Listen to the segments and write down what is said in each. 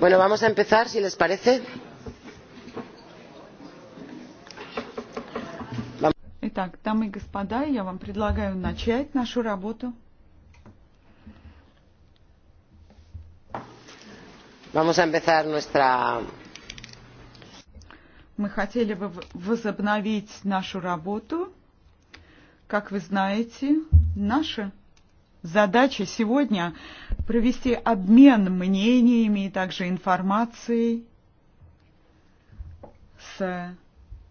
Bueno, vamos a empezar, si les parece. Итак, дамы и господа, я вам предлагаю начать нашу работу. Vamos a empezar nuestra... Мы хотели бы возобновить нашу работу. Как вы знаете, наша задача сегодня провести обмен мнениями и также информацией с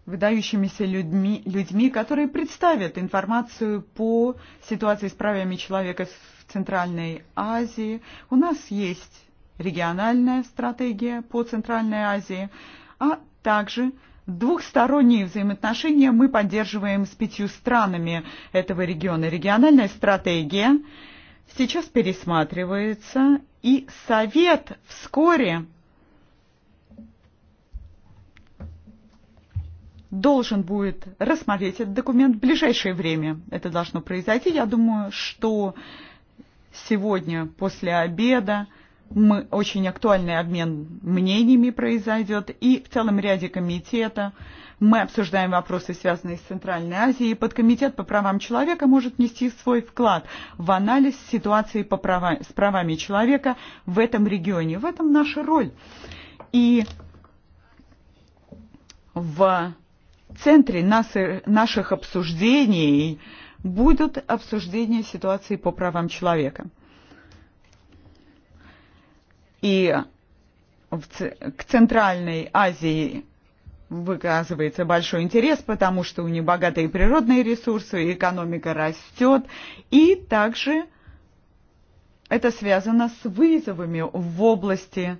выдающимися людьми, людьми, которые представят информацию по ситуации с правами человека в Центральной Азии. У нас есть региональная стратегия по Центральной Азии, а также двухсторонние взаимоотношения мы поддерживаем с пятью странами этого региона. Региональная стратегия сейчас пересматривается, и Совет вскоре должен будет рассмотреть этот документ в ближайшее время. Это должно произойти. Я думаю, что сегодня после обеда мы, очень актуальный обмен мнениями произойдет и в целом ряде комитета, Мы обсуждаем вопросы, связанные с Центральной Азией, и подкомитет по правам человека может внести свой вклад в анализ ситуации по права, с правами человека в этом регионе. В этом наша роль. И в центре нас, наших обсуждений будут обсуждения ситуации по правам человека. И в, к Центральной Азии выказывается большой интерес, потому что у них богатые природные ресурсы, экономика растет, и также это связано с вызовами в области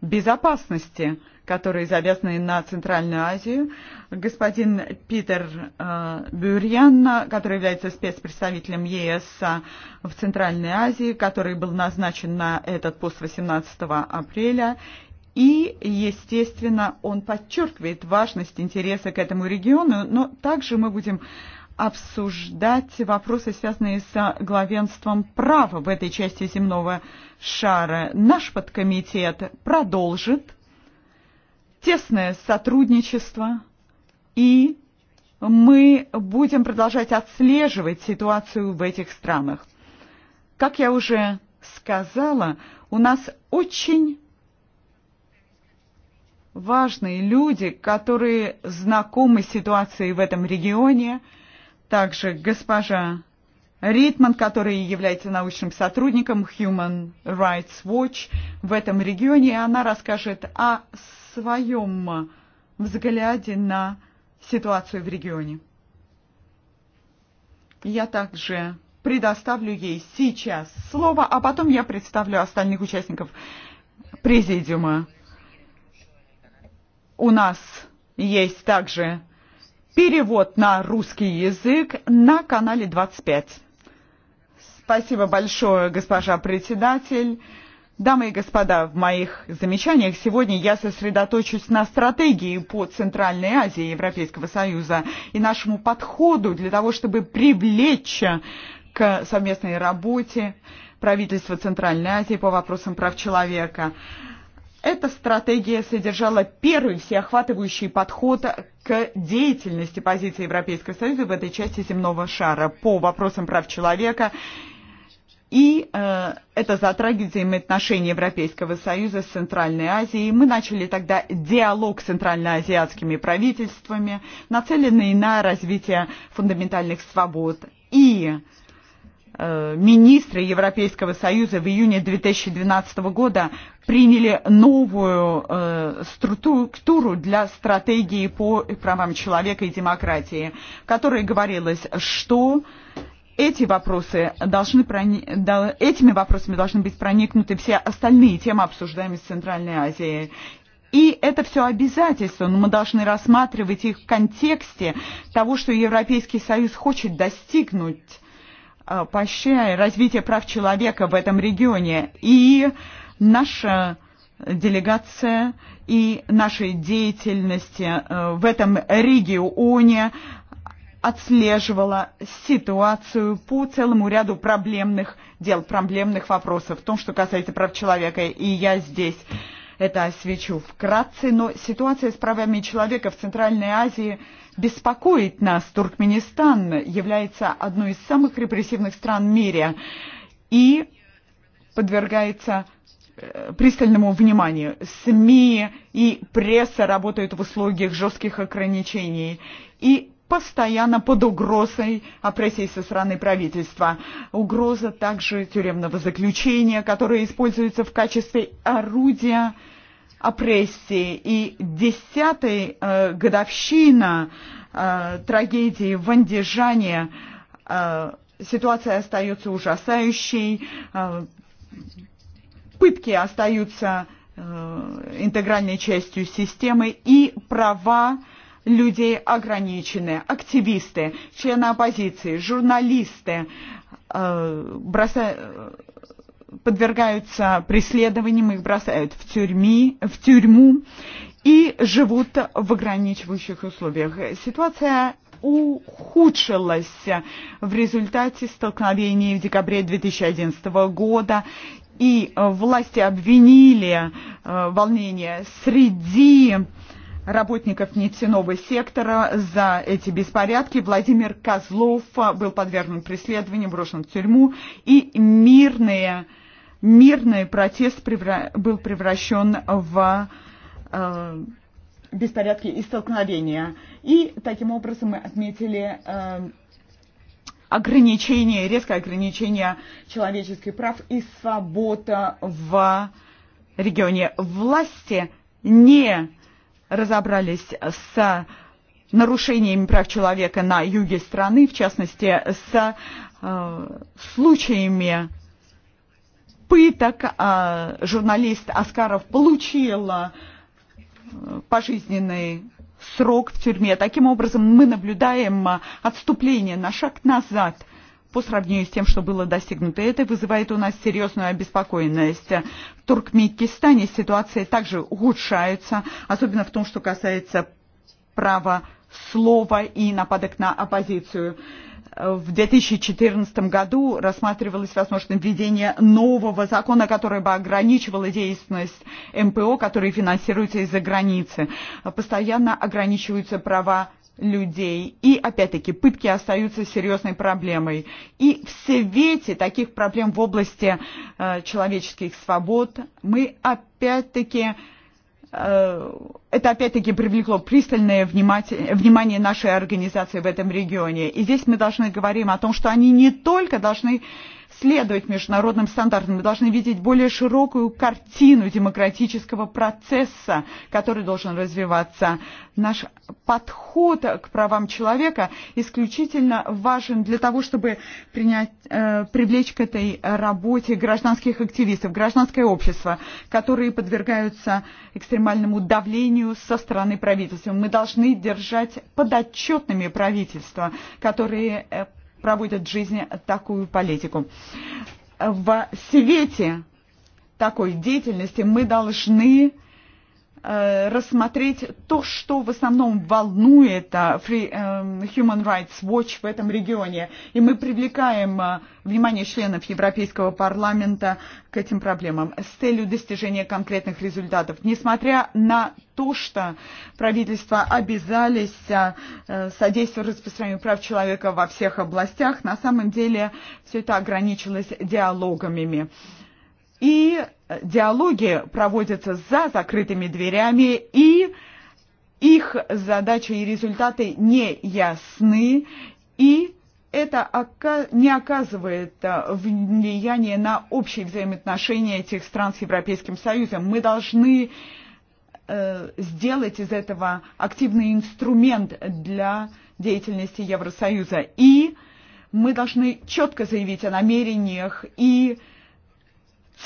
безопасности, которые завязаны на Центральную Азию. Господин Питер э, Бюрьян, который является спецпредставителем ЕС э, в Центральной Азии, который был назначен на этот пост 18 апреля, И, естественно, он подчеркивает важность интереса к этому региону, но также мы будем обсуждать вопросы, связанные с главенством права в этой части земного шара. Наш подкомитет продолжит тесное сотрудничество, и мы будем продолжать отслеживать ситуацию в этих странах. Как я уже сказала, у нас очень важные люди, которые знакомы с ситуацией в этом регионе, также госпожа Ритман, которая является научным сотрудником Human Rights Watch в этом регионе, и она расскажет о своем взгляде на ситуацию в регионе. Я также предоставлю ей сейчас слово, а потом я представлю остальных участников президиума у нас есть также перевод на русский язык на канале 25. Спасибо большое, госпожа председатель. Дамы и господа, в моих замечаниях сегодня я сосредоточусь на стратегии по Центральной Азии Европейского Союза и нашему подходу для того, чтобы привлечь к совместной работе правительства Центральной Азии по вопросам прав человека. Эта стратегия содержала первый всеохватывающий подход к деятельности позиции Европейского Союза в этой части земного шара по вопросам прав человека. И э, это затрагивает взаимоотношения Европейского Союза с Центральной Азией. Мы начали тогда диалог с центральноазиатскими правительствами, нацеленный на развитие фундаментальных свобод и Э, министры Европейского Союза в июне 2012 года приняли новую э, структуру для стратегии по правам человека и демократии, в которой говорилось, что эти вопросы должны да, этими вопросами должны быть проникнуты все остальные темы, обсуждаемые с Центральной Азией. И это все обязательства, но мы должны рассматривать их в контексте того, что Европейский Союз хочет достигнуть Э, поощряя развитие прав человека в этом регионе. И наша делегация и нашей деятельности э, в этом регионе отслеживала ситуацию по целому ряду проблемных дел, проблемных вопросов в том, что касается прав человека. И я здесь это освечу вкратце, но ситуация с правами человека в Центральной Азии беспокоит нас. Туркменистан является одной из самых репрессивных стран в мире и подвергается э, пристальному вниманию. СМИ и пресса работают в условиях жестких ограничений. И постоянно под угрозой опрессии со стороны правительства. Угроза также тюремного заключения, которое используется в качестве орудия опрессии. И десятая э, годовщина э, трагедии в Андижане э, ситуация остается ужасающей, э, пытки остаются э, интегральной частью системы и права э, людей ограничены, активисты, члены оппозиции, журналисты э, броса... подвергаются преследованиям, их бросают в, тюрьми, в тюрьму и живут в ограничивающих условиях. Ситуация ухудшилась в результате столкновений в декабре 2011 года и власти обвинили э, волнение среди работников нефтяного сектора. За эти беспорядки Владимир Козлов был подвергнут преследованию, брошен в тюрьму, и мирные, мирный протест превра... был превращен в э, беспорядки и столкновения. И таким образом мы отметили э, ограничение, резкое ограничение человеческих прав и свобода в регионе. Власти не разобрались с нарушениями прав человека на юге страны, в частности, с э, случаями пыток. Э, журналист Оскаров получил э, пожизненный срок в тюрьме. Таким образом, мы наблюдаем э, отступление на шаг назад – по сравнению с тем, что было достигнуто. Это вызывает у нас серьезную обеспокоенность. В Туркменистане ситуация также ухудшается, особенно в том, что касается права слова и нападок на оппозицию. В 2014 году рассматривалось возможность введение нового закона, который бы ограничивал деятельность МПО, которые финансируются из-за границы. Постоянно ограничиваются права людей и, опять-таки, пытки остаются серьезной проблемой. И в свете таких проблем в области э, человеческих свобод мы, опять-таки, э, это опять-таки привлекло пристальное внимание нашей организации в этом регионе. И здесь мы должны говорить о том, что они не только должны следовать международным стандартам, мы должны видеть более широкую картину демократического процесса, который должен развиваться. Наш подход к правам человека исключительно важен для того, чтобы принять, э, привлечь к этой работе гражданских активистов, гражданское общество, которые подвергаются экстремальному давлению давлению со стороны правительства. Мы должны держать подотчетными правительства, которые э, проводят в жизни такую политику. В свете такой деятельности мы должны э, рассмотреть то, что в основном волнует Free, э, Human Rights Watch в этом регионе. И мы привлекаем внимание членов Европейского парламента к этим проблемам с целью достижения конкретных результатов. Несмотря на то, что правительства обязались э, содействовать распространению прав человека во всех областях, на самом деле все это ограничилось диалогами. И диалоги проводятся за закрытыми дверями, и их задачи и результаты не ясны, и это не оказывает э, влияния на общие взаимоотношения этих стран с Европейским Союзом. Мы должны Э, сделать из этого активный инструмент для деятельности Евросоюза. И мы должны четко заявить о намерениях и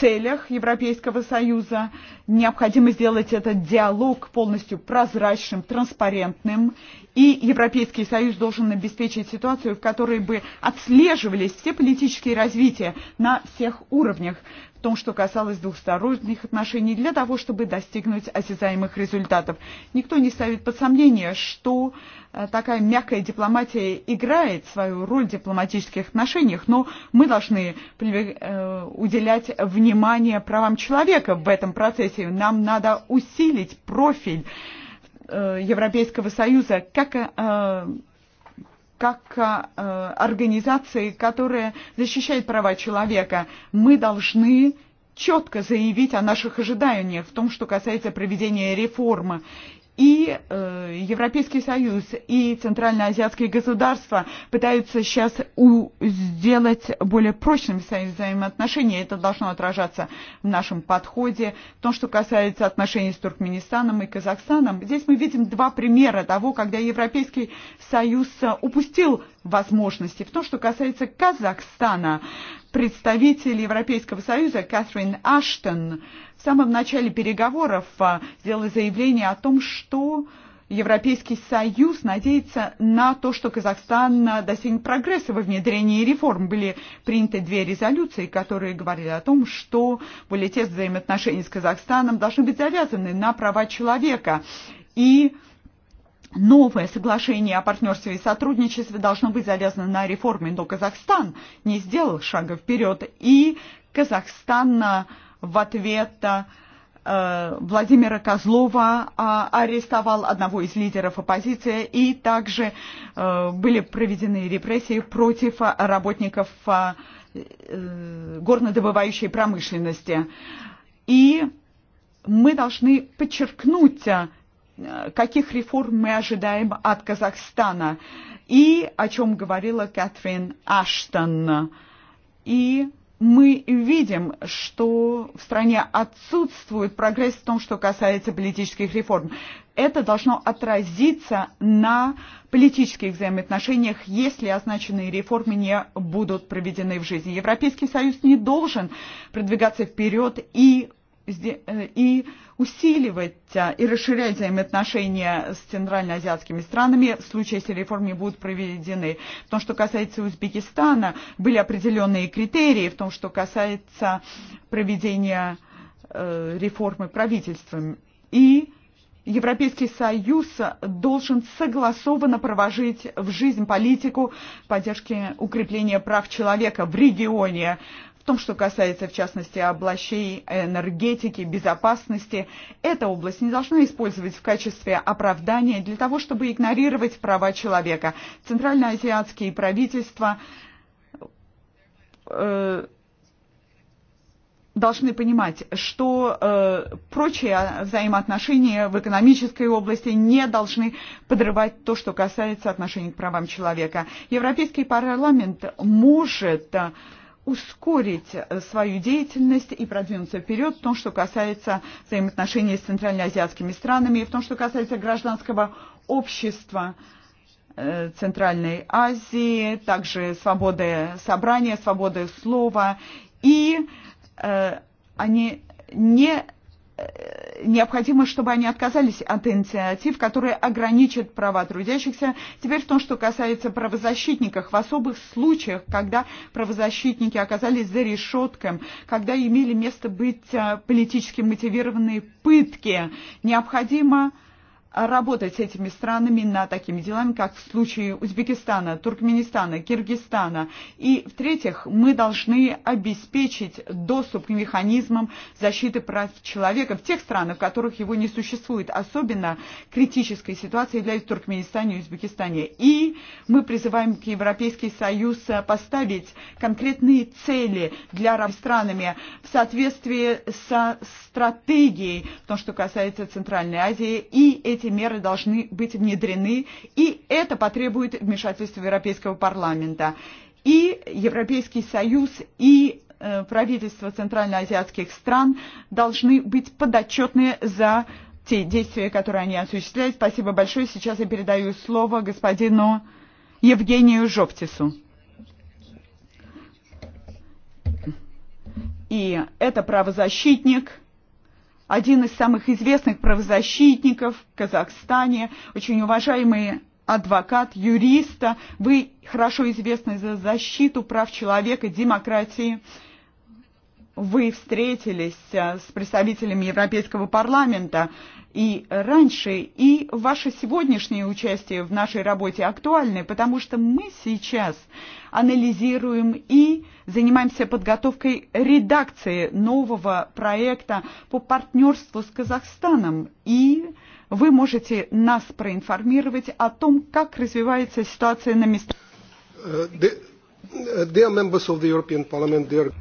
целях Европейского Союза. Необходимо сделать этот диалог полностью прозрачным, транспарентным. И Европейский Союз должен обеспечить ситуацию, в которой бы отслеживались все политические развития на всех уровнях том, что касалось двухсторонних отношений, для того, чтобы достигнуть осязаемых результатов. Никто не ставит под сомнение, что э, такая мягкая дипломатия играет свою роль в дипломатических отношениях, но мы должны э, уделять внимание правам человека в этом процессе. Нам надо усилить профиль э, Европейского Союза как как э, организации, которые защищают права человека, мы должны четко заявить о наших ожиданиях в том, что касается проведения реформы и э, Европейский Союз, и Центральноазиатские государства пытаются сейчас у, сделать более прочными свои взаимоотношения. Это должно отражаться в нашем подходе. В том, что касается отношений с Туркменистаном и Казахстаном, здесь мы видим два примера того, когда Европейский Союз э, упустил возможности. В том, что касается Казахстана, представитель Европейского Союза Катрин Аштон в самом начале переговоров сделала заявление о том, что Европейский Союз надеется на то, что Казахстан достигнет прогресса во внедрении реформ. Были приняты две резолюции, которые говорили о том, что более тесные взаимоотношения с Казахстаном должны быть завязаны на права человека. И новое соглашение о партнерстве и сотрудничестве должно быть завязано на реформе, но Казахстан не сделал шага вперед, и Казахстан в ответ э, Владимира Козлова э, арестовал одного из лидеров оппозиции и также э, были проведены репрессии против работников горнодобывающей промышленности. И мы должны подчеркнуть, каких реформ мы ожидаем от Казахстана и о чем говорила Кэтрин Аштон. И мы видим, что в стране отсутствует прогресс в том, что касается политических реформ. Это должно отразиться на политических взаимоотношениях, если означенные реформы не будут проведены в жизни. Европейский Союз не должен продвигаться вперед и Э, и усиливать э, и расширять взаимоотношения с центральноазиатскими странами в случае, если реформы не будут проведены. В том, что касается Узбекистана, были определенные критерии, в том, что касается проведения э, реформы правительством. И Европейский Союз должен согласованно провожить в жизнь политику поддержки укрепления прав человека в регионе, в том, что касается, в частности, облачей энергетики, безопасности, эта область не должна использовать в качестве оправдания для того, чтобы игнорировать права человека. Центральноазиатские правительства э, должны понимать, что э, прочие взаимоотношения в экономической области не должны подрывать то, что касается отношений к правам человека. Европейский парламент может э, ускорить э, свою деятельность и продвинуться вперед в том, что касается взаимоотношений с центральноазиатскими странами и в том, что касается гражданского общества э, Центральной Азии, также свободы собрания, свободы слова. И э, они не необходимо, чтобы они отказались от инициатив, которые ограничат права трудящихся. Теперь в том, что касается правозащитников, в особых случаях, когда правозащитники оказались за решетком, когда имели место быть э, политически мотивированные пытки, необходимо работать с этими странами над такими делами, как в случае Узбекистана, Туркменистана, Киргизстана. И, в-третьих, мы должны обеспечить доступ к механизмам защиты прав человека в тех странах, в которых его не существует. Особенно критической ситуации для Туркменистане и Узбекистане. И мы призываем к Европейский Союз поставить конкретные цели для странами в соответствии со стратегией, в том, что касается Центральной Азии, и эти эти меры должны быть внедрены, и это потребует вмешательства Европейского парламента. И Европейский Союз, и э, правительства центральноазиатских стран должны быть подотчетны за те действия, которые они осуществляют. Спасибо большое. Сейчас я передаю слово господину Евгению Жовтису. И это правозащитник – один из самых известных правозащитников в Казахстане, очень уважаемый адвокат, юриста. Вы хорошо известны за защиту прав человека, демократии. Вы встретились э, с представителями Европейского парламента и раньше, и ваше сегодняшнее участие в нашей работе актуальны, потому что мы сейчас анализируем и занимаемся подготовкой редакции нового проекта по партнерству с Казахстаном. И вы можете нас проинформировать о том, как развивается ситуация на местах. Uh, э, э, dear members of the European Parliament, dear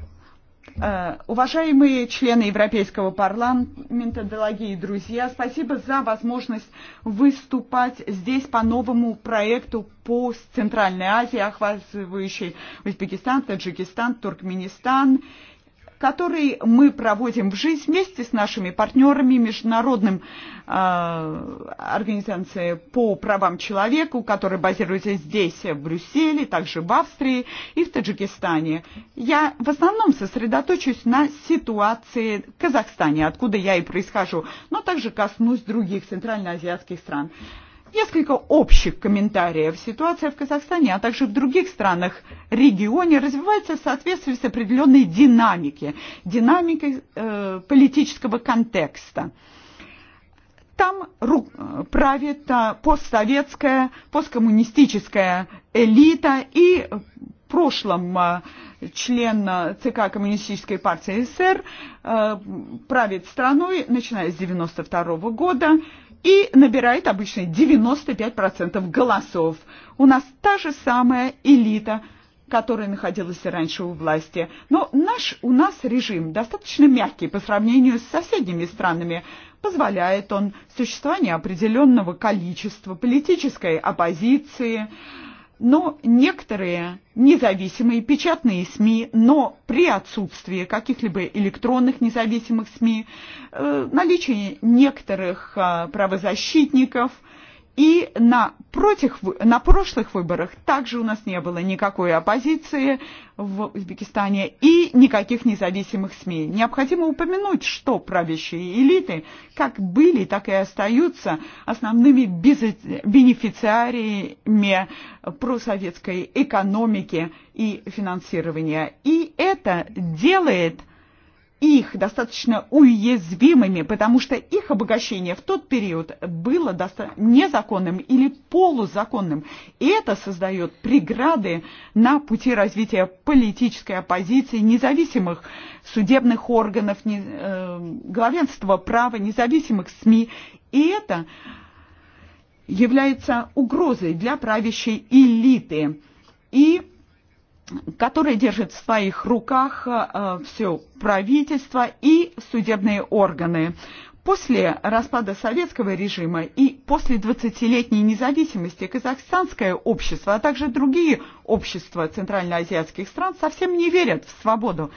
Э, уважаемые члены Европейского парламента, дорогие друзья, спасибо за возможность выступать здесь по новому проекту по Центральной Азии, охватывающей Узбекистан, Таджикистан, Туркменистан который мы проводим в жизнь вместе с нашими партнерами, международным э, организацией по правам человека, которая базируется здесь, в Брюсселе, также в Австрии и в Таджикистане. Я в основном сосредоточусь на ситуации в Казахстане, откуда я и происхожу, но также коснусь других центральноазиатских стран. Несколько общих комментариев. Ситуация в Казахстане, а также в других странах регионе развивается в соответствии с определенной динамикой, динамикой э, политического контекста. Там ру, правит э, постсоветская, посткоммунистическая элита и в прошлом э, член э, ЦК Коммунистической партии СССр э, правит страной, начиная с 1992 -го года и набирает обычно 95% голосов. У нас та же самая элита, которая находилась раньше у власти. Но наш у нас режим достаточно мягкий по сравнению с соседними странами. Позволяет он существование определенного количества политической оппозиции, но некоторые независимые печатные СМИ, но при отсутствии каких-либо электронных независимых СМИ, э, наличие некоторых правозащитников – И на, против, на прошлых выборах также у нас не было никакой оппозиции в Узбекистане и никаких независимых СМИ. Необходимо упомянуть, что правящие элиты как были, так и остаются основными бенефициариями просоветской экономики и финансирования. И это делает э, их достаточно уязвимыми, потому что их обогащение в тот период было незаконным или полузаконным. И это создает преграды на пути развития политической оппозиции, независимых судебных органов, не, э, главенства права, независимых СМИ. И это является угрозой для правящей элиты. И который держит в своих руках э, все правительство и судебные органы. После распада советского режима и после 20-летней независимости казахстанское общество, а также другие общества центральноазиатских стран совсем не верят в свободу.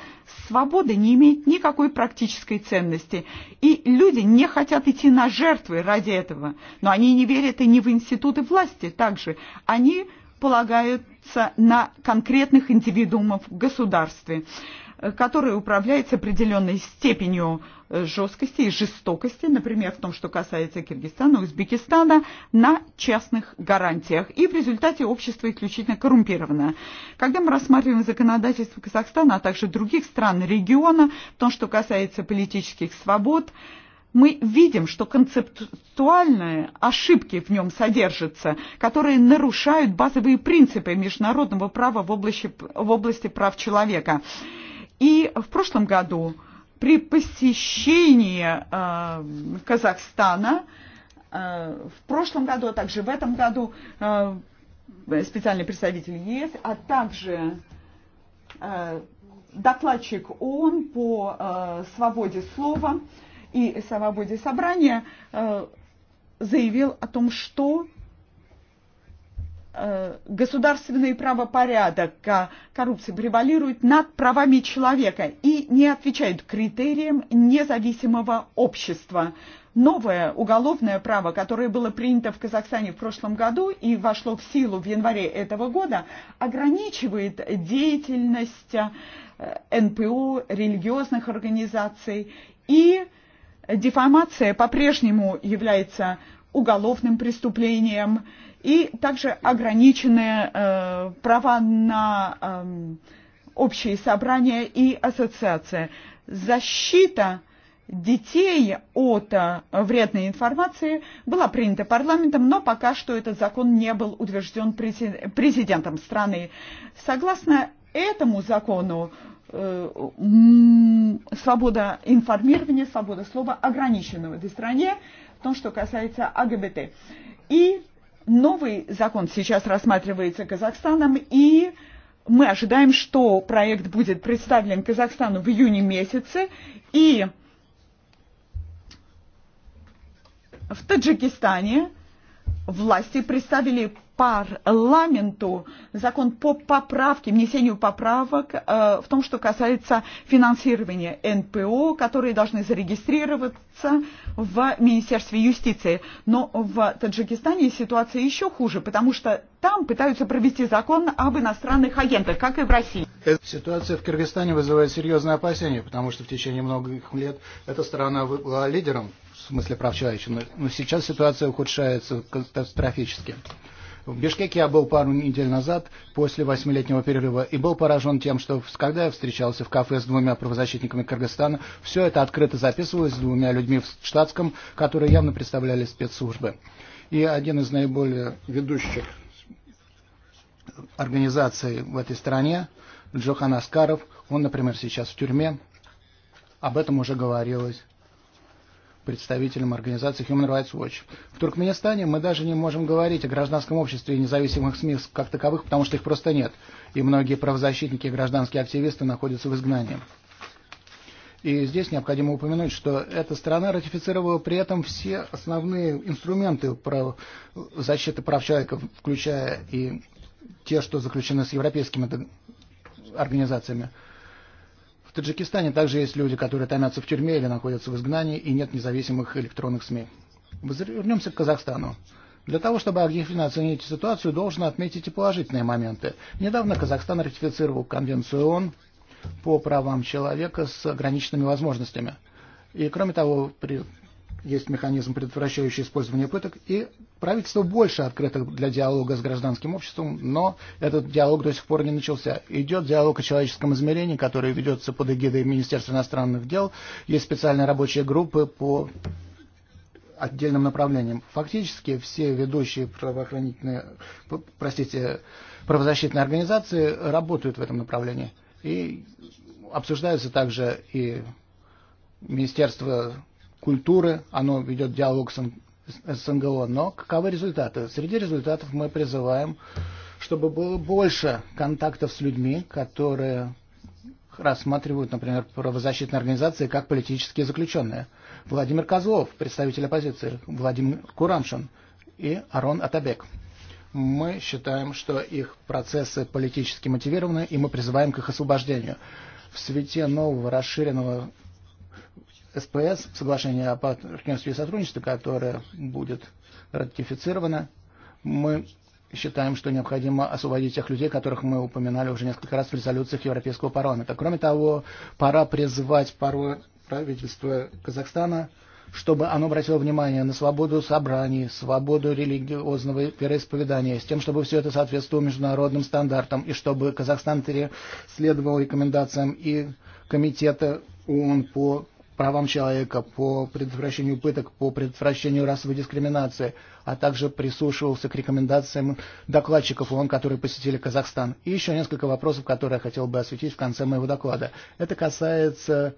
Свобода не имеет никакой практической ценности. И люди не хотят идти на жертвы ради этого. Но они не верят и не в институты власти также. Они полагаются на конкретных индивидуумов в государстве, э, которые управляются определенной степенью э, жесткости и жестокости, например, в том, что касается Киргизстана, Узбекистана, на частных гарантиях. И в результате общество исключительно коррумпировано. Когда мы рассматриваем законодательство Казахстана, а также других стран региона, в том, что касается политических свобод, мы видим, что концептуальные ошибки в нем содержатся, которые нарушают базовые принципы международного права в области, в области прав человека. И в прошлом году при посещении э, Казахстана, э, в прошлом году, а также в этом году э, специальный представитель ЕС, а также э, докладчик ООН по э, свободе слова, э, и свободе собрания э, заявил о том, что э, государственный правопорядок э, коррупции превалирует над правами человека и не отвечает критериям независимого общества. Новое уголовное право, которое было принято в Казахстане в прошлом году и вошло в силу в январе этого года, ограничивает деятельность НПО, религиозных организаций и Дефамация по-прежнему является уголовным преступлением и также ограничены э, права на э, общие собрания и ассоциации. Защита детей от э, вредной информации была принята парламентом, но пока что этот закон не был утвержден президентом страны. Согласно этому закону Э, свобода информирования, свобода слова ограничена в этой стране, в том, что касается АГБТ. И новый закон сейчас рассматривается Казахстаном, и мы ожидаем, что проект будет представлен Казахстану в июне месяце, и в Таджикистане власти представили парламенту закон по поправке, внесению поправок э, в том, что касается финансирования НПО, которые должны зарегистрироваться в Министерстве юстиции. Но в Таджикистане ситуация еще хуже, потому что там пытаются провести закон об иностранных агентах, как и в России. Ситуация в Кыргызстане вызывает серьезные опасения, потому что в течение многих лет эта страна была лидером в смысле прав человечества, но сейчас ситуация ухудшается катастрофически. В Бишкеке я был пару недель назад после восьмилетнего перерыва и был поражен тем, что когда я встречался в кафе с двумя правозащитниками Кыргызстана, все это открыто записывалось с двумя людьми в штатском, которые явно представляли спецслужбы. И один из наиболее ведущих организаций в этой стране, Джохан Аскаров, он, например, сейчас в тюрьме, об этом уже говорилось представителем организации Human Rights Watch. В Туркменистане мы даже не можем говорить о гражданском обществе и независимых СМИ как таковых, потому что их просто нет. И многие правозащитники и гражданские активисты находятся в изгнании. И здесь необходимо упомянуть, что эта страна ратифицировала при этом все основные инструменты прав... защиты прав человека, включая и те, что заключены с европейскими организациями. В Таджикистане также есть люди, которые томятся в тюрьме или находятся в изгнании, и нет независимых электронных СМИ. Вернемся к Казахстану. Для того, чтобы объективно оценить ситуацию, должно отметить и положительные моменты. Недавно Казахстан ратифицировал Конвенцию ООН по правам человека с ограниченными возможностями. И кроме того, при, есть механизм, предотвращающий использование пыток, и Правительство больше открыто для диалога с гражданским обществом, но этот диалог до сих пор не начался. Идет диалог о человеческом измерении, который ведется под эгидой Министерства иностранных дел. Есть специальные рабочие группы по отдельным направлениям. Фактически все ведущие правоохранительные, простите, правозащитные организации работают в этом направлении. И обсуждаются также и Министерство культуры, оно ведет диалог с СНГО. Но каковы результаты? Среди результатов мы призываем, чтобы было больше контактов с людьми, которые рассматривают, например, правозащитные организации как политические заключенные. Владимир Козлов, представитель оппозиции, Владимир Курамшин и Арон Атабек. Мы считаем, что их процессы политически мотивированы, и мы призываем к их освобождению. В свете нового расширенного СПС, соглашение о партнерстве и сотрудничестве, которое будет ратифицировано, мы считаем, что необходимо освободить тех людей, которых мы упоминали уже несколько раз в резолюциях Европейского парламента. Кроме того, пора призвать правительство Казахстана чтобы оно обратило внимание на свободу собраний, свободу религиозного вероисповедания, с тем, чтобы все это соответствовало международным стандартам, и чтобы Казахстан следовал рекомендациям и Комитета ООН по правам человека, по предотвращению пыток, по предотвращению расовой дискриминации, а также прислушивался к рекомендациям докладчиков ООН, которые посетили Казахстан. И еще несколько вопросов, которые я хотел бы осветить в конце моего доклада. Это касается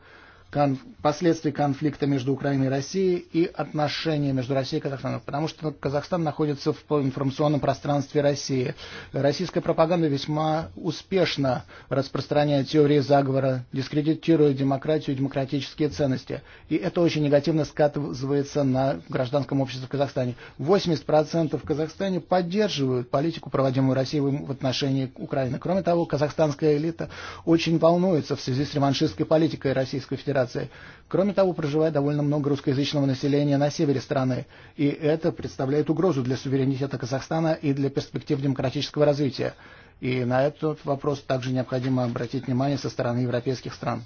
конф... последствий конфликта между Украиной и Россией и отношения между Россией и Казахстаном, потому что Казахстан находится в информационном пространстве России. Российская пропаганда весьма успешно распространяет теории заговора, дискредитирует демократию и демократические ценности. И это очень негативно скатывается на гражданском обществе в Казахстане. 80% в Казахстане поддерживают политику, проводимую Россией в отношении Украины. Кроме того, казахстанская элита очень волнуется в связи с реваншистской политикой Российской Федерации миграции. Кроме того, проживает довольно много русскоязычного населения на севере страны, и это представляет угрозу для суверенитета Казахстана и для перспектив демократического развития. И на этот вопрос также необходимо обратить внимание со стороны европейских стран.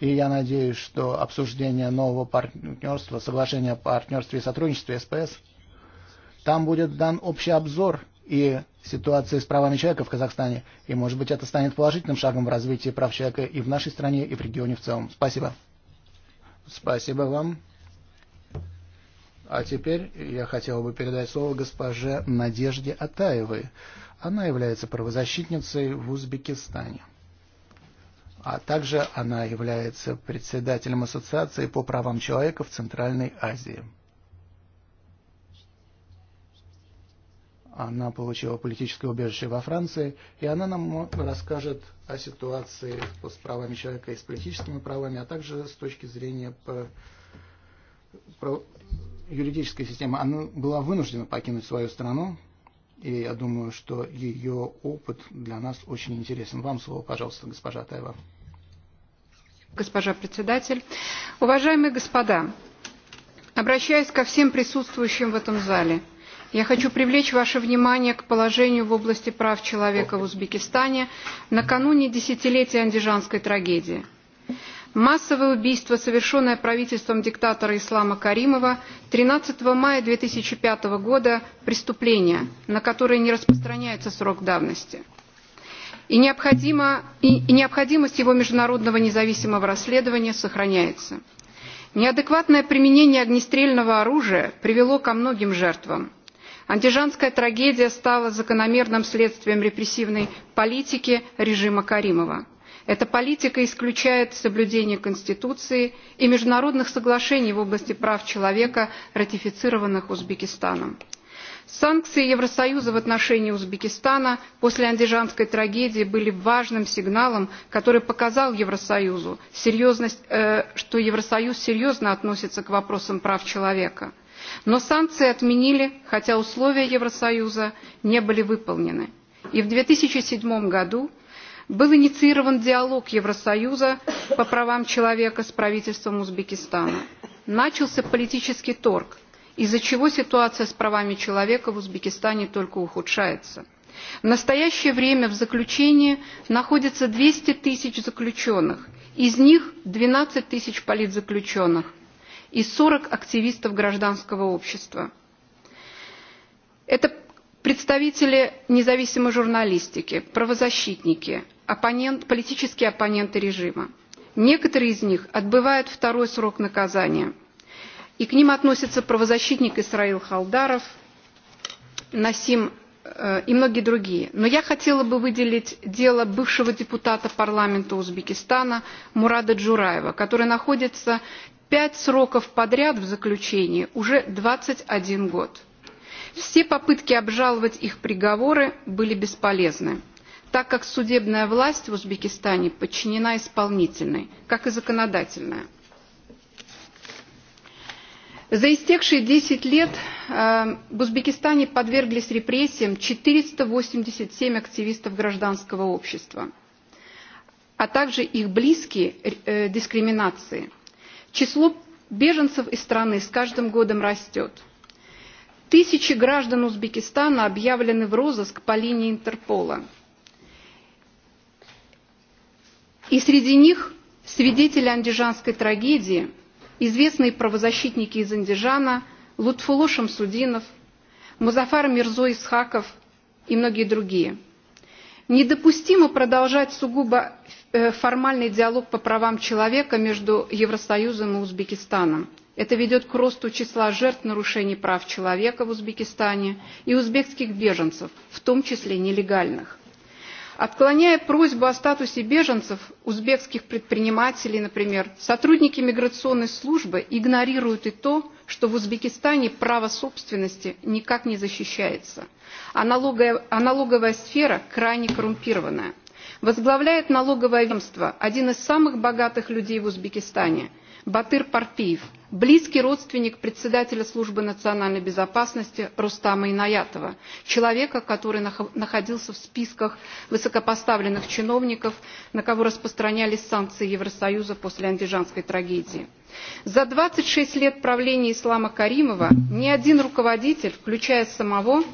И я надеюсь, что обсуждение нового партнерства, соглашения о партнерстве и сотрудничестве СПС, там будет дан общий обзор – и ситуации с правами человека в Казахстане. И, может быть, это станет положительным шагом в развитии прав человека и в нашей стране, и в регионе в целом. Спасибо. Спасибо вам. А теперь я хотел бы передать слово госпоже Надежде Атаевой. Она является правозащитницей в Узбекистане. А также она является председателем Ассоциации по правам человека в Центральной Азии. Она получила политическое убежище во Франции, и она нам расскажет о ситуации с правами человека и с политическими правами, а также с точки зрения юридической системы. Она была вынуждена покинуть свою страну, и я думаю, что ее опыт для нас очень интересен. Вам слово, пожалуйста, госпожа Таева. Госпожа председатель, уважаемые господа, обращаюсь ко всем присутствующим в этом зале – Я хочу привлечь ваше внимание к положению в области прав человека в Узбекистане накануне десятилетия андижанской трагедии. Массовое убийство, совершенное правительством диктатора Ислама Каримова 13 мая 2005 года – преступление, на которое не распространяется срок давности. И, необходимо, и, и необходимость его международного независимого расследования сохраняется. Неадекватное применение огнестрельного оружия привело ко многим жертвам – Андижанская трагедия стала закономерным следствием репрессивной политики режима Каримова. Эта политика исключает соблюдение Конституции и международных соглашений в области прав человека, ратифицированных Узбекистаном. Санкции Евросоюза в отношении Узбекистана после андижанской трагедии были важным сигналом, который показал Евросоюзу, серьезность, э, что Евросоюз серьезно относится к вопросам прав человека – Но санкции отменили, хотя условия Евросоюза не были выполнены. И в 2007 году был инициирован диалог Евросоюза по правам человека с правительством Узбекистана. Начался политический торг, из-за чего ситуация с правами человека в Узбекистане только ухудшается. В настоящее время в заключении находится 200 тысяч заключенных, из них 12 тысяч политзаключенных – и 40 активистов гражданского общества. Это представители независимой журналистики, правозащитники, оппонент, политические оппоненты режима. Некоторые из них отбывают второй срок наказания. И к ним относятся правозащитник Исраил Халдаров, Насим э, и многие другие. Но я хотела бы выделить дело бывшего депутата парламента Узбекистана Мурада Джураева, который находится пять сроков подряд в заключении уже 21 год. Все попытки обжаловать их приговоры были бесполезны, так как судебная власть в Узбекистане подчинена исполнительной, как и законодательная. За истекшие 10 лет э, в Узбекистане подверглись репрессиям 487 активистов гражданского общества, а также их близкие э, дискриминации – Число беженцев из страны с каждым годом растет. Тысячи граждан Узбекистана объявлены в розыск по линии Интерпола. И среди них свидетели андижанской трагедии, известные правозащитники из Андижана Лутфуло Шамсудинов, Музафар Мирзо Исхаков и многие другие. Недопустимо продолжать сугубо Э, формальный диалог по правам человека между Евросоюзом и Узбекистаном. Это ведет к росту числа жертв нарушений прав человека в Узбекистане и узбекских беженцев, в том числе нелегальных. Отклоняя просьбу о статусе беженцев, узбекских предпринимателей, например, сотрудники миграционной службы игнорируют и то, что в Узбекистане право собственности никак не защищается, а налоговая, а налоговая сфера крайне коррумпированная возглавляет налоговое ведомство, один из самых богатых людей в Узбекистане, Батыр Парпиев, близкий родственник председателя службы национальной безопасности Рустама Инаятова, человека, который находился в списках высокопоставленных чиновников, на кого распространялись санкции Евросоюза после андижанской трагедии. За 26 лет правления Ислама Каримова ни один руководитель, включая самого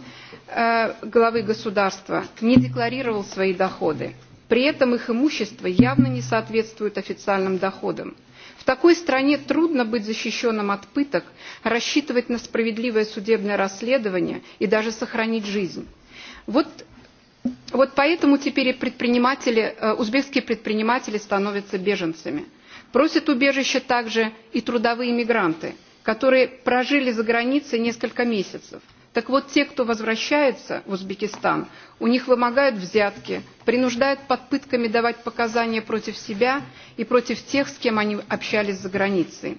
э, главы государства, не декларировал свои доходы. При этом их имущество явно не соответствует официальным доходам. В такой стране трудно быть защищенным от пыток, рассчитывать на справедливое судебное расследование и даже сохранить жизнь. Вот, вот поэтому теперь и предприниматели, э, узбекские предприниматели становятся беженцами. Просят убежище также и трудовые мигранты, которые прожили за границей несколько месяцев – Так вот, те, кто возвращается в Узбекистан, у них вымогают взятки, принуждают под пытками давать показания против себя и против тех, с кем они общались за границей.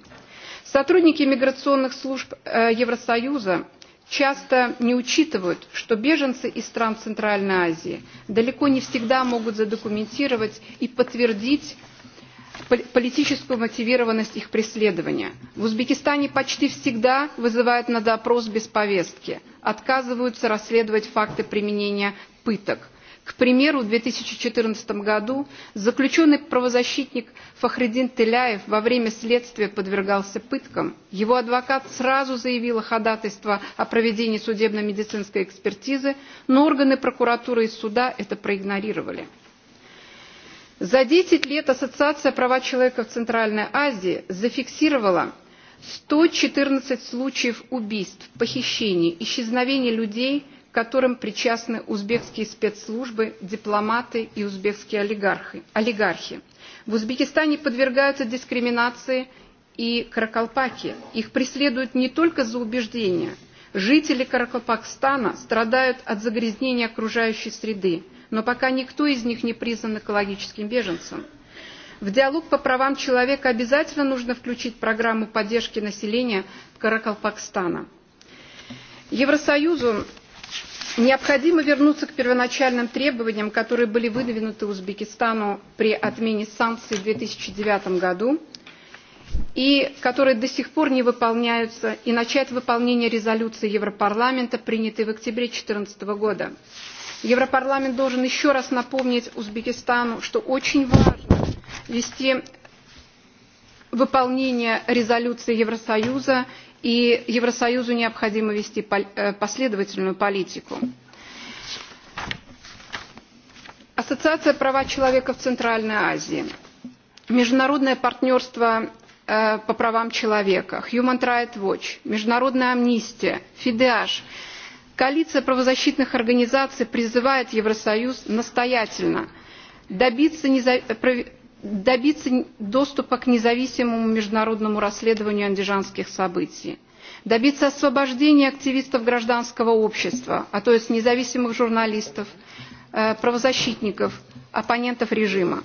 Сотрудники миграционных служб э, Евросоюза часто не учитывают, что беженцы из стран Центральной Азии далеко не всегда могут задокументировать и подтвердить политическую мотивированность их преследования. В Узбекистане почти всегда вызывают на допрос без повестки, отказываются расследовать факты применения пыток. К примеру, в 2014 году заключенный правозащитник Фахридин Теляев во время следствия подвергался пыткам. Его адвокат сразу заявил о ходатайстве о проведении судебно-медицинской экспертизы, но органы прокуратуры и суда это проигнорировали. За 10 лет Ассоциация права человека в Центральной Азии зафиксировала 114 случаев убийств, похищений, исчезновений людей, к которым причастны узбекские спецслужбы, дипломаты и узбекские олигархи. олигархи. В Узбекистане подвергаются дискриминации и каракалпаки. Их преследуют не только за убеждения. Жители Каракалпакстана страдают от загрязнения окружающей среды – но пока никто из них не признан экологическим беженцем. В диалог по правам человека обязательно нужно включить программу поддержки населения Каракалпакстана. Евросоюзу необходимо вернуться к первоначальным требованиям, которые были выдвинуты Узбекистану при отмене санкций в 2009 году и которые до сих пор не выполняются, и начать выполнение резолюции Европарламента, принятой в октябре 2014 года. Европарламент должен еще раз напомнить Узбекистану, что очень важно вести выполнение резолюции Евросоюза, и Евросоюзу необходимо вести э, последовательную политику. Ассоциация права человека в Центральной Азии. Международное партнерство э, по правам человека, Human Rights Watch, Международная амнистия, ФИДЕАШ – Коалиция правозащитных организаций призывает Евросоюз настоятельно добиться, добиться доступа к независимому международному расследованию андижанских событий, добиться освобождения активистов гражданского общества, а то есть независимых журналистов, э, правозащитников, оппонентов режима.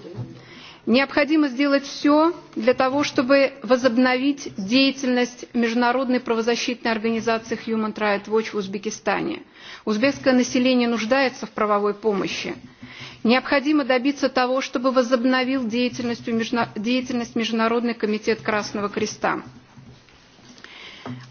Необходимо сделать все для того, чтобы возобновить деятельность международной правозащитной организации Human Rights Watch в Узбекистане. Узбекское население нуждается в правовой помощи. Необходимо добиться того, чтобы возобновил деятельность, деятельность Международный комитет Красного Креста.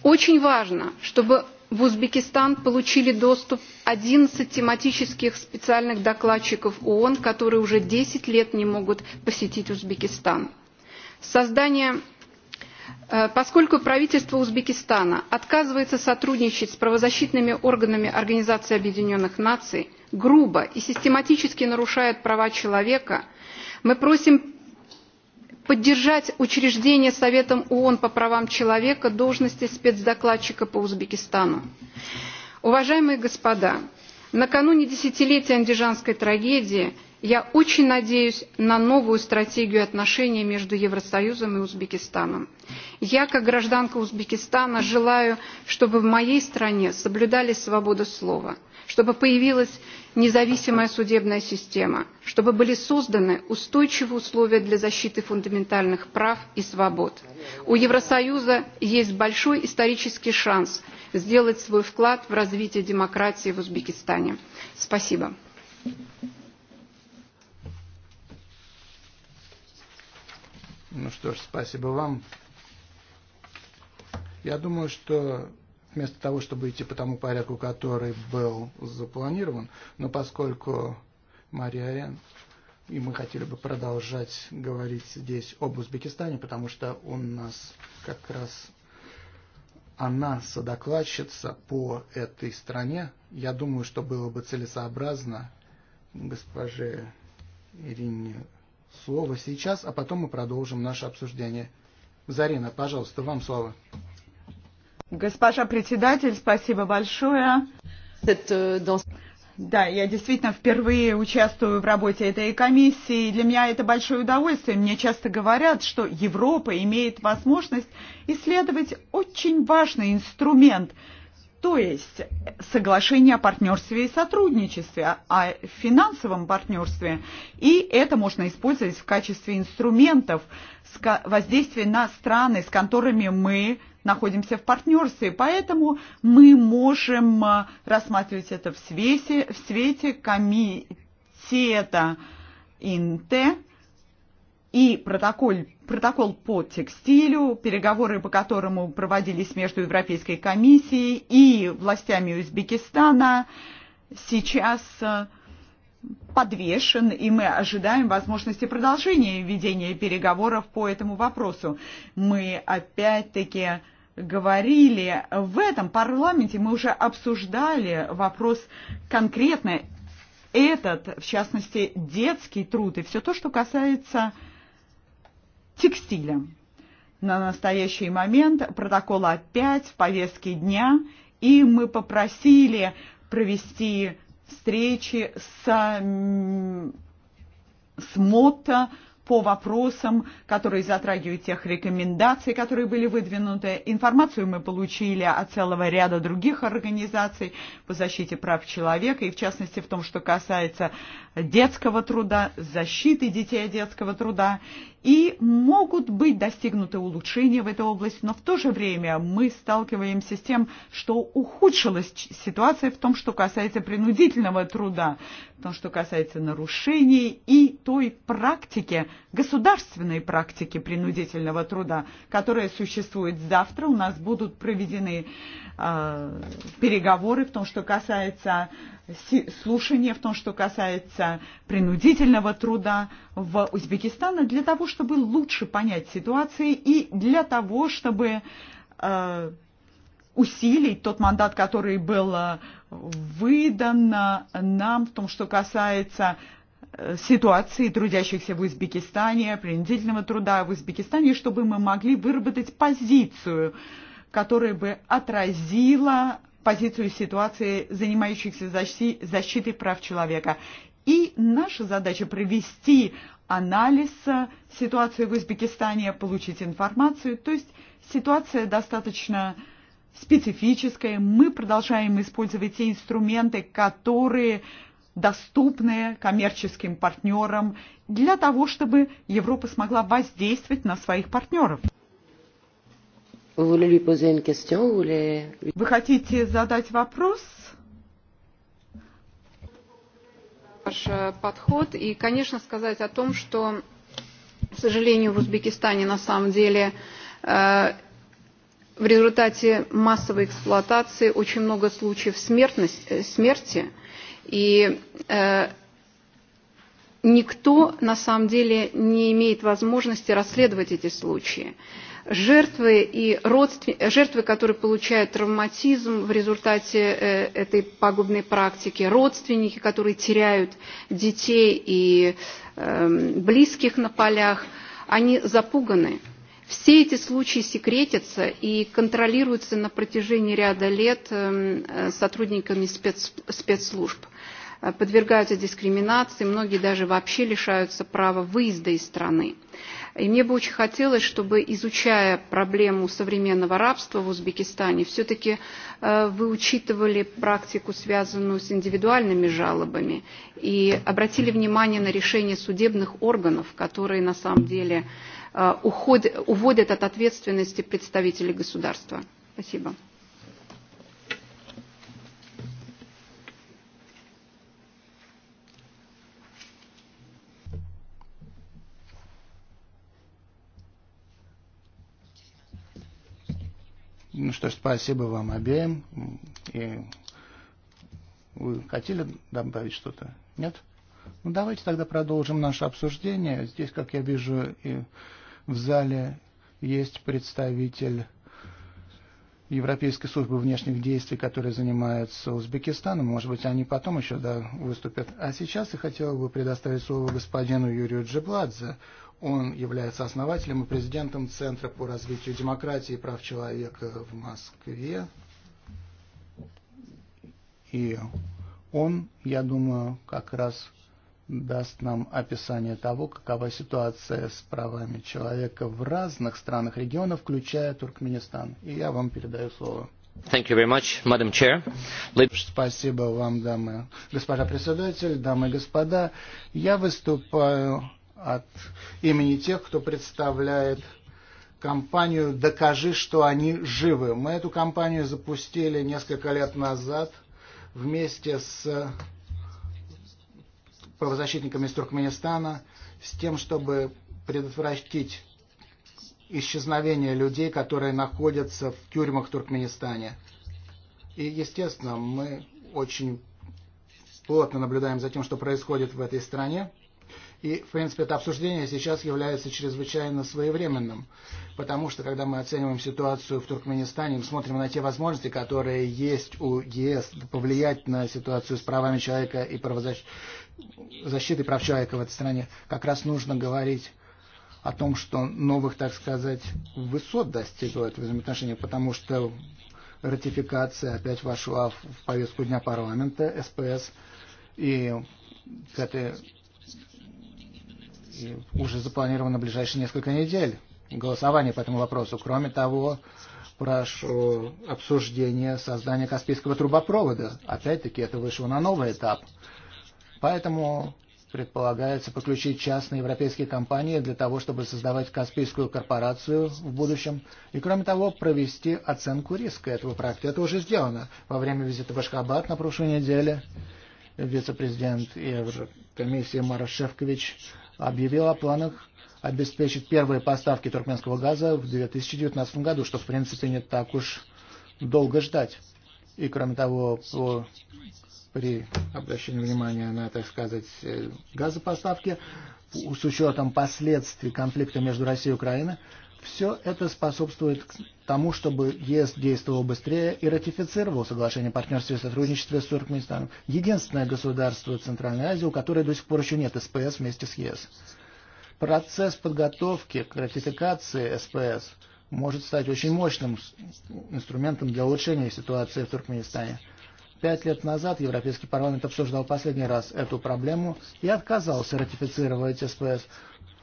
Очень важно, чтобы в Узбекистан получили доступ 11 тематических специальных докладчиков ООН, которые уже 10 лет не могут посетить Узбекистан. Создание э, Поскольку правительство Узбекистана отказывается сотрудничать с правозащитными органами Организации Объединенных Наций, грубо и систематически нарушает права человека, мы просим поддержать учреждение Советом ООН по правам человека должности спецдокладчика по Узбекистану. Уважаемые господа, накануне десятилетия андижанской трагедии я очень надеюсь на новую стратегию отношений между Евросоюзом и Узбекистаном. Я, как гражданка Узбекистана, желаю, чтобы в моей стране соблюдались свобода слова, чтобы появилась независимая судебная система, чтобы были созданы устойчивые условия для защиты фундаментальных прав и свобод. У Евросоюза есть большой исторический шанс сделать свой вклад в развитие демократии в Узбекистане. Спасибо. Ну что ж, спасибо вам. Я думаю, что вместо того, чтобы идти по тому порядку, который был запланирован. Но поскольку Мария Арен, и мы хотели бы продолжать говорить здесь об Узбекистане, потому что у нас как раз она содокладчица по этой стране. Я думаю, что было бы целесообразно госпоже Ирине слово сейчас, а потом мы продолжим наше обсуждение. Зарина, пожалуйста, вам слово. Госпожа председатель, спасибо большое. Э, да, я действительно впервые участвую в работе этой комиссии. Для меня это большое удовольствие. Мне часто говорят, что Европа имеет возможность исследовать очень важный инструмент, то есть соглашение о партнерстве и сотрудничестве, о финансовом партнерстве. И это можно использовать в качестве инструментов воздействия на страны, с которыми мы находимся в партнерстве, поэтому мы можем э, рассматривать это в свете, в свете комитета ИНТ и протокол, протокол по текстилю, переговоры по которому проводились между Европейской комиссией и властями Узбекистана, сейчас э, подвешен, и мы ожидаем возможности продолжения ведения переговоров по этому вопросу. Мы опять-таки говорили в этом парламенте, мы уже обсуждали вопрос конкретно этот, в частности, детский труд и все то, что касается текстиля. На настоящий момент протокол опять в повестке дня, и мы попросили провести встречи с, с МОТО, по вопросам, которые затрагивают тех рекомендаций, которые были выдвинуты. Информацию мы получили от целого ряда других организаций по защите прав человека, и в частности в том, что касается детского труда, защиты детей от детского труда И могут быть достигнуты улучшения в этой области, но в то же время мы сталкиваемся с тем, что ухудшилась ситуация в том, что касается принудительного труда, в том, что касается нарушений и той практики, государственной практики принудительного труда, которая существует завтра. У нас будут проведены э, переговоры в том, что касается слушания в том, что касается принудительного труда в Узбекистане, для того, чтобы лучше понять ситуацию и для того, чтобы э, усилить тот мандат, который был э, выдан э, нам в том, что касается э, ситуации трудящихся в Узбекистане, принудительного труда в Узбекистане, чтобы мы могли выработать позицию, которая бы отразила позицию ситуации, занимающихся защитой прав человека. И наша задача провести анализ ситуации в Узбекистане, получить информацию. То есть ситуация достаточно специфическая. Мы продолжаем использовать те инструменты, которые доступны коммерческим партнерам для того, чтобы Европа смогла воздействовать на своих партнеров. Vous voulez lui poser une question ou les... Вы хотите задать вопрос? Ваш э, подход и, конечно, сказать о том, что, к сожалению, в Узбекистане на самом деле э, в результате массовой эксплуатации очень много случаев э, смерти, и э, никто на самом деле не имеет возможности расследовать эти случаи жертвы и родствен... жертвы, которые получают травматизм в результате э, этой пагубной практики, родственники, которые теряют детей и э, близких на полях, они запуганы. Все эти случаи секретятся и контролируются на протяжении ряда лет э, сотрудниками спец... спецслужб э, подвергаются дискриминации, многие даже вообще лишаются права выезда из страны. И мне бы очень хотелось, чтобы, изучая проблему современного рабства в Узбекистане, все-таки э, вы учитывали практику, связанную с индивидуальными жалобами, и обратили внимание на решения судебных органов, которые на самом деле э, уходят, уводят от ответственности представителей государства. Спасибо. Ну что ж, спасибо вам обеим. И вы хотели добавить что-то? Нет? Ну давайте тогда продолжим наше обсуждение. Здесь, как я вижу, и в зале есть представитель Европейской службы внешних действий, которые занимаются Узбекистаном. Может быть, они потом еще да, выступят. А сейчас я хотел бы предоставить слово господину Юрию Джебладзе. Он является основателем и президентом Центра по развитию демократии и прав человека в Москве. И он, я думаю, как раз даст нам описание того, какова ситуация с правами человека в разных странах региона, включая Туркменистан. И я вам передаю слово. Thank you very much, Madam Chair. Спасибо вам, дамы. Госпожа председатель, дамы и господа, я выступаю от имени тех, кто представляет компанию «Докажи, что они живы». Мы эту компанию запустили несколько лет назад вместе с правозащитниками из Туркменистана с тем, чтобы предотвратить исчезновение людей, которые находятся в тюрьмах в Туркменистане. И, естественно, мы очень плотно наблюдаем за тем, что происходит в этой стране. И, в принципе, это обсуждение сейчас является чрезвычайно своевременным, потому что, когда мы оцениваем ситуацию в Туркменистане, мы смотрим на те возможности, которые есть у ЕС повлиять на ситуацию с правами человека и правозащ... защитой прав человека в этой стране, как раз нужно говорить о том, что новых, так сказать, высот достигают взаимоотношения, потому что ратификация опять вошла в повестку дня парламента, СПС, и к этой И уже запланировано в ближайшие несколько недель голосование по этому вопросу. Кроме того, прошу обсуждение создания Каспийского трубопровода. Опять-таки, это вышло на новый этап. Поэтому предполагается подключить частные европейские компании для того, чтобы создавать Каспийскую корпорацию в будущем. И кроме того, провести оценку риска этого проекта. Это уже сделано во время визита в Ашхабад на прошлой неделе. Вице-президент Еврокомиссии Марашевкович объявила о планах обеспечить первые поставки туркменского газа в 2019 году, что, в принципе, не так уж долго ждать. И, кроме того, по, при обращении внимания на, так сказать, э, газопоставки, с учетом последствий конфликта между Россией и Украиной, Все это способствует тому, чтобы ЕС действовал быстрее и ратифицировал соглашение о партнерстве и сотрудничестве с Туркменистаном. Единственное государство Центральной Азии, у которой до сих пор еще нет СПС вместе с ЕС. Процесс подготовки к ратификации СПС может стать очень мощным инструментом для улучшения ситуации в Туркменистане. Пять лет назад Европейский парламент обсуждал последний раз эту проблему и отказался ратифицировать СПС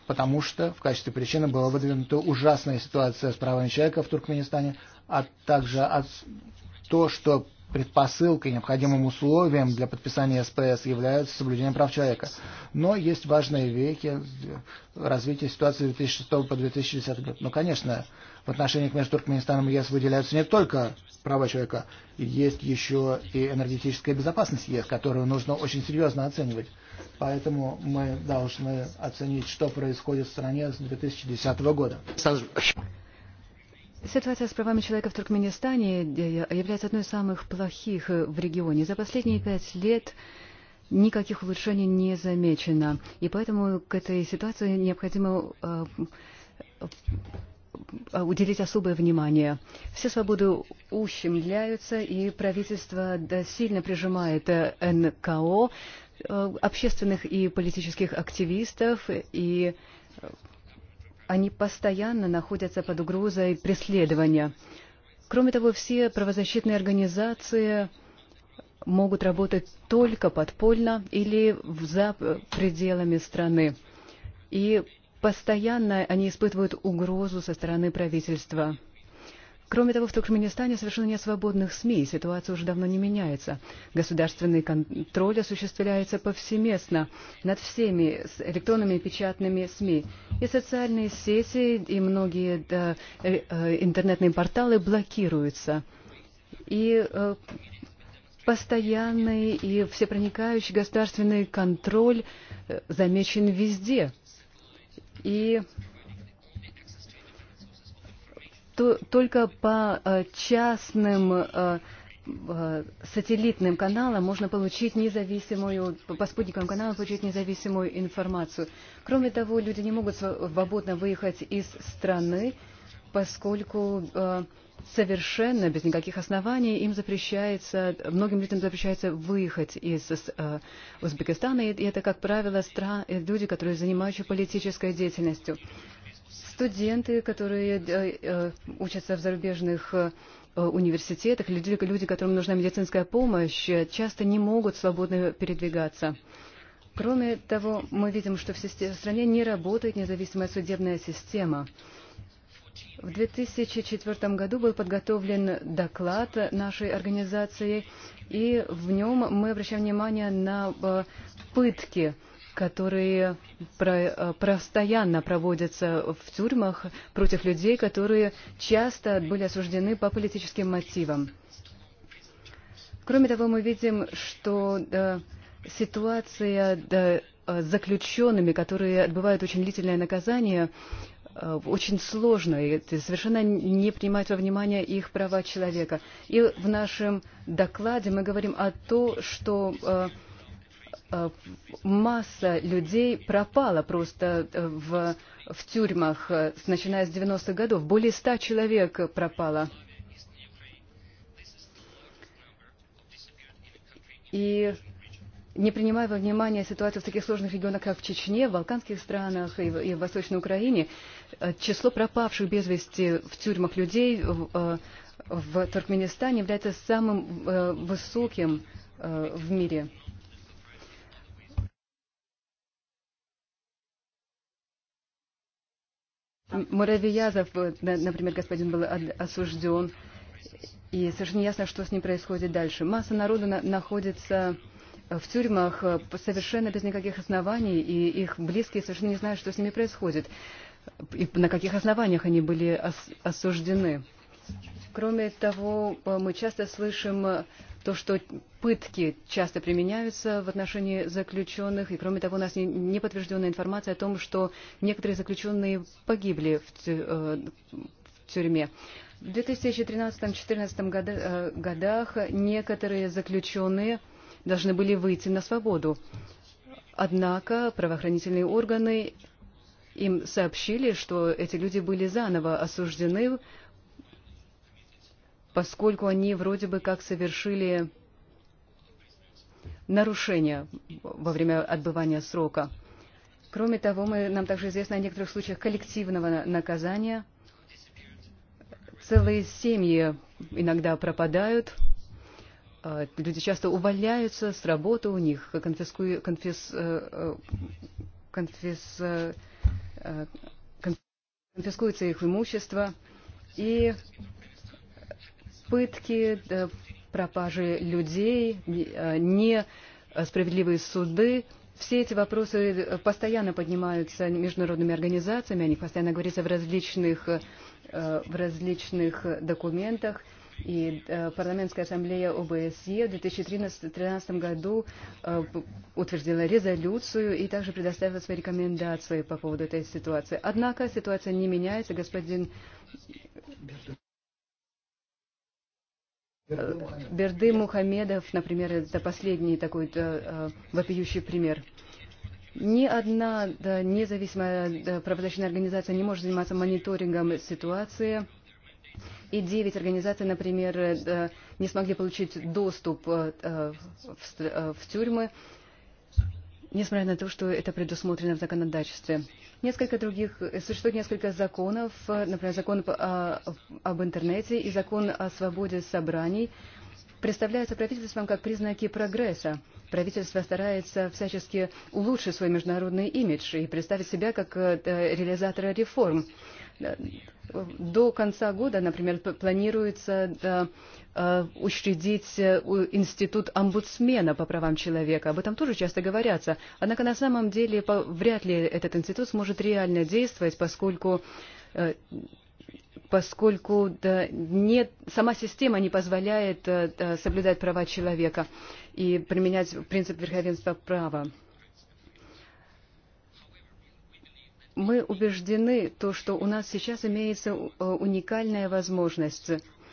потому что в качестве причины была выдвинута ужасная ситуация с правами человека в Туркменистане, а также от то, что предпосылкой, необходимым условием для подписания СПС является соблюдение прав человека. Но есть важные веки развития ситуации 2006 по 2010 год. Но, конечно, в отношениях между Туркменистаном и ЕС выделяются не только права человека, есть еще и энергетическая безопасность ЕС, которую нужно очень серьезно оценивать. Поэтому мы должны оценить, что происходит в стране с 2010 года. Ситуация с правами человека в Туркменистане является одной из самых плохих в регионе. За последние пять лет никаких улучшений не замечено. И поэтому к этой ситуации необходимо э, э, уделить особое внимание. Все свободы ущемляются, и правительство сильно прижимает НКО Э, общественных и политических активистов, и э, они постоянно находятся под угрозой преследования. Кроме того, все правозащитные организации могут работать только подпольно или за пределами страны. И постоянно они испытывают угрозу со стороны правительства. Кроме того, в Туркменистане совершенно нет свободных СМИ, ситуация уже давно не меняется. Государственный контроль осуществляется повсеместно над всеми электронными и печатными СМИ. И социальные сети, и многие да, э, э, интернетные порталы блокируются. И э, постоянный и всепроникающий государственный контроль замечен везде. И только по э, частным э, э, сателлитным каналам можно получить независимую, по спутниковым каналам получить независимую информацию. Кроме того, люди не могут свободно выехать из страны, поскольку совершенно без никаких оснований им запрещается, многим людям запрещается выехать из Узбекистана, и это, как правило, люди, которые занимаются политической деятельностью студенты, которые э, э, учатся в зарубежных э, университетах, люди, которым нужна медицинская помощь, часто не могут свободно передвигаться. Кроме того, мы видим, что в стране не работает независимая судебная система. В 2004 году был подготовлен доклад нашей организации, и в нем мы обращаем внимание на пытки которые постоянно э, проводятся в тюрьмах против людей, которые часто были осуждены по политическим мотивам. Кроме того, мы видим, что э, ситуация да, э, с заключенными, которые отбывают очень длительное наказание, очень сложно, и совершенно не принимать во внимание их права человека. И в нашем докладе мы говорим о том, что Э, масса людей пропала просто э, в, в тюрьмах, э, начиная с 90-х годов. Более 100 человек пропало. И не принимая во внимание ситуацию в таких сложных регионах, как в Чечне, в Балканских странах и в, и в Восточной Украине, число пропавших без вести в тюрьмах людей в, в Туркменистане является самым высоким в мире. Муравиязов, например, господин был осужден. И совершенно ясно, что с ним происходит дальше. Масса народа на находится э, в тюрьмах э, совершенно без никаких оснований, и их близкие совершенно не знают, что с ними происходит, и на каких основаниях они были ос осуждены. Кроме того, э, мы часто слышим то, что пытки часто применяются в отношении заключенных, и кроме того, у нас не подтвержденная информация о том, что некоторые заключенные погибли в, э, в тюрьме. В 2013-2014 э, годах некоторые заключенные должны были выйти на свободу. Однако правоохранительные органы им сообщили, что эти люди были заново осуждены поскольку они вроде бы как совершили нарушение во время отбывания срока. Кроме того, мы, нам также известно о некоторых случаях коллективного наказания. Целые семьи иногда пропадают, люди часто увольняются с работы, у них конфиску, конфис, э, э, э, конфис, конфискуется их имущество, и пытки, э, пропажи людей, э, несправедливые э, суды. Все эти вопросы постоянно поднимаются международными организациями, о них постоянно говорится в различных, в различных документах. И парламентская ассамблея ОБСЕ в 2013 году утвердила резолюцию и также предоставила свои рекомендации по поводу этой ситуации. Однако ситуация не меняется. Господин Берды Мухаммедов, например, это последний такой э, э, вопиющий пример. Ни одна да, независимая да, правозащитная организация не может заниматься мониторингом ситуации. И девять организаций, например, да, не смогли получить доступ да, э, в, в тюрьмы, несмотря на то, что это предусмотрено в законодательстве несколько других, э, существует несколько законов, э, например, закон о, об интернете и закон о свободе собраний, представляются правительством как признаки прогресса. Правительство старается всячески улучшить свой международный имидж и представить себя как э, реализатора реформ до конца года, например, планируется э, учредить э, институт омбудсмена по правам человека. Об этом тоже часто говорятся. Однако на самом деле вряд ли этот институт сможет реально действовать, поскольку э, поскольку да, нет, сама система не позволяет да, соблюдать права человека и применять принцип верховенства права. Мы убеждены, то, что у нас сейчас имеется э, уникальная возможность,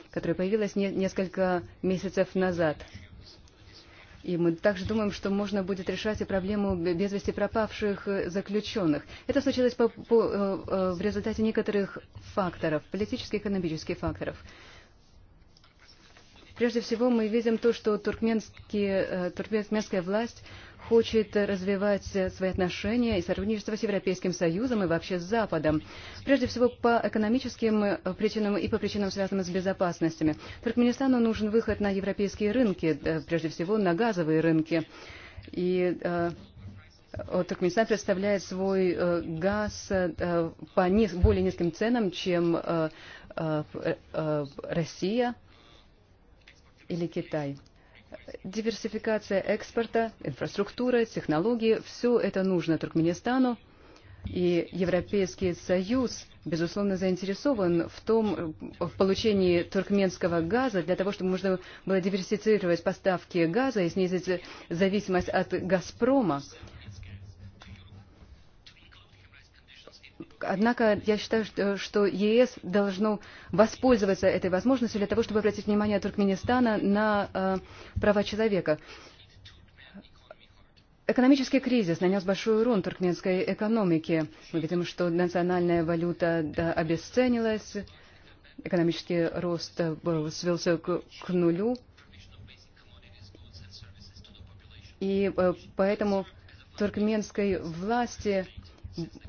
которая появилась несколько месяцев назад. И мы также думаем, что можно будет решать и проблему без вести пропавших э, заключенных. Это случилось по, по, э, в результате некоторых факторов, политических и экономических факторов. Прежде всего, мы видим то, что туркменские, туркменская власть хочет развивать свои отношения и сотрудничество с Европейским Союзом и вообще с Западом. Прежде всего по экономическим причинам и по причинам, связанным с безопасностями. Туркменистану нужен выход на европейские рынки, э, прежде всего на газовые рынки. И э, Туркменистан представляет свой э, газ по низ, более низким ценам, чем Россия или Китай диверсификация экспорта, инфраструктура, технологии, все это нужно Туркменистану. И Европейский Союз, безусловно, заинтересован в том, э, в получении туркменского газа для того, чтобы можно было диверсифицировать поставки газа и снизить зависимость от «Газпрома». Однако я считаю, что ЕС должно воспользоваться этой возможностью для того, чтобы обратить внимание Туркменистана на э, права человека. Экономический кризис нанес большой урон туркменской экономике. Мы видим, что национальная валюта да, обесценилась, экономический рост э, свелся к, к нулю. И э, поэтому туркменской власти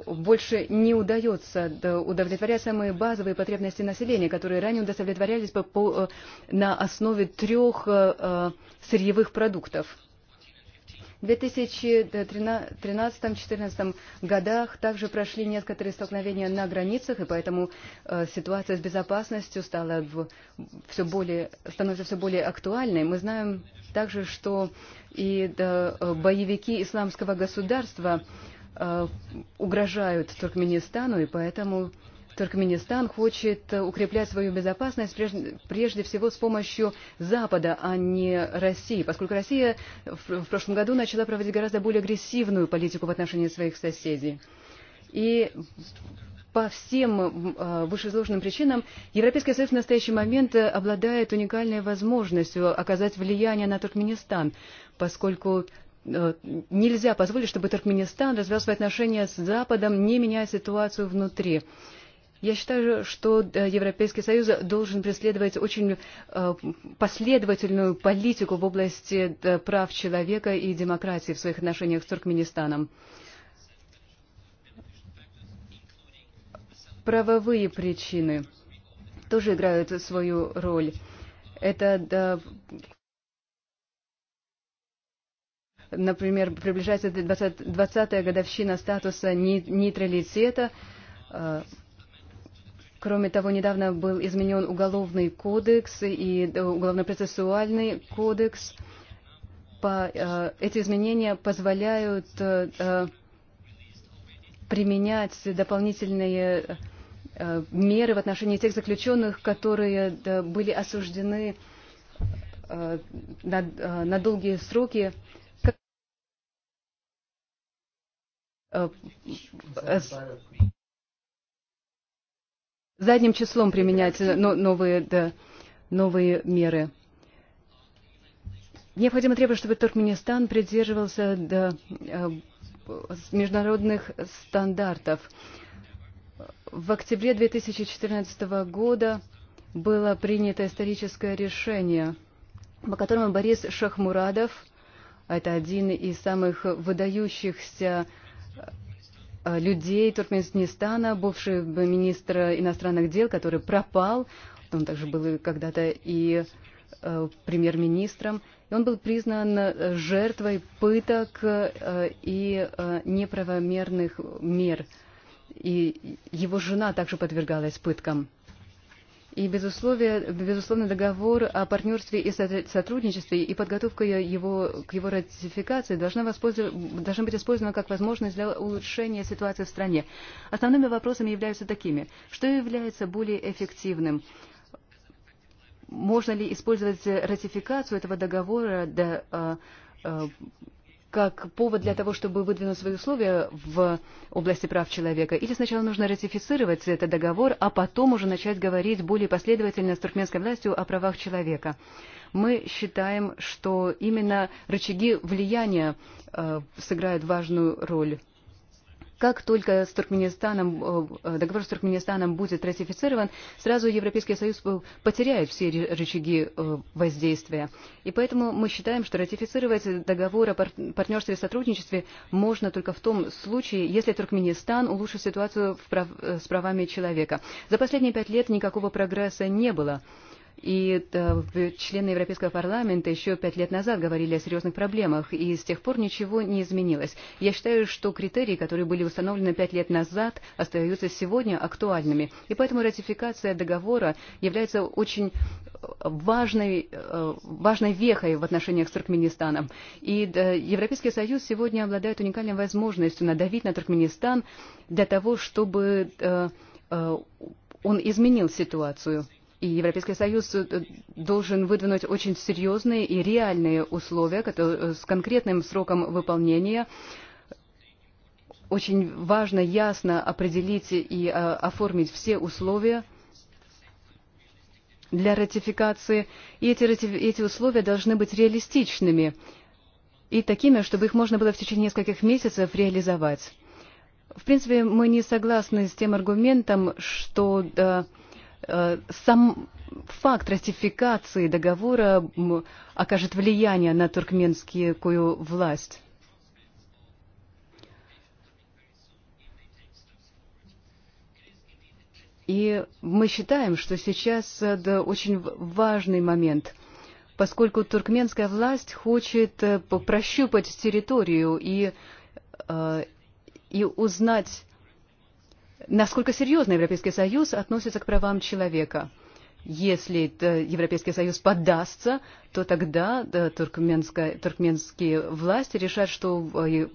больше не удается удовлетворять самые базовые потребности населения, которые ранее удовлетворялись по, по, э, на основе трех э, э, сырьевых продуктов. В 2013-2014 годах также прошли некоторые столкновения на границах, и поэтому э, ситуация с безопасностью стала в, все более, становится все более актуальной. Мы знаем также, что и да, э, боевики исламского государства э, Э, угрожают Туркменистану, и поэтому Туркменистан хочет укреплять свою безопасность прежде, прежде всего с помощью Запада, а не России, поскольку Россия в, в прошлом году начала проводить гораздо более агрессивную политику в отношении своих соседей. И по всем э, вышеизложенным причинам Европейский Союз в настоящий момент обладает уникальной возможностью оказать влияние на Туркменистан, поскольку Э, нельзя позволить, чтобы Туркменистан свои отношения с Западом, не меняя ситуацию внутри. Я считаю, что э, Европейский Союз должен преследовать очень э, последовательную политику в области прав человека и демократии в своих отношениях с Туркменистаном. Правовые причины тоже играют свою роль. Это Например, приближается 20, я годовщина статуса нейтралитета. Э, кроме того, недавно был изменен уголовный кодекс и э, уголовно-процессуальный кодекс. По, э, эти изменения позволяют э, э, применять дополнительные э, меры в отношении тех заключенных, которые да, были осуждены э, на, э, на долгие сроки Э, э, задним числом применять новые, новые меры. Необходимо требовать, чтобы Туркменистан придерживался до э, международных стандартов. В октябре 2014 года было принято историческое решение, по которому Борис Шахмурадов, это один из самых выдающихся Э, людей Туркменистана, бывший министр иностранных дел, который пропал, он также был когда-то и э, премьер-министром, и он был признан э, жертвой пыток и неправомерных мер. И его жена также подвергалась пыткам. И безусловие, безусловно договор о партнерстве и сотрудничестве и подготовка его, к его ратификации должна, должна быть использована как возможность для улучшения ситуации в стране. Основными вопросами являются такими. Что является более эффективным? Можно ли использовать ратификацию этого договора для э, э, как повод для того, чтобы выдвинуть свои условия в области прав человека? Или сначала нужно ратифицировать этот договор, а потом уже начать говорить более последовательно с туркменской властью о правах человека? Мы считаем, что именно рычаги влияния э, сыграют важную роль как только с Туркменистаном, э, э, договор с Туркменистаном будет ратифицирован, сразу Европейский Союз э, потеряет все рычаги воздействия. И поэтому мы считаем, что ратифицировать договор о партнерстве и сотрудничестве можно только в том случае, если Туркменистан улучшит ситуацию в прав... с правами человека. За последние пять лет никакого прогресса не было. И э, члены Европейского парламента еще пять лет назад говорили о серьезных проблемах, и с тех пор ничего не изменилось. Я считаю, что критерии, которые были установлены пять лет назад, остаются сегодня актуальными. И поэтому ратификация договора является очень э, важной, э, важной вехой в отношениях с Туркменистаном. И Европейский Союз сегодня обладает уникальной возможностью надавить на Туркменистан для того, чтобы он изменил ситуацию. И Европейский Союз э, должен выдвинуть очень серьезные и реальные условия э, с конкретным сроком выполнения. Очень важно ясно определить и э, оформить все условия для ратификации. И эти, эти условия должны быть реалистичными и такими, чтобы их можно было в течение нескольких месяцев реализовать. В принципе, мы не согласны с тем аргументом, что... да, Э, сам факт ратификации договора окажет влияние на туркменскую власть? И мы считаем, что сейчас это очень важный момент, поскольку туркменская власть хочет э, прощупать территорию и, э, и узнать, насколько серьезно Европейский Союз относится к правам человека. Если э, Европейский Союз поддастся, то тогда э, туркменские власти решат, что вы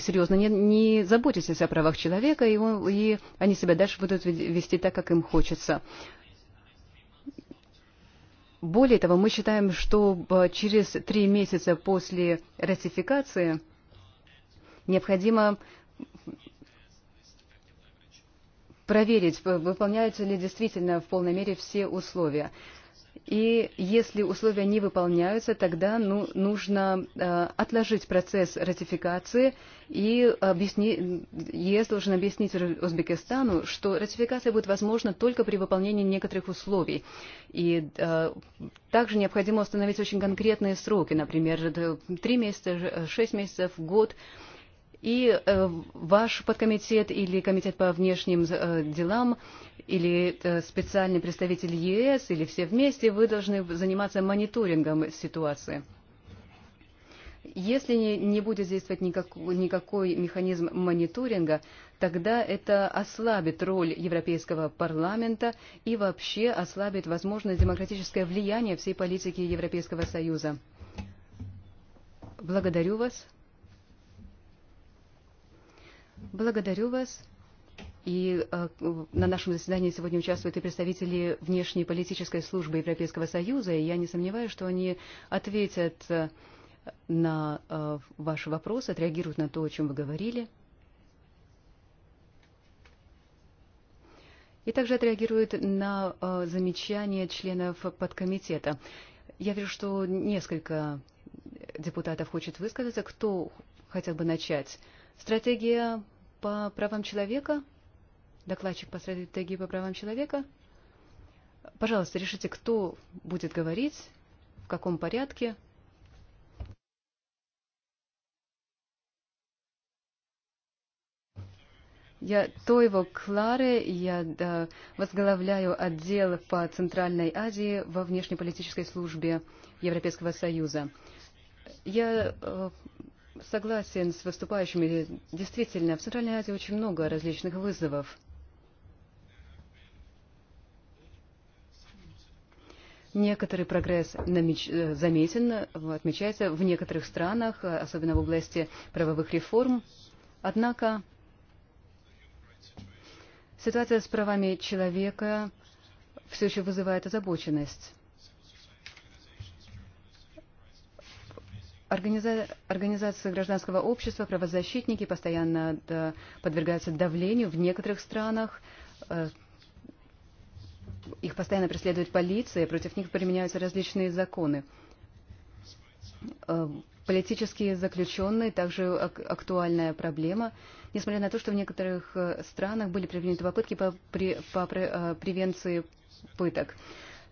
серьезно не, не заботитесь о правах человека, и, он, и они себя дальше будут вести так, как им хочется. Более того, мы считаем, что э, через три месяца после ратификации необходимо проверить, выполняются ли действительно в полной мере все условия. И если условия не выполняются, тогда ну, нужно э, отложить процесс ратификации и объясни, ЕС должен объяснить Узбекистану, что ратификация будет возможна только при выполнении некоторых условий. И э, также необходимо установить очень конкретные сроки, например, три месяца, шесть месяцев, год. И э, ваш подкомитет или комитет по внешним э, делам или э, специальный представитель ЕС или все вместе вы должны заниматься мониторингом ситуации. Если не, не будет действовать никак, никакой механизм мониторинга, тогда это ослабит роль Европейского парламента и вообще ослабит возможность демократическое влияние всей политики Европейского Союза. Благодарю вас. Благодарю вас. И э, на нашем заседании сегодня участвуют и представители внешней политической службы Европейского Союза, и я не сомневаюсь, что они ответят э, на э, ваши вопросы, отреагируют на то, о чем вы говорили. И также отреагируют на э, замечания членов подкомитета. Я вижу, что несколько депутатов хочет высказаться. Кто хотел бы начать? Стратегия по правам человека? Докладчик по стратегии по правам человека? Пожалуйста, решите, кто будет говорить, в каком порядке. Я Тойво Клары, я да, возглавляю отдел по Центральной Азии во внешнеполитической службе Европейского Союза. Я э, согласен с выступающими. Действительно, в Центральной Азии очень много различных вызовов. Некоторый прогресс намеч... Э, заметен, отмечается в некоторых странах, э, особенно в области правовых реформ. Однако ситуация с правами человека все еще вызывает озабоченность. Организация Организации гражданского общества, правозащитники постоянно да, подвергаются давлению в некоторых странах. Э, их постоянно преследует полиция, против них применяются различные законы. Э, политические заключенные также ак актуальная проблема, несмотря на то, что в некоторых э, странах были приняты попытки по, при, по, по э, превенции пыток.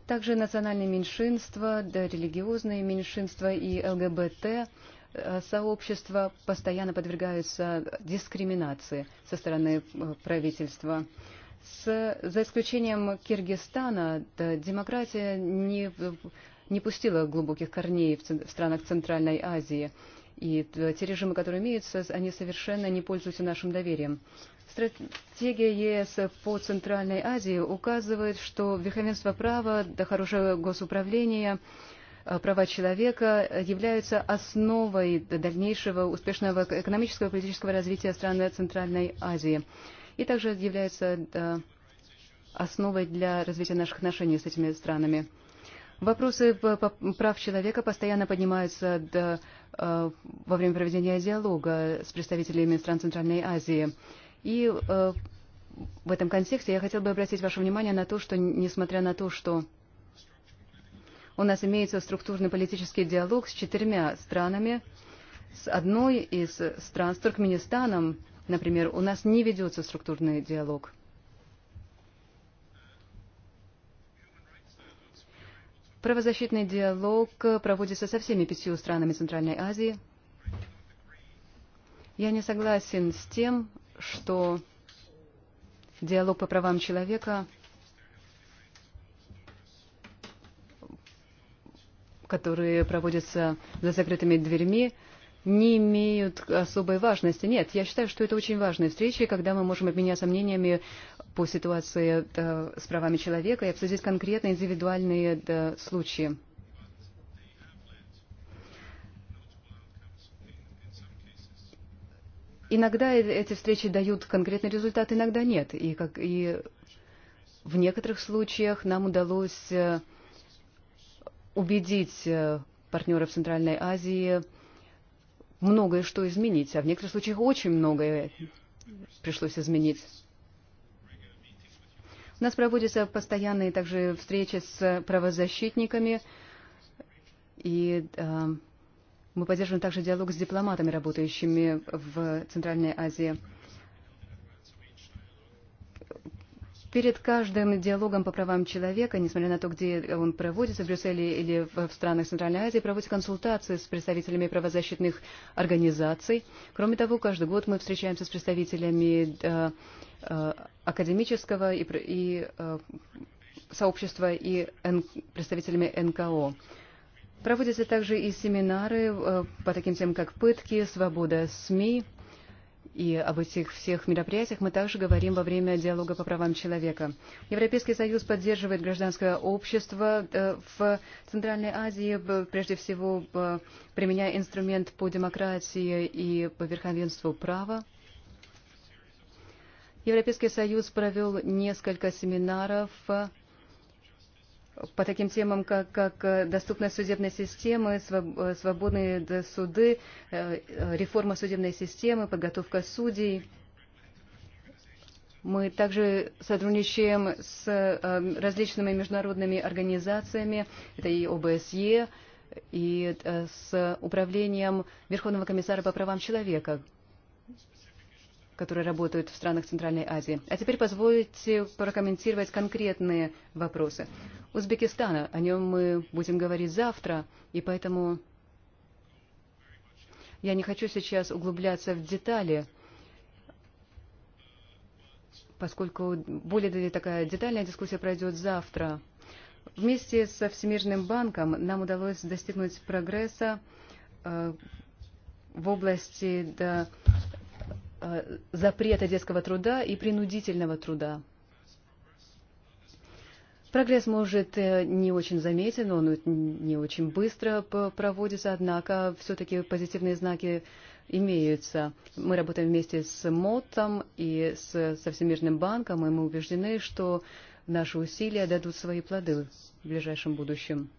Также национальные меньшинства, да, религиозные меньшинства и ЛГБТ э, сообщества постоянно подвергаются дискриминации со стороны э, правительства. С, за исключением Киргизстана, да, демократия не, не пустила глубоких корней в, в странах Центральной Азии и те режимы, которые имеются, они совершенно не пользуются нашим доверием. Стратегия ЕС по Центральной Азии указывает, что верховенство права, да хорошее госуправление, права человека являются основой дальнейшего успешного экономического и политического развития стран Центральной Азии. И также являются основой для развития наших отношений с этими странами. Вопросы прав человека постоянно поднимаются до, э, во время проведения диалога с представителями стран Центральной Азии. И э, в этом контексте я хотел бы обратить ваше внимание на то, что несмотря на то, что у нас имеется структурный политический диалог с четырьмя странами, с одной из стран, с Туркменистаном, например, у нас не ведется структурный диалог. Правозащитный диалог проводится со всеми пятью странами Центральной Азии. Я не согласен с тем, что диалог по правам человека, которые проводятся за закрытыми дверьми, не имеют особой важности. Нет, я считаю, что это очень важные встречи, когда мы можем обменяться мнениями по ситуации с правами человека и обсудить конкретно индивидуальные случаи. Иногда э, эти встречи дают конкретный результат, иногда нет. И, как, и в некоторых случаях нам удалось э, убедить э, партнеров Центральной Азии многое что изменить, а в некоторых случаях очень многое пришлось изменить. У нас проводятся постоянные также встречи с правозащитниками, и э, мы поддерживаем также диалог с дипломатами, работающими в Центральной Азии. Перед каждым диалогом по правам человека, несмотря на то, где он проводится, в Брюсселе или в странах Центральной Азии, проводятся консультации с представителями правозащитных организаций. Кроме того, каждый год мы встречаемся с представителями э, Э, академического и, и э, сообщества и представителями НКО. Проводятся также и семинары э, по таким темам, как пытки, свобода СМИ. И об этих всех мероприятиях мы также говорим во время диалога по правам человека. Европейский Союз поддерживает гражданское общество в Центральной Азии, прежде всего применяя инструмент по демократии и по верховенству права. Европейский Союз провел несколько семинаров э, по таким темам, как, как э, доступность судебной системы, э, свободные суды, реформа судебной системы, подготовка судей. Мы также сотрудничаем с различными международными организациями, это и ОБСЕ, и с управлением Верховного комиссара по правам человека, которые работают в странах Центральной Азии. А теперь позвольте прокомментировать конкретные вопросы. Узбекистана, о нем мы будем говорить завтра, и поэтому я не хочу сейчас углубляться в детали, поскольку более такая детальная дискуссия пройдет завтра. Вместе со Всемирным банком нам удалось достигнуть прогресса э, в области Э, запрета детского труда и принудительного труда. Прогресс может э, не очень заметен, он не очень быстро проводится, однако все-таки позитивные знаки имеются. Мы работаем вместе с МОТом и со Всемирным банком, и мы убеждены, что наши усилия дадут свои плоды в ближайшем будущем.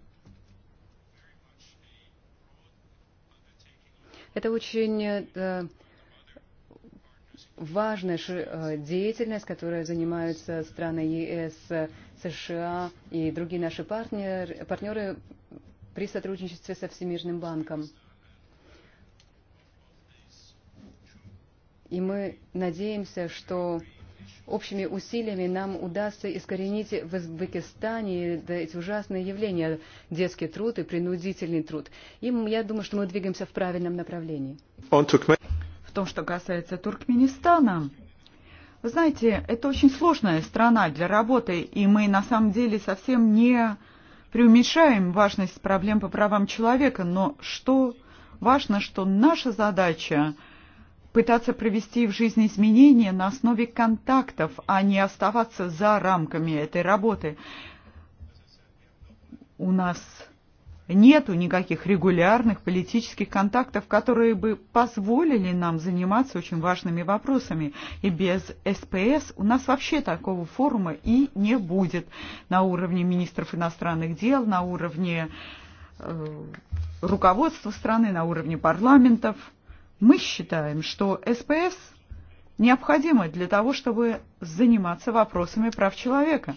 Это очень э, важная э, деятельность, которой занимаются страны ЕС, э, США и другие наши партнер, партнеры при сотрудничестве со Всемирным банком. И мы надеемся, что общими усилиями нам удастся искоренить в Узбекистане эти ужасные явления, детский труд и принудительный труд. И я думаю, что мы двигаемся в правильном направлении том, что касается Туркменистана. Вы знаете, это очень сложная страна для работы, и мы на самом деле совсем не преуменьшаем важность проблем по правам человека, но что важно, что наша задача пытаться провести в жизнь изменения на основе контактов, а не оставаться за рамками этой работы. У нас Нету никаких регулярных политических контактов, которые бы позволили нам заниматься очень важными вопросами. И без СПС у нас вообще такого форума и не будет на уровне министров иностранных дел, на уровне э, руководства страны, на уровне парламентов. Мы считаем, что СПС необходимо для того, чтобы заниматься вопросами прав человека.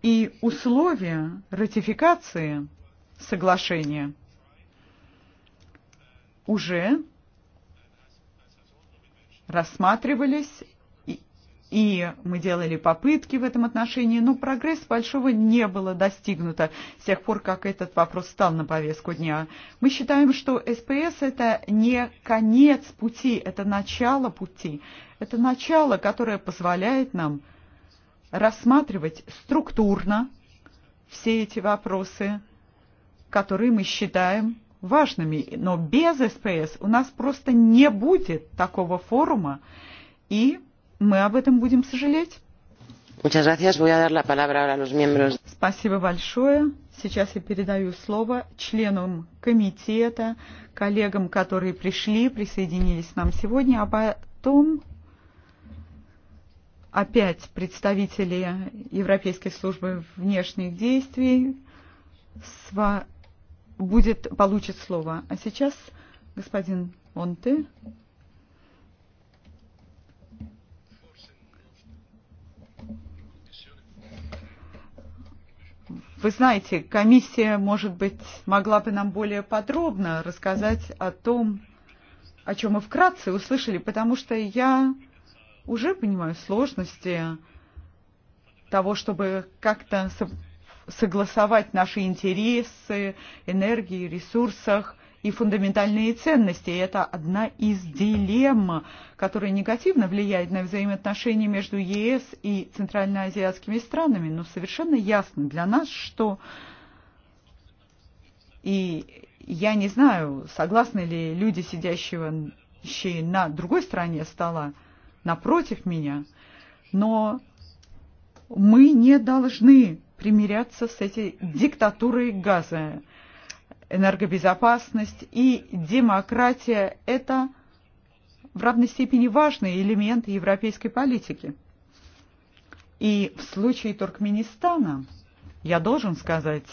И условия ратификации – соглашение уже рассматривались, и, и мы делали попытки в этом отношении, но прогресс большого не было достигнуто с тех пор, как этот вопрос стал на повестку дня. Мы считаем, что СПС – это не конец пути, это начало пути, это начало, которое позволяет нам рассматривать структурно все эти вопросы – которые мы считаем важными. Но без СПС у нас просто не будет такого форума, и мы об этом будем сожалеть. Muchas gracias. Voy a dar la palabra ahora a los miembros. Спасибо большое. Сейчас я передаю слово членам комитета, коллегам, которые пришли, присоединились к нам сегодня, а потом опять представители Европейской службы внешних действий, с будет, получит слово. А сейчас господин Монте. Вы знаете, комиссия, может быть, могла бы нам более подробно рассказать о том, о чем мы вкратце услышали, потому что я уже понимаю сложности того, чтобы как-то согласовать наши интересы, энергии, ресурсах и фундаментальные ценности. И это одна из дилемм, которая негативно влияет на взаимоотношения между ЕС и центральноазиатскими странами. Но совершенно ясно для нас, что и я не знаю, согласны ли люди, сидящие на другой стороне стола, напротив меня, но мы не должны примиряться с этой диктатурой газа. Энергобезопасность и демократия – это в равной степени важные элементы европейской политики. И в случае Туркменистана я должен сказать,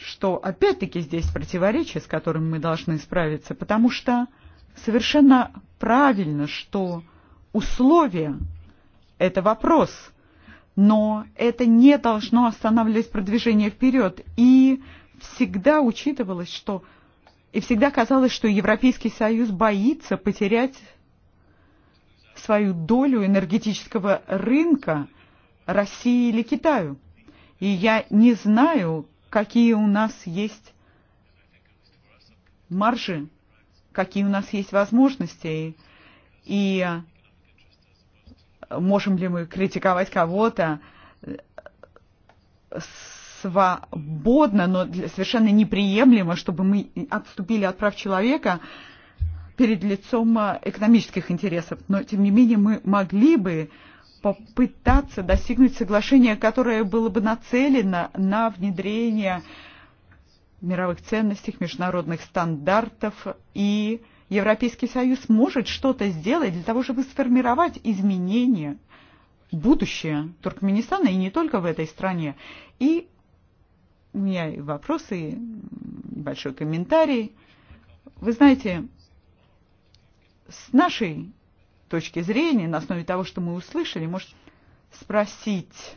что опять-таки здесь противоречие, с которым мы должны справиться, потому что совершенно правильно, что условия – это вопрос – но это не должно останавливать продвижение вперед. И всегда учитывалось, что и всегда казалось, что Европейский Союз боится потерять свою долю энергетического рынка России или Китаю. И я не знаю, какие у нас есть маржи, какие у нас есть возможности. И можем ли мы критиковать кого-то свободно, но совершенно неприемлемо, чтобы мы отступили от прав человека перед лицом экономических интересов. Но, тем не менее, мы могли бы попытаться достигнуть соглашения, которое было бы нацелено на внедрение мировых ценностей, международных стандартов и Европейский Союз может что-то сделать для того, чтобы сформировать изменения, будущее Туркменистана, и не только в этой стране. И у меня и вопросы, и большой комментарий. Вы знаете, с нашей точки зрения, на основе того, что мы услышали, может спросить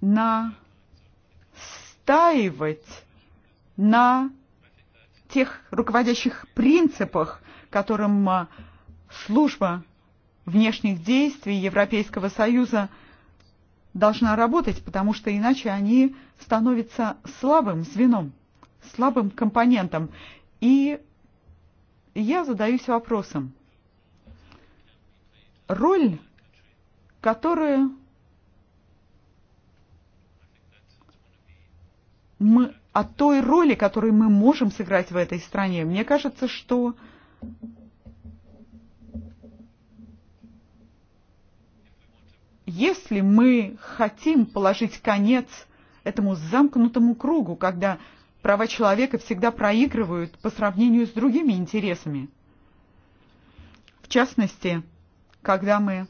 настаивать на тех руководящих принципах, которым служба внешних действий Европейского Союза должна работать, потому что иначе они становятся слабым звеном, слабым компонентом. И я задаюсь вопросом. Роль, которую мы о той роли, которую мы можем сыграть в этой стране. Мне кажется, что если мы хотим положить конец этому замкнутому кругу, когда права человека всегда проигрывают по сравнению с другими интересами. В частности, когда мы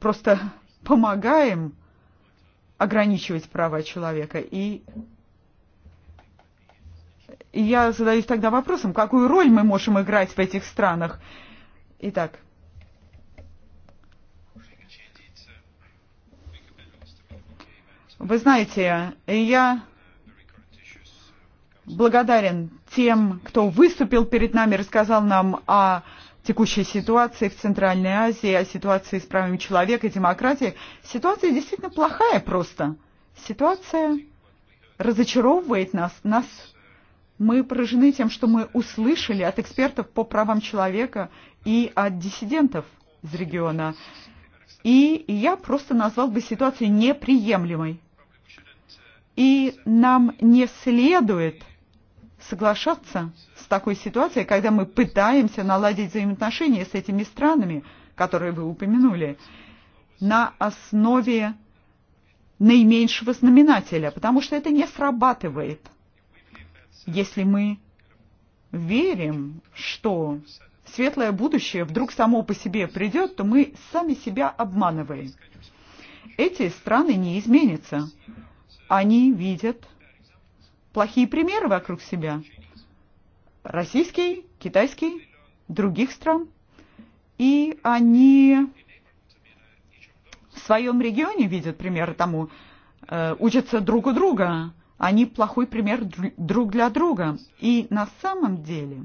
просто помогаем ограничивать права человека. И и я задаюсь тогда вопросом, какую роль мы можем играть в этих странах. Итак. Вы знаете, я благодарен тем, кто выступил перед нами, рассказал нам о текущей ситуации в Центральной Азии, о ситуации с правами человека и демократии. Ситуация действительно плохая просто. Ситуация разочаровывает нас. Нас мы поражены тем, что мы услышали от экспертов по правам человека и от диссидентов из региона. И я просто назвал бы ситуацию неприемлемой. И нам не следует соглашаться такой ситуации, когда мы пытаемся наладить взаимоотношения с этими странами, которые вы упомянули, на основе наименьшего знаменателя, потому что это не срабатывает. Если мы верим, что светлое будущее вдруг само по себе придет, то мы сами себя обманываем. Эти страны не изменятся. Они видят плохие примеры вокруг себя российский, китайский, других стран. И они в своем регионе видят пример тому, учатся друг у друга. Они плохой пример друг для друга. И на самом деле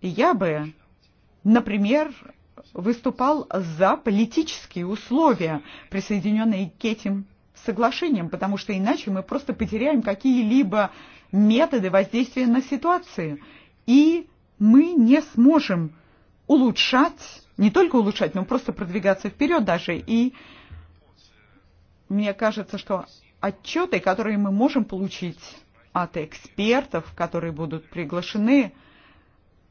я бы, например, выступал за политические условия, присоединенные к этим соглашением, потому что иначе мы просто потеряем какие-либо методы воздействия на ситуацию. И мы не сможем улучшать, не только улучшать, но просто продвигаться вперед даже. И мне кажется, что отчеты, которые мы можем получить от экспертов, которые будут приглашены,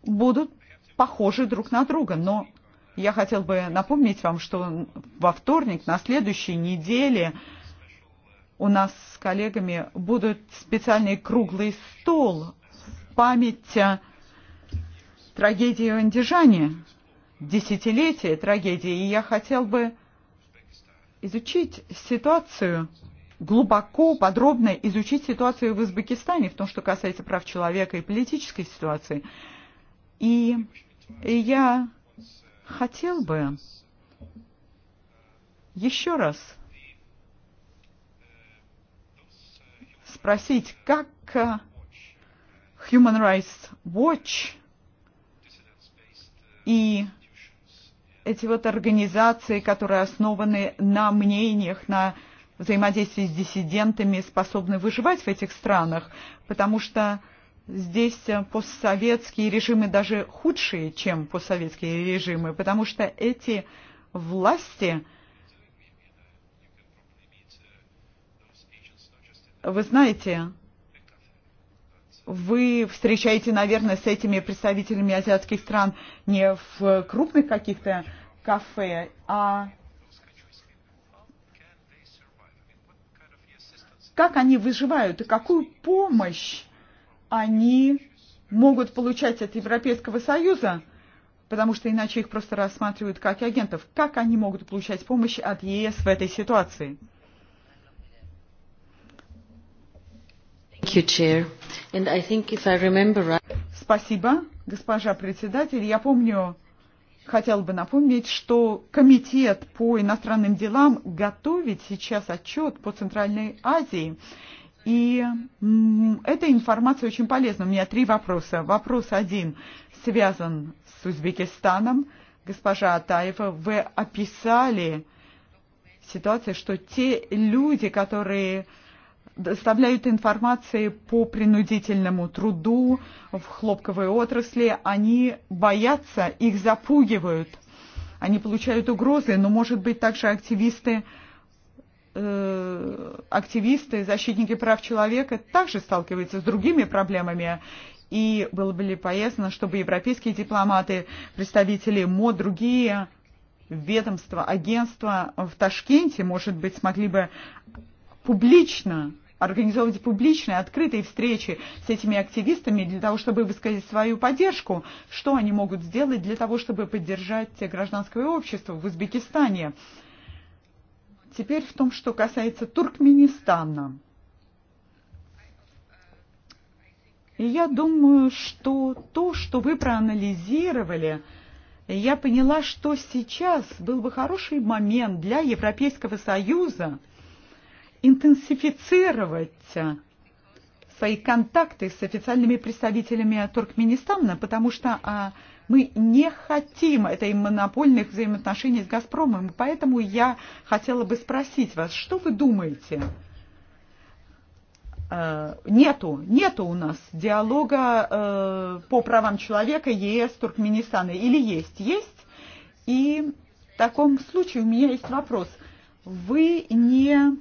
будут похожи друг на друга. Но я хотел бы напомнить вам, что во вторник, на следующей неделе, у нас с коллегами будут специальный круглый стол память трагедии в Андижане, десятилетие трагедии. И я хотел бы изучить ситуацию, глубоко, подробно изучить ситуацию в Узбекистане, в том, что касается прав человека и политической ситуации. И, и я хотел бы еще раз спросить, как Human Rights Watch и эти вот организации, которые основаны на мнениях, на взаимодействии с диссидентами, способны выживать в этих странах, потому что здесь постсоветские режимы даже худшие, чем постсоветские режимы, потому что эти власти – Вы знаете, вы встречаете, наверное, с этими представителями азиатских стран не в крупных каких-то кафе, а как они выживают и какую помощь они могут получать от Европейского Союза, потому что иначе их просто рассматривают как агентов. Как они могут получать помощь от ЕС в этой ситуации? Thank you, Chair. And I think if I remember right... Спасибо, госпожа председатель. Я помню, хотел бы напомнить, что Комитет по иностранным делам готовит сейчас отчет по Центральной Азии. И эта информация очень полезна. У меня три вопроса. Вопрос один связан с Узбекистаном. Госпожа Атаева, вы описали ситуацию, что те люди, которые доставляют информации по принудительному труду в хлопковой отрасли, они боятся, их запугивают, они получают угрозы, но, может быть, также активисты, э, активисты, защитники прав человека также сталкиваются с другими проблемами. И было бы ли полезно, чтобы европейские дипломаты, представители МО, другие ведомства, агентства в Ташкенте, может быть, смогли бы публично организовывать публичные, открытые встречи с этими активистами для того, чтобы высказать свою поддержку. Что они могут сделать для того, чтобы поддержать гражданское общество в Узбекистане? Теперь в том, что касается Туркменистана. И я думаю, что то, что вы проанализировали, я поняла, что сейчас был бы хороший момент для Европейского Союза – интенсифицировать свои контакты с официальными представителями Туркменистана, потому что а, мы не хотим этой монопольных взаимоотношений с «Газпромом». Поэтому я хотела бы спросить вас, что вы думаете? Э, нету, нету у нас диалога э, по правам человека ЕС Туркменистана. Или есть? Есть. И в таком случае у меня есть вопрос. Вы не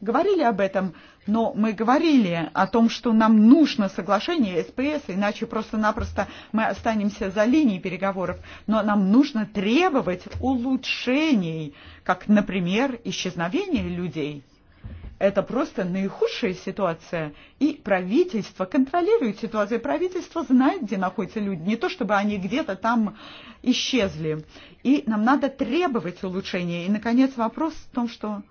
говорили об этом, но мы говорили о том, что нам нужно соглашение СПС, иначе просто-напросто мы останемся за линией переговоров, но нам нужно требовать улучшений, как, например, исчезновение людей. Это просто наихудшая ситуация. И правительство контролирует ситуацию. Правительство знает, где находятся люди. Не то, чтобы они где-то там исчезли. И нам надо требовать улучшения. И, наконец, вопрос в том, что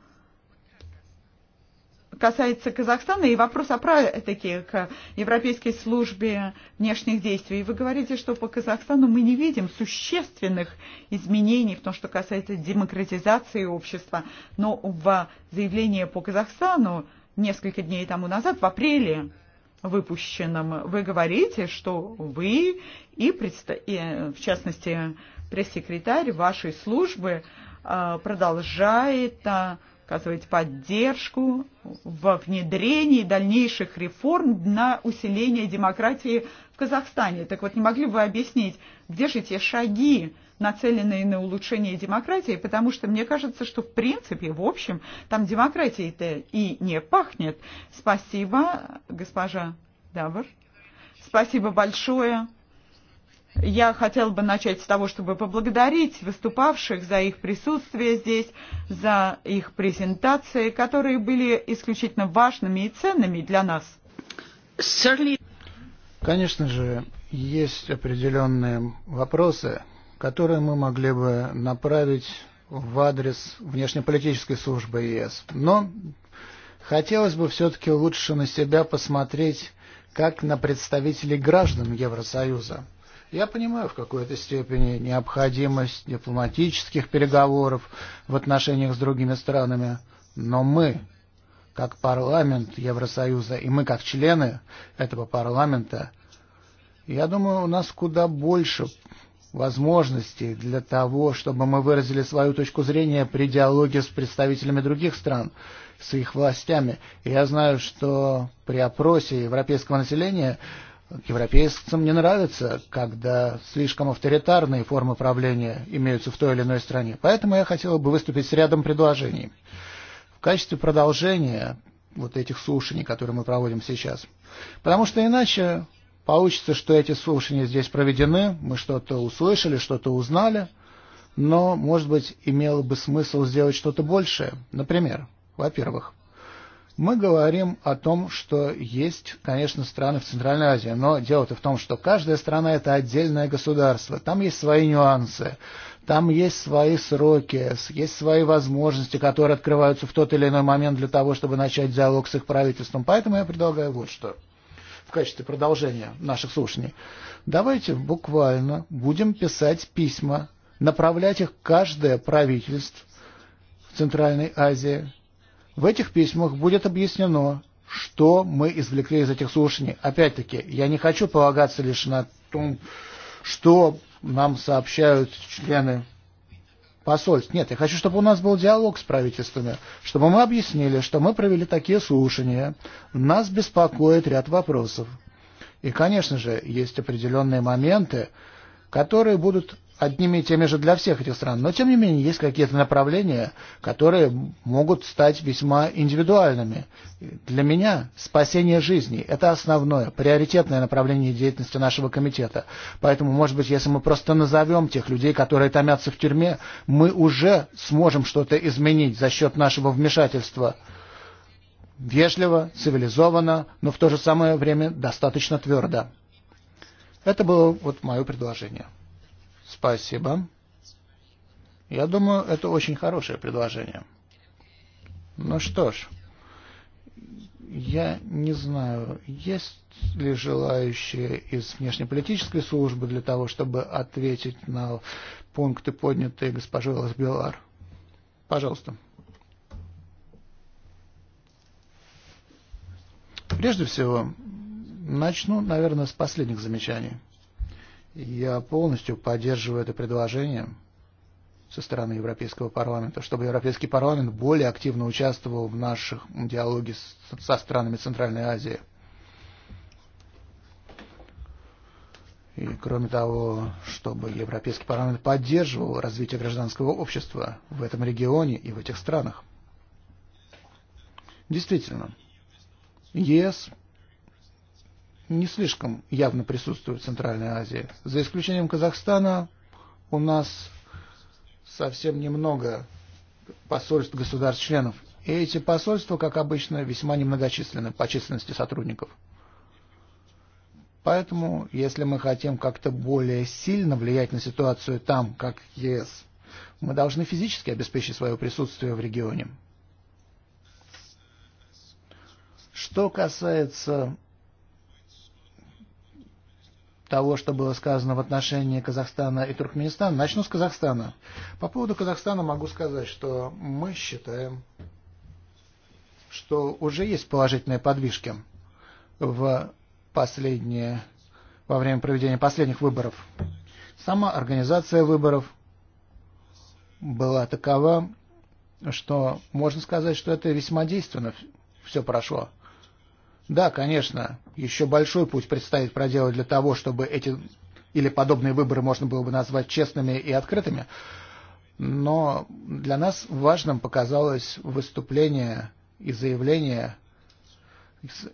касается Казахстана и вопроса практики к Европейской службе внешних действий. Вы говорите, что по Казахстану мы не видим существенных изменений в том, что касается демократизации общества. Но в заявлении по Казахстану несколько дней тому назад, в апреле, выпущенном, вы говорите, что вы и, предста... и в частности, пресс-секретарь вашей службы продолжает оказывать поддержку во внедрении дальнейших реформ на усиление демократии в Казахстане. Так вот, не могли бы вы объяснить, где же те шаги, нацеленные на улучшение демократии, потому что мне кажется, что в принципе, в общем, там демократии-то и не пахнет. Спасибо, госпожа Дабр, Спасибо большое. Я хотел бы начать с того, чтобы поблагодарить выступавших за их присутствие здесь, за их презентации, которые были исключительно важными и ценными для нас. Конечно же, есть определенные вопросы, которые мы могли бы направить в адрес внешнеполитической службы ЕС. Но хотелось бы все-таки лучше на себя посмотреть, как на представителей граждан Евросоюза – Я понимаю в какой-то степени необходимость дипломатических переговоров в отношениях с другими странами, но мы, как парламент Евросоюза, и мы, как члены этого парламента, я думаю, у нас куда больше возможностей для того, чтобы мы выразили свою точку зрения при диалоге с представителями других стран, с их властями. И я знаю, что при опросе европейского населения Европейцам не нравится, когда слишком авторитарные формы правления имеются в той или иной стране. Поэтому я хотел бы выступить с рядом предложений. В качестве продолжения вот этих слушаний, которые мы проводим сейчас. Потому что иначе получится, что эти слушания здесь проведены, мы что-то услышали, что-то узнали, но, может быть, имело бы смысл сделать что-то большее. Например, во-первых, Мы говорим о том, что есть, конечно, страны в Центральной Азии, но дело-то в том, что каждая страна – это отдельное государство. Там есть свои нюансы, там есть свои сроки, есть свои возможности, которые открываются в тот или иной момент для того, чтобы начать диалог с их правительством. Поэтому я предлагаю вот что в качестве продолжения наших слушаний. Давайте буквально будем писать письма, направлять их каждое правительство в Центральной Азии – В этих письмах будет объяснено, что мы извлекли из этих слушаний. Опять-таки, я не хочу полагаться лишь на том, что нам сообщают члены посольств. Нет, я хочу, чтобы у нас был диалог с правительствами, чтобы мы объяснили, что мы провели такие слушания. Нас беспокоит ряд вопросов. И, конечно же, есть определенные моменты, которые будут одними и теми же для всех этих стран. Но, тем не менее, есть какие-то направления, которые могут стать весьма индивидуальными. Для меня спасение жизни – это основное, приоритетное направление деятельности нашего комитета. Поэтому, может быть, если мы просто назовем тех людей, которые томятся в тюрьме, мы уже сможем что-то изменить за счет нашего вмешательства. Вежливо, цивилизованно, но в то же самое время достаточно твердо. Это было вот мое предложение. Спасибо. Я думаю, это очень хорошее предложение. Ну что ж, я не знаю, есть ли желающие из внешнеполитической службы для того, чтобы ответить на пункты, поднятые госпожой Ласбелар. Пожалуйста. Прежде всего, начну, наверное, с последних замечаний. Я полностью поддерживаю это предложение со стороны Европейского парламента, чтобы Европейский парламент более активно участвовал в наших диалоге со странами Центральной Азии. И кроме того, чтобы Европейский парламент поддерживал развитие гражданского общества в этом регионе и в этих странах. Действительно, ЕС не слишком явно присутствует в Центральной Азии. За исключением Казахстана у нас совсем немного посольств государств-членов. И эти посольства, как обычно, весьма немногочисленны по численности сотрудников. Поэтому, если мы хотим как-то более сильно влиять на ситуацию там, как ЕС, мы должны физически обеспечить свое присутствие в регионе. Что касается того, что было сказано в отношении Казахстана и Туркменистана. Начну с Казахстана. По поводу Казахстана могу сказать, что мы считаем, что уже есть положительные подвижки в последние, во время проведения последних выборов. Сама организация выборов была такова, что можно сказать, что это весьма действенно все прошло. Да, конечно, еще большой путь предстоит проделать для того, чтобы эти или подобные выборы можно было бы назвать честными и открытыми. Но для нас важным показалось выступление и заявление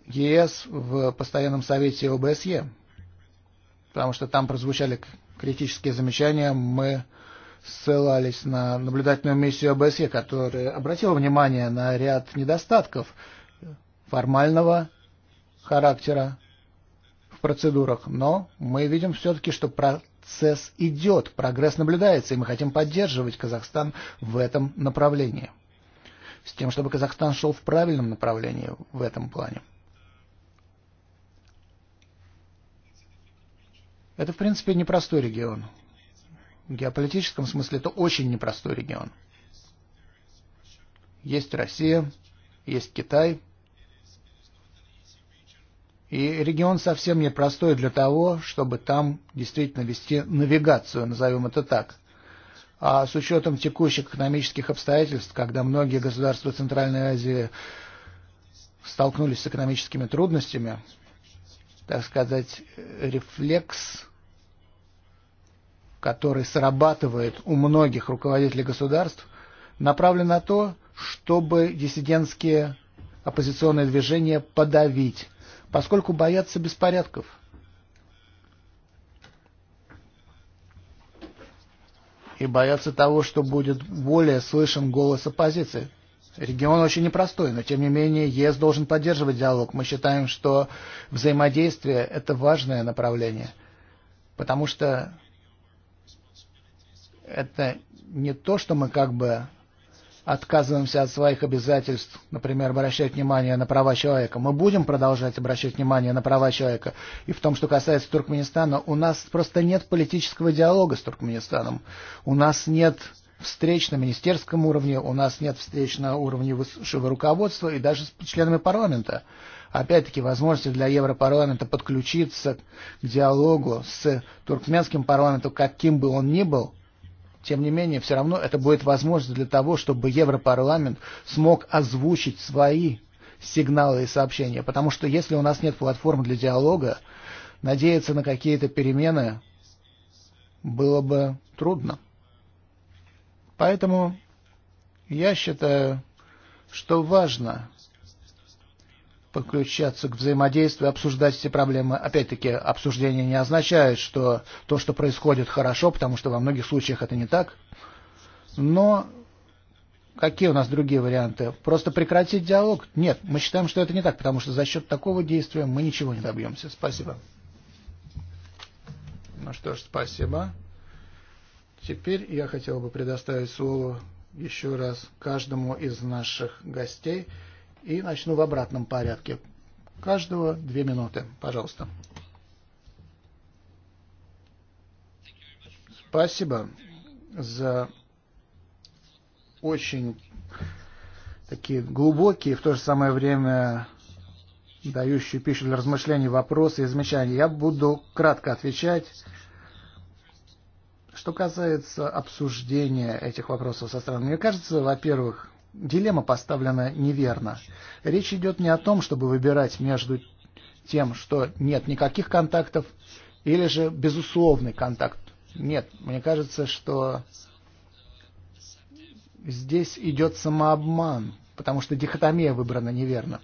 ЕС в постоянном совете ОБСЕ, потому что там прозвучали критические замечания, мы ссылались на наблюдательную миссию ОБСЕ, которая обратила внимание на ряд недостатков формального характера в процедурах, но мы видим все-таки, что процесс идет, прогресс наблюдается, и мы хотим поддерживать Казахстан в этом направлении, с тем, чтобы Казахстан шел в правильном направлении в этом плане. Это, в принципе, непростой регион. В геополитическом смысле это очень непростой регион. Есть Россия, есть Китай – И регион совсем непростой для того, чтобы там действительно вести навигацию, назовем это так. А с учетом текущих экономических обстоятельств, когда многие государства Центральной Азии столкнулись с экономическими трудностями, так сказать, рефлекс, который срабатывает у многих руководителей государств, направлен на то, чтобы диссидентские оппозиционные движения подавить поскольку боятся беспорядков. И боятся того, что будет более слышен голос оппозиции. Регион очень непростой, но тем не менее ЕС должен поддерживать диалог. Мы считаем, что взаимодействие – это важное направление, потому что это не то, что мы как бы отказываемся от своих обязательств, например, обращать внимание на права человека. Мы будем продолжать обращать внимание на права человека. И в том, что касается Туркменистана, у нас просто нет политического диалога с Туркменистаном. У нас нет встреч на министерском уровне, у нас нет встреч на уровне высшего руководства и даже с членами парламента. Опять-таки, возможности для Европарламента подключиться к диалогу с туркменским парламентом, каким бы он ни был, Тем не менее, все равно это будет возможность для того, чтобы Европарламент смог озвучить свои сигналы и сообщения. Потому что если у нас нет платформ для диалога, надеяться на какие-то перемены было бы трудно. Поэтому я считаю, что важно подключаться к взаимодействию, обсуждать все проблемы. Опять-таки, обсуждение не означает, что то, что происходит, хорошо, потому что во многих случаях это не так. Но какие у нас другие варианты? Просто прекратить диалог? Нет, мы считаем, что это не так, потому что за счет такого действия мы ничего не добьемся. Спасибо. Ну что ж, спасибо. Теперь я хотел бы предоставить слово еще раз каждому из наших гостей и начну в обратном порядке. Каждого две минуты, пожалуйста. Спасибо за очень такие глубокие, в то же самое время дающие пищу для размышлений, вопросы и замечания. Я буду кратко отвечать. Что касается обсуждения этих вопросов со стороны, мне кажется, во-первых, дилемма поставлена неверно. Речь идет не о том, чтобы выбирать между тем, что нет никаких контактов, или же безусловный контакт. Нет, мне кажется, что здесь идет самообман, потому что дихотомия выбрана неверно.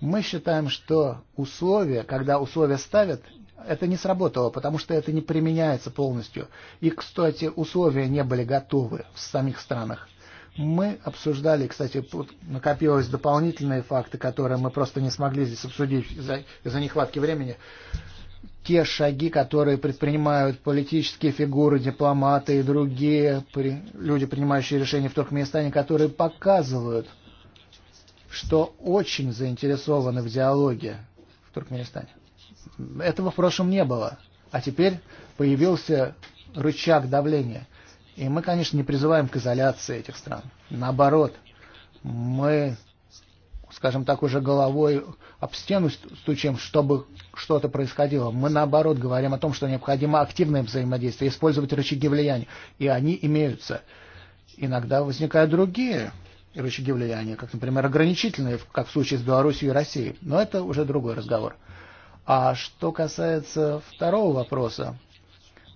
Мы считаем, что условия, когда условия ставят, это не сработало, потому что это не применяется полностью. И, кстати, условия не были готовы в самих странах. Мы обсуждали, кстати, накопилось дополнительные факты, которые мы просто не смогли здесь обсудить из-за из нехватки времени. Те шаги, которые предпринимают политические фигуры, дипломаты и другие при, люди, принимающие решения в Туркменистане, которые показывают, что очень заинтересованы в диалоге в Туркменистане. Этого в прошлом не было. А теперь появился рычаг давления. И мы, конечно, не призываем к изоляции этих стран. Наоборот, мы, скажем так, уже головой об стену стучим, чтобы что-то происходило. Мы, наоборот, говорим о том, что необходимо активное взаимодействие, использовать рычаги влияния. И они имеются. Иногда возникают другие рычаги влияния, как, например, ограничительные, как в случае с Беларусью и Россией. Но это уже другой разговор. А что касается второго вопроса,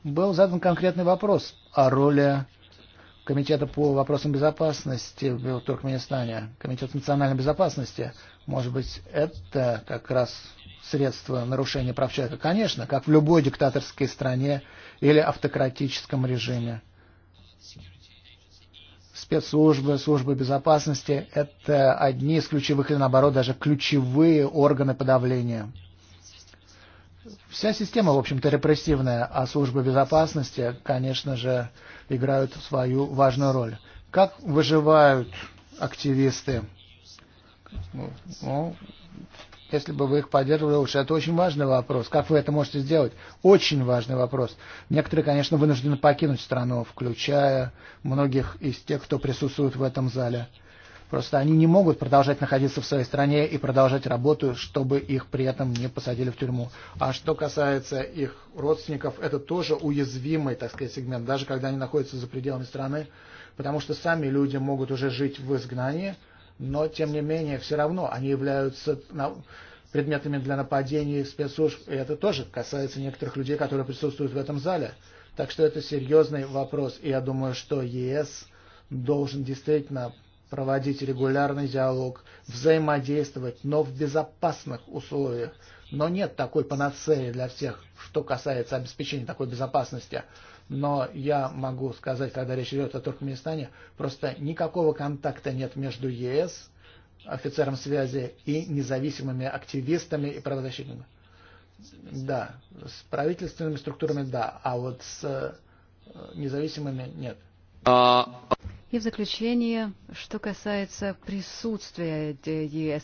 был задан конкретный вопрос о роли Комитета по вопросам безопасности в Туркменистане, Комитет национальной безопасности. Может быть, это как раз средство нарушения прав человека? Конечно, как в любой диктаторской стране или автократическом режиме. Спецслужбы, службы безопасности – это одни из ключевых или, наоборот, даже ключевые органы подавления – Вся система, в общем-то, репрессивная, а службы безопасности, конечно же, играют свою важную роль. Как выживают активисты? Ну, если бы вы их поддерживали лучше. Это очень важный вопрос. Как вы это можете сделать? Очень важный вопрос. Некоторые, конечно, вынуждены покинуть страну, включая многих из тех, кто присутствует в этом зале. Просто они не могут продолжать находиться в своей стране и продолжать работу, чтобы их при этом не посадили в тюрьму. А что касается их родственников, это тоже уязвимый, так сказать, сегмент, даже когда они находятся за пределами страны, потому что сами люди могут уже жить в изгнании, но тем не менее все равно они являются предметами для нападений спецслужб, и это тоже касается некоторых людей, которые присутствуют в этом зале. Так что это серьезный вопрос, и я думаю, что ЕС должен действительно проводить регулярный диалог, взаимодействовать, но в безопасных условиях. Но нет такой панацеи для всех, что касается обеспечения такой безопасности. Но я могу сказать, когда речь идет о Туркменистане, просто никакого контакта нет между ЕС, офицером связи, и независимыми активистами и правозащитниками. Да, с правительственными структурами да, а вот с э, независимыми нет. И в заключение, что касается присутствия ЕС,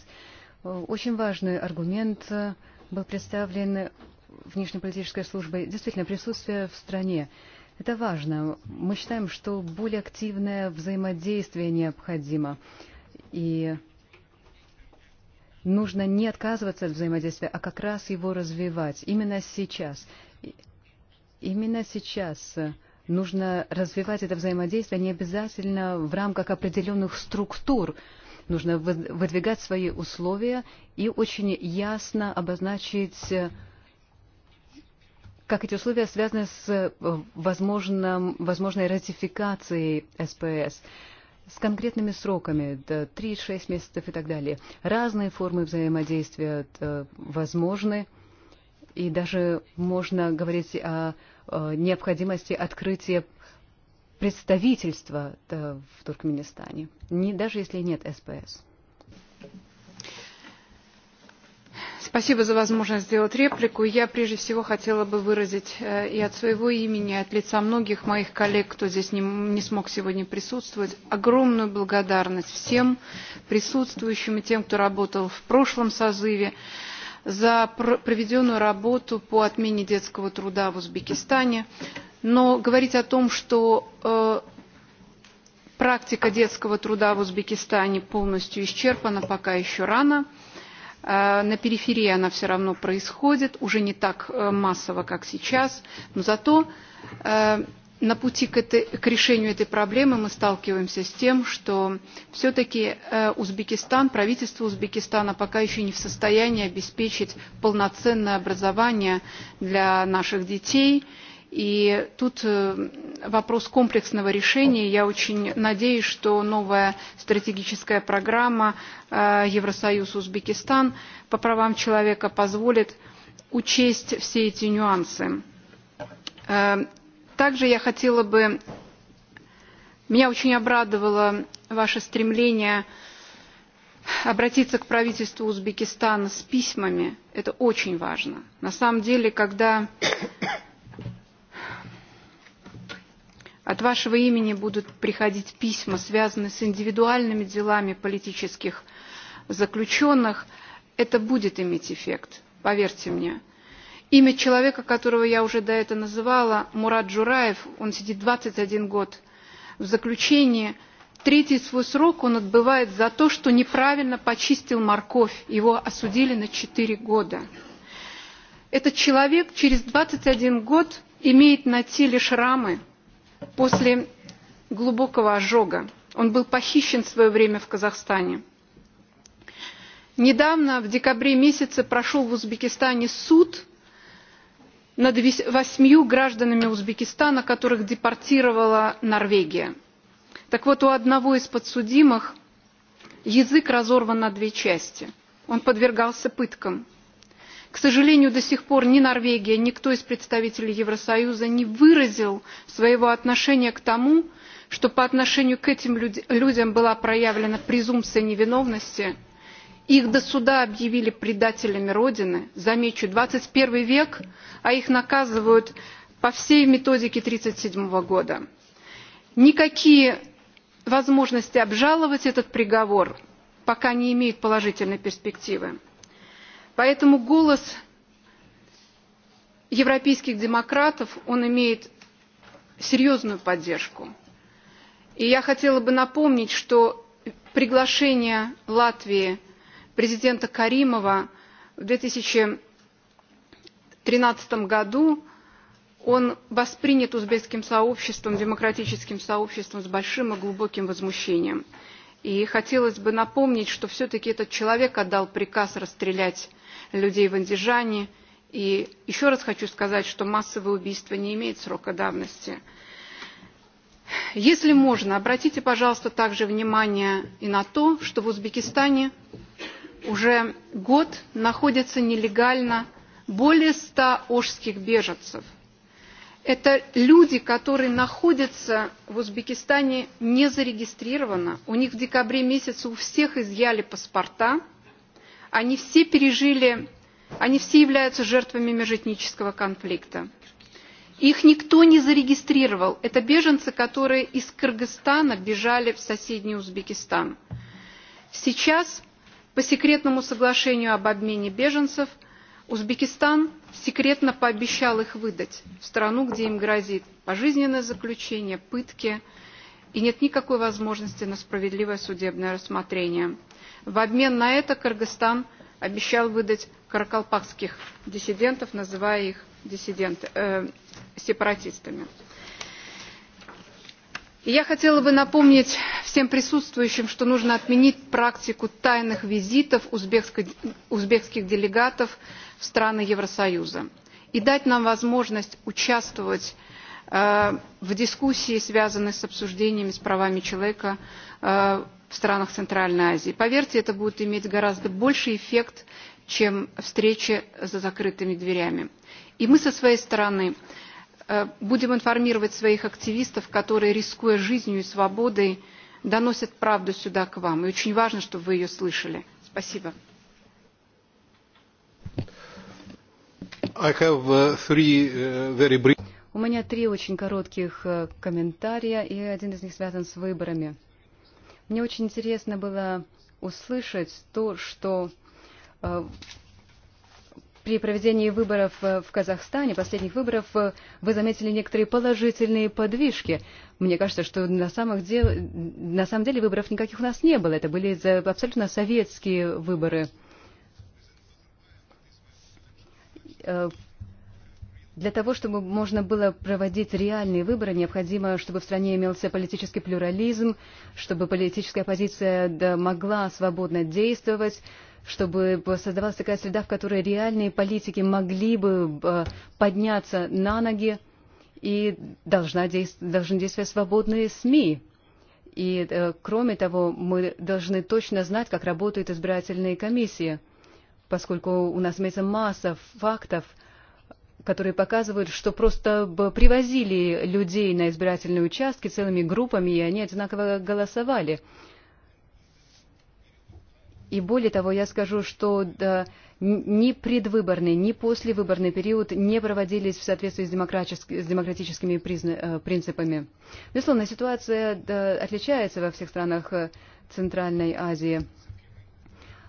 очень важный аргумент был представлен внешнеполитической службой. Действительно, присутствие в стране. Это важно. Мы считаем, что более активное взаимодействие необходимо. И нужно не отказываться от взаимодействия, а как раз его развивать. Именно сейчас. Именно сейчас Нужно развивать это взаимодействие не обязательно в рамках определенных структур. Нужно выдвигать свои условия и очень ясно обозначить, э, как эти условия связаны с э, возможным, возможной ратификацией СПС с конкретными сроками, 3-6 месяцев и так далее. Разные формы взаимодействия э, возможны, и даже можно говорить о необходимости открытия представительства в Туркменистане, не, даже если нет СПС. Спасибо за возможность сделать реплику. Я прежде всего хотела бы выразить э, и от своего имени, и от лица многих моих коллег, кто здесь не, не смог сегодня присутствовать, огромную благодарность всем присутствующим и тем, кто работал в прошлом созыве за проведенную работу по отмене детского труда в Узбекистане. Но говорить о том, что э, практика детского труда в Узбекистане полностью исчерпана, пока еще рано. Э, на периферии она все равно происходит, уже не так э, массово, как сейчас, но зато э, на пути к, этой, к решению этой проблемы мы сталкиваемся с тем, что все-таки э, Узбекистан, правительство Узбекистана пока еще не в состоянии обеспечить полноценное образование для наших детей. И тут э, вопрос комплексного решения. Я очень надеюсь, что новая стратегическая программа э, Евросоюз-Узбекистан по правам человека позволит учесть все эти нюансы. Также я хотела бы... Меня очень обрадовало ваше стремление обратиться к правительству Узбекистана с письмами. Это очень важно. На самом деле, когда от вашего имени будут приходить письма, связанные с индивидуальными делами политических заключенных, это будет иметь эффект, поверьте мне. Имя человека, которого я уже до этого называла, Мурат Джураев, он сидит 21 год в заключении. Третий свой срок он отбывает за то, что неправильно почистил морковь. Его осудили на 4 года. Этот человек через 21 год имеет на теле шрамы после глубокого ожога. Он был похищен в свое время в Казахстане. Недавно, в декабре месяце, прошел в Узбекистане суд – над восьмью гражданами Узбекистана, которых депортировала Норвегия. Так вот, у одного из подсудимых язык разорван на две части. Он подвергался пыткам. К сожалению, до сих пор ни Норвегия, никто из представителей Евросоюза не выразил своего отношения к тому, что по отношению к этим людям была проявлена презумпция невиновности – Их до суда объявили предателями Родины. Замечу, 21 век, а их наказывают по всей методике 1937 года. Никакие возможности обжаловать этот приговор пока не имеют положительной перспективы. Поэтому голос европейских демократов, он имеет серьезную поддержку. И я хотела бы напомнить, что приглашение Латвии – президента Каримова в 2013 году он воспринят узбекским сообществом, демократическим сообществом с большим и глубоким возмущением. И хотелось бы напомнить, что все-таки этот человек отдал приказ расстрелять людей в Андижане. И еще раз хочу сказать, что массовое убийство не имеет срока давности. Если можно, обратите, пожалуйста, также внимание и на то, что в Узбекистане уже год находятся нелегально более ста ошских беженцев. Это люди, которые находятся в Узбекистане не зарегистрированно. У них в декабре месяце у всех изъяли паспорта. Они все пережили, они все являются жертвами межэтнического конфликта. Их никто не зарегистрировал. Это беженцы, которые из Кыргызстана бежали в соседний Узбекистан. Сейчас по секретному соглашению об обмене беженцев Узбекистан секретно пообещал их выдать в страну, где им грозит пожизненное заключение, пытки и нет никакой возможности на справедливое судебное рассмотрение. В обмен на это Кыргызстан обещал выдать каракалпакских диссидентов, называя их диссидент, э, сепаратистами. Я хотела бы напомнить всем присутствующим, что нужно отменить практику тайных визитов узбекских делегатов в страны Евросоюза и дать нам возможность участвовать э, в дискуссии, связанной с обсуждениями с правами человека э, в странах Центральной Азии. Поверьте, это будет иметь гораздо больший эффект, чем встречи за закрытыми дверями. И мы со своей стороны Э, будем информировать своих активистов, которые, рискуя жизнью и свободой, доносят правду сюда к вам. И очень важно, чтобы вы ее слышали. Спасибо. I have, uh, three, uh, very brief... У меня три очень коротких комментария, и один из них связан с выборами. Мне очень интересно было услышать то, что при проведении выборов э, в Казахстане, последних выборов, э, вы заметили некоторые положительные подвижки. Мне кажется, что на, самых дел... на самом деле выборов никаких у нас не было. Это были абсолютно советские выборы. Э, для того, чтобы можно было проводить реальные выборы, необходимо, чтобы в стране имелся политический плюрализм, чтобы политическая оппозиция могла свободно действовать, чтобы создавалась такая среда, в которой реальные политики могли бы э, подняться на ноги, и должна действовать, должны действовать свободные СМИ. И, э, кроме того, мы должны точно знать, как работают избирательные комиссии, поскольку у нас имеется масса фактов, которые показывают, что просто привозили людей на избирательные участки целыми группами, и они одинаково голосовали. И более того, я скажу, что да, ни предвыборный, ни послевыборный период не проводились в соответствии с, с демократическими призна, э, принципами. Безусловно, ситуация да, отличается во всех странах э, Центральной Азии.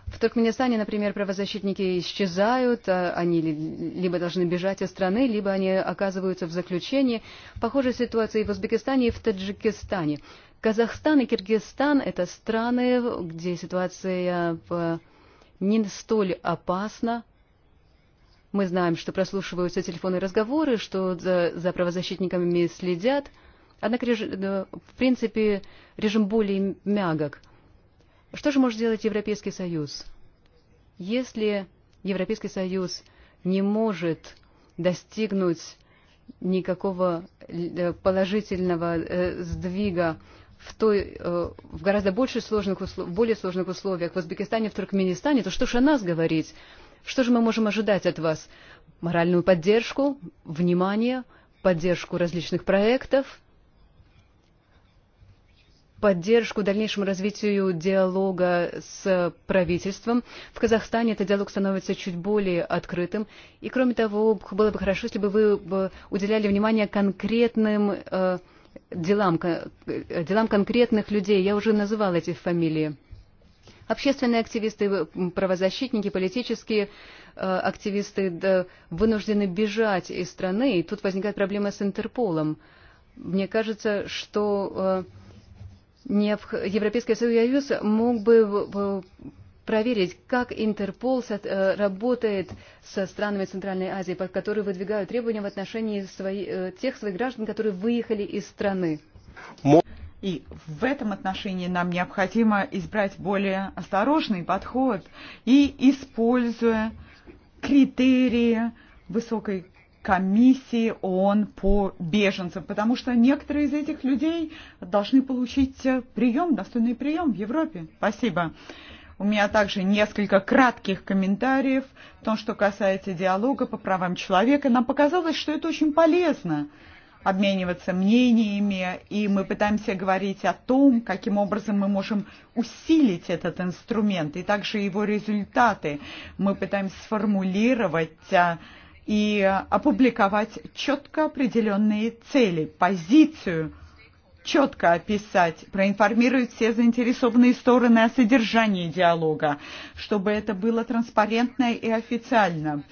В Туркменистане, например, правозащитники исчезают, они либо должны бежать из страны, либо они оказываются в заключении. Похожая ситуация и в Узбекистане, и в Таджикистане. Казахстан и Киргизстан – это страны, где ситуация не столь опасна. Мы знаем, что прослушиваются телефонные разговоры, что за, за правозащитниками следят. Однако, в принципе, режим более мягок. Что же может сделать Европейский Союз? Если Европейский Союз не может достигнуть никакого э, положительного э, сдвига в, той, э, в гораздо больше сложных, услов, более сложных условиях в Узбекистане, в Туркменистане, то что же о нас говорить? Что же мы можем ожидать от вас? Моральную поддержку, внимание, поддержку различных проектов, поддержку дальнейшему развитию диалога с правительством. В Казахстане этот диалог становится чуть более открытым. И, кроме того, было бы хорошо, если бы вы э, уделяли внимание конкретным э, делам, делам конкретных людей. Я уже называла эти фамилии. Общественные активисты, правозащитники, политические э, активисты вынуждены бежать из страны, и тут возникает проблема с Интерполом. Мне кажется, что э, Европейский Союз мог бы проверить, как Интерпол э, работает со странами Центральной Азии, под которые выдвигают требования в отношении свои, э, тех своих граждан, которые выехали из страны. И в этом отношении нам необходимо избрать более осторожный подход и, используя критерии высокой комиссии ООН по беженцам, потому что некоторые из этих людей должны получить э, прием, достойный прием в Европе. Спасибо. У меня также несколько кратких комментариев в том, что касается диалога по правам человека. Нам показалось, что это очень полезно обмениваться мнениями, и мы пытаемся говорить о том, каким образом мы можем усилить этот инструмент, и также его результаты. Мы пытаемся сформулировать и опубликовать четко определенные цели, позицию четко описать, проинформировать все заинтересованные стороны о содержании диалога, чтобы это было транспарентно и официально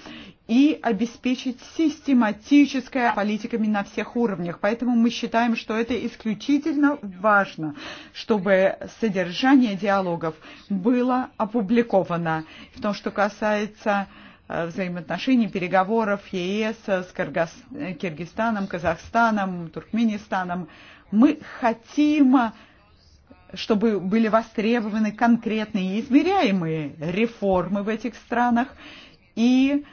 и обеспечить систематическое политиками на всех уровнях. Поэтому мы считаем, что это исключительно важно, чтобы содержание диалогов было опубликовано. В том, что касается э, взаимоотношений, переговоров ЕС с Киргизстаном, Казахстаном, Туркменистаном, Мы хотим, э, чтобы были востребованы конкретные и измеряемые реформы в этих странах. И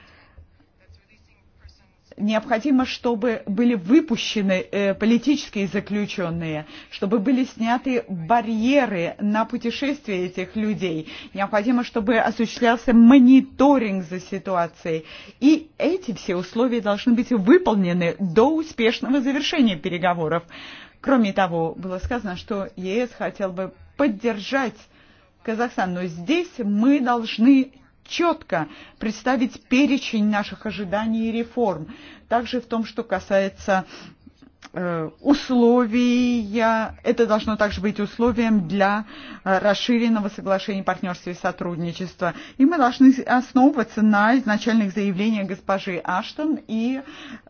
необходимо, чтобы были выпущены э, политические заключенные, чтобы были сняты барьеры на путешествие этих людей. Необходимо, чтобы осуществлялся мониторинг за ситуацией. И эти все условия должны быть выполнены до успешного завершения переговоров. Кроме того, было сказано, что ЕС хотел бы поддержать Казахстан, но здесь мы должны четко представить перечень наших ожиданий и реформ. Также в том, что касается Э, условия, это должно также быть условием для э, расширенного соглашения партнерства и сотрудничества. И мы должны основываться на изначальных заявлениях госпожи Аштон и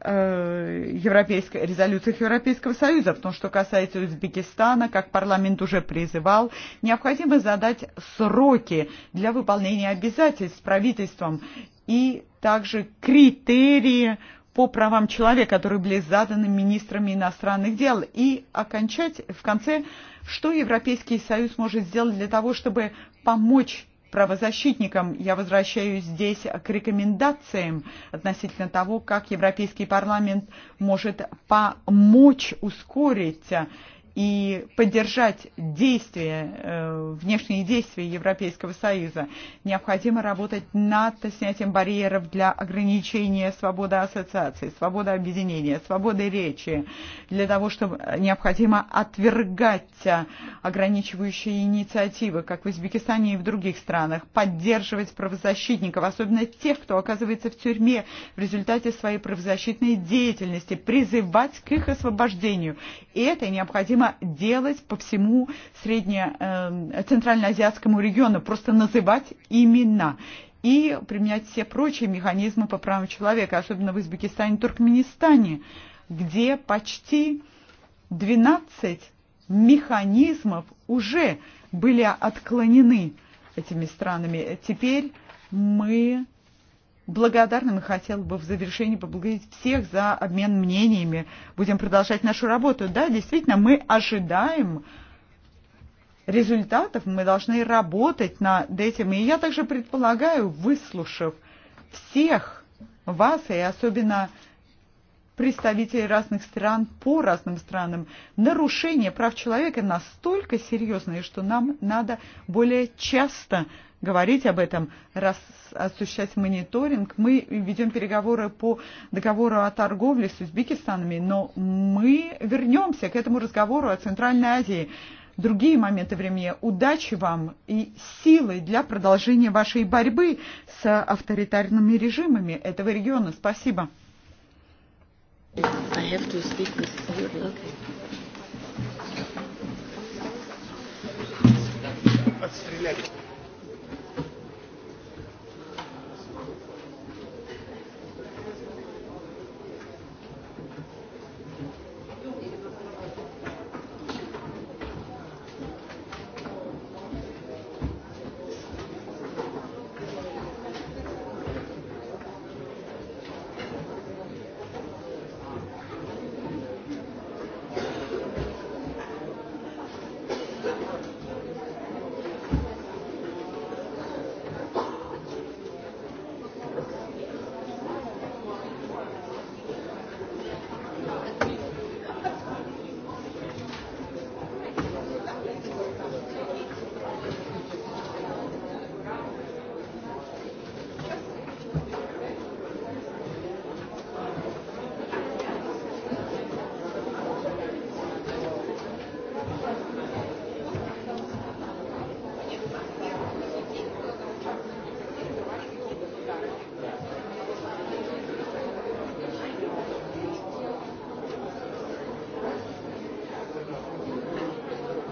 э, европейской, резолюциях Европейского Союза. Потому что касается Узбекистана, как парламент уже призывал, необходимо задать сроки для выполнения обязательств правительством и также критерии по правам человека, которые были заданы министрами иностранных дел. И окончать в конце, что Европейский Союз может сделать для того, чтобы помочь правозащитникам. Я возвращаюсь здесь к рекомендациям относительно того, как Европейский парламент может помочь ускорить и поддержать действия, э, внешние действия Европейского Союза. Необходимо работать над снятием барьеров для ограничения свободы ассоциации, свободы объединения, свободы речи, для того, чтобы необходимо отвергать ограничивающие инициативы, как в Узбекистане и в других странах, поддерживать правозащитников, особенно тех, кто оказывается в тюрьме в результате своей правозащитной деятельности, призывать к их освобождению. И это необходимо делать по всему средне-центральноазиатскому региону, просто называть имена и применять все прочие механизмы по правам человека, особенно в Узбекистане и Туркменистане, где почти 12 механизмов уже были отклонены этими странами. Теперь мы благодарным и хотела бы в завершении поблагодарить всех за обмен мнениями. Будем продолжать нашу работу. Да, действительно, мы ожидаем результатов, мы должны работать над этим. И я также предполагаю, выслушав всех вас и особенно представителей разных стран по разным странам. Нарушение прав человека настолько серьезное, что нам надо более часто говорить об этом, раз осуществлять мониторинг. Мы ведем переговоры по договору о торговле с Узбекистанами, но мы вернемся к этому разговору о Центральной Азии. Другие моменты времени. Удачи вам и силы для продолжения вашей борьбы с авторитарными режимами этого региона. Спасибо. I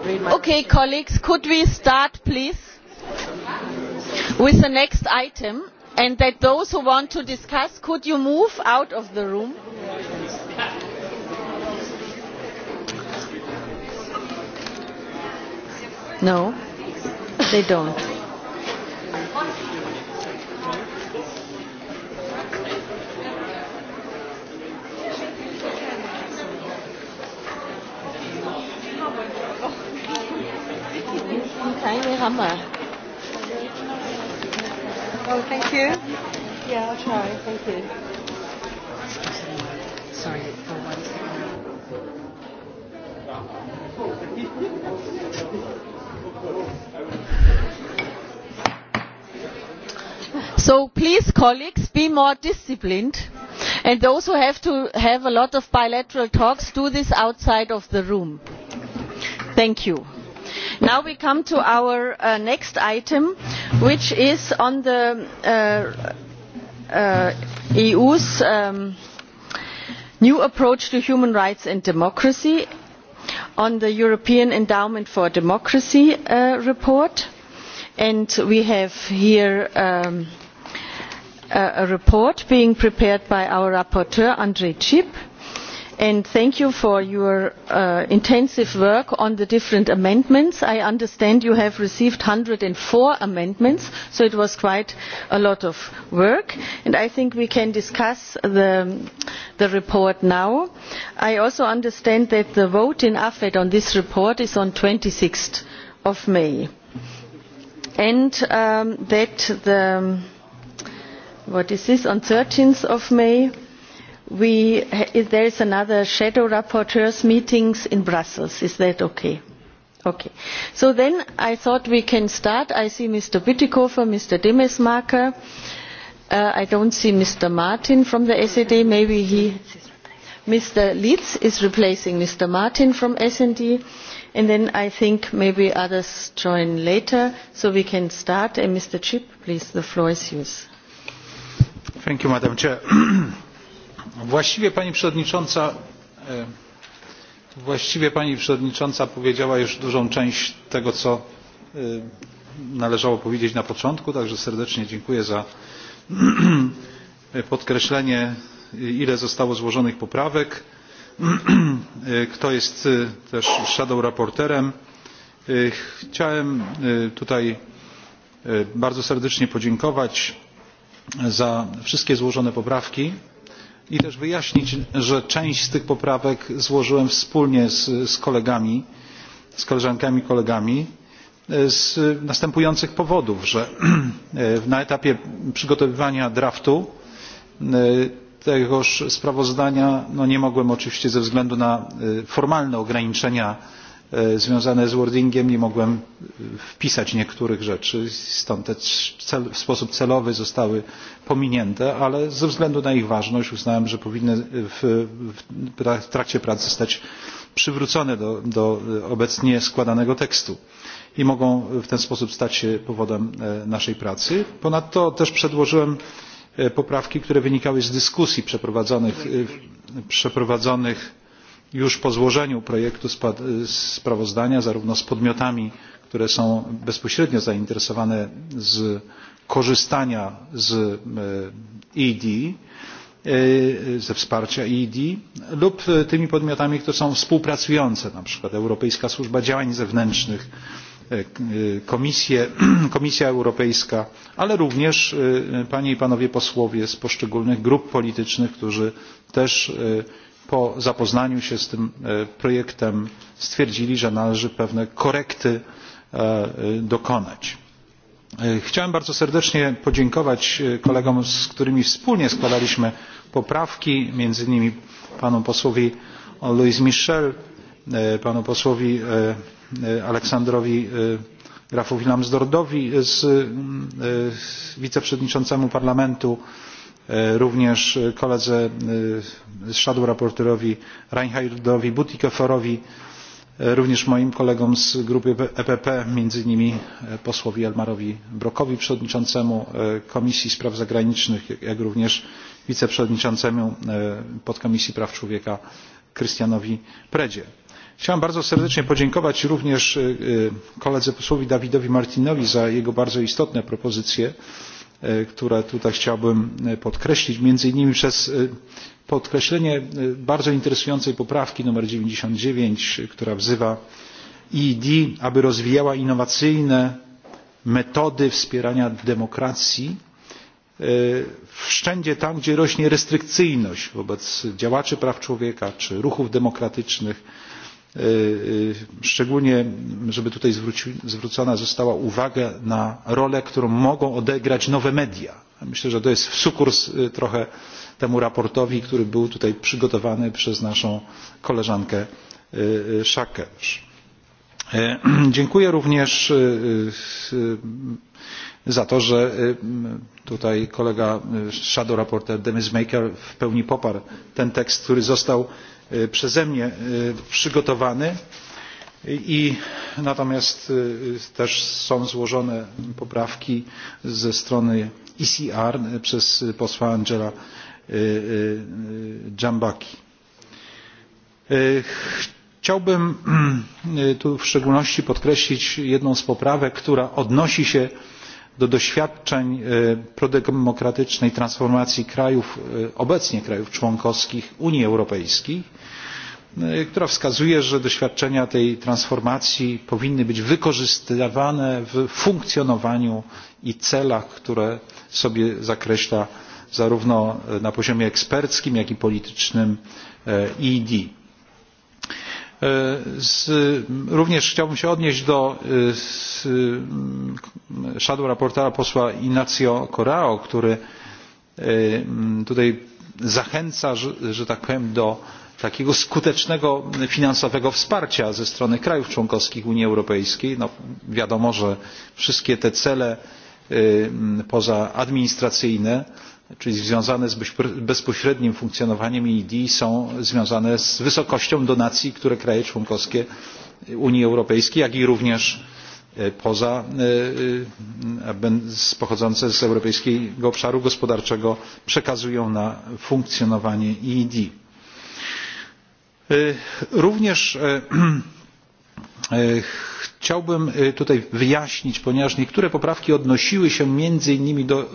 Okay, colleagues, could we start, please, with the next item? And that those who want to discuss, could you move out of the room? No, they don't. summer. Oh, thank you. Yeah, I'll try. Thank you. Sorry, So please, colleagues, be more disciplined. And those who have to have a lot of bilateral talks, do this outside of the room. Thank you. Now we come to our uh, next item, which is on the uh, uh, EU's um, new approach to human rights and democracy, on the European Endowment for Democracy uh, report. And we have here um, a, a report being prepared by our rapporteur, André Chip and thank you for your uh, intensive work on the different amendments. I understand you have received 104 amendments, so it was quite a lot of work, and I think we can discuss the, the report now. I also understand that the vote in AFED on this report is on 26th of May, and um, that the, what is this, on 13th of May, we, if there is another shadow rapporteurs meetings in Brussels. Is that okay? Okay. So then I thought we can start. I see Mr. Bittikofer, Mr. demesmarker Uh, I don't see Mr. Martin from the SED. Maybe he... Mr. Leeds is replacing Mr. Martin from S&D. And then I think maybe others join later so we can start. And Mr. Chip, please, the floor is yours. Thank you, Madam Chair. Właściwie pani przewodnicząca e, właściwie pani przewodnicząca powiedziała już dużą część tego co e, należało powiedzieć na początku także serdecznie dziękuję za podkreślenie ile zostało złożonych poprawek e, kto jest też shadow raporterem. Chciałem tutaj bardzo serdecznie podziękować za wszystkie złożone poprawki i też wyjaśnić, że część z tych poprawek złożyłem wspólnie z, z kolegami, z koleżankami i kolegami e, z następujących powodów, że e, na etapie przygotowywania draftu e, tegoż sprawozdania no nie mogłem oczywiście ze względu na formalne ograniczenia E, związane z wordingiem nie mogłem e, wpisać niektórych rzeczy, stąd te cel, w sposób celowy zostały pominięte, ale ze względu na ich ważność uznałem, że powinny w, w trakcie prac zostać przywrócone do, do obecnie składanego tekstu i mogą w ten sposób stać się powodem e, naszej pracy. Ponadto też przedłożyłem poprawki, które wynikały z dyskusji przeprowadzonych, przeprowadzonych już po złożeniu projektu sprawozdania zarówno z podmiotami, które są bezpośrednio zainteresowane z korzystania z ED, e e, ze wsparcia EED, lub e, tymi podmiotami, które są współpracujące, na przykład Europejska Służba Działań Zewnętrznych, Komisja Europejska, ale również Panie i Panowie posłowie z poszczególnych grup politycznych, którzy też po zapoznaniu się z tym e, projektem stwierdzili, że należy pewne korekty e, e, dokonać. Chciałem bardzo serdecznie podziękować kolegom, z którymi wspólnie składaliśmy poprawki, między innymi panu posłowi Louis Michel, panu posłowi Aleksandrowi Grafowi Lambsdordowi, z wiceprzewodniczącemu parlamentu E, również koledze e, shadow raporterowi Reinhardowi Butikoforowi, e, również moim kolegom z grupy EPP, między innymi posłowi Elmarowi Brokowi, przewodniczącemu Komisji Spraw Zagranicznych, jak również wiceprzewodniczącemu Podkomisji Praw Człowieka Krystianowi Predzie. Chciałem bardzo serdecznie podziękować również koledze posłowi Dawidowi Martinowi za jego bardzo istotne propozycje E, które tutaj chciałbym e, podkreślić, między innymi przez e, podkreślenie bardzo interesującej poprawki nr 99, która wzywa id, aby rozwijała innowacyjne metody wspierania demokracji, wszędzie tam, gdzie rośnie restrykcyjność wobec działaczy praw człowieka czy ruchów demokratycznych, E, e, szczególnie, żeby tutaj zwrócona została uwaga na rolę, którą mogą odegrać nowe media. Myślę, że to jest sukurs e, trochę temu raportowi, który był tutaj przygotowany przez naszą koleżankę Szakerz. Dziękuję również za to, że tutaj kolega Shadow Raporter Demis Maker w pełni poparł ten tekst, który został przeze mnie przygotowany i natomiast też są złożone poprawki ze strony ECR przez posła Angela Dżambaki. Chciałbym tu w szczególności podkreślić jedną z poprawek, która odnosi się do doświadczeń prodemokratycznej transformacji krajów, obecnie krajów członkowskich Unii Europejskiej E, która wskazuje, że doświadczenia tej transformacji powinny być wykorzystywane w funkcjonowaniu i celach, które sobie zakreśla zarówno na poziomie eksperckim, jak i politycznym EED. E, z, również chciałbym się odnieść do e, z, shadow raportera posła Inacio Corao, który tutaj zachęca, że, że tak powiem, do takiego skutecznego finansowego wsparcia ze strony krajów członkowskich Unii Europejskiej. No, wiadomo, że wszystkie te cele mm, poza pozaadministracyjne, czyli związane z bezpośrednim funkcjonowaniem EED są związane z wysokością donacji, które kraje członkowskie Unii Europejskiej, jak i również poza pochodzące z Europejskiego Obszaru Gospodarczego przekazują na funkcjonowanie EED. E, również e, e, Chciałbym tutaj wyjaśnić, ponieważ niektóre poprawki odnosiły się między innymi do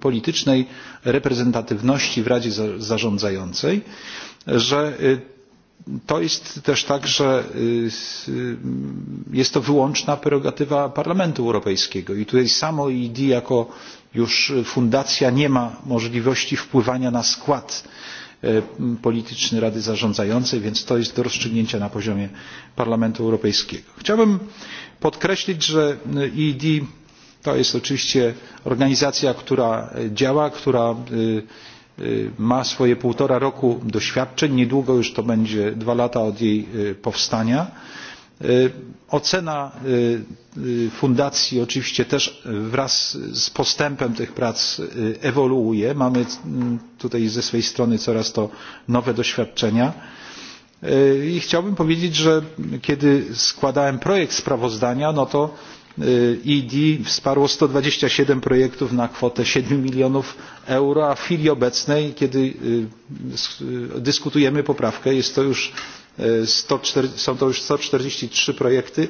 politycznej reprezentatywności w Radzie Zarządzającej, że to jest też tak, że jest to wyłączna prerogatywa Parlamentu Europejskiego i tutaj samo ID jako już fundacja nie ma możliwości wpływania na skład E, polityczny Rady Zarządzającej, więc to jest do rozstrzygnięcia na poziomie Parlamentu Europejskiego. Chciałbym podkreślić, że EED to jest oczywiście organizacja, która działa, która e, e, ma swoje półtora roku doświadczeń, niedługo już to będzie dwa lata od jej powstania. E, ocena e, e, fundacji oczywiście też wraz z postępem tych prac ewoluuje. Mamy mm, tutaj ze swej strony coraz to nowe doświadczenia. I chciałbym powiedzieć, że kiedy składałem projekt sprawozdania, no to ED wsparło 127 projektów na kwotę 7 milionów euro, a w chwili obecnej, kiedy dyskutujemy poprawkę, jest to już 140, e, są to już 143 projekty,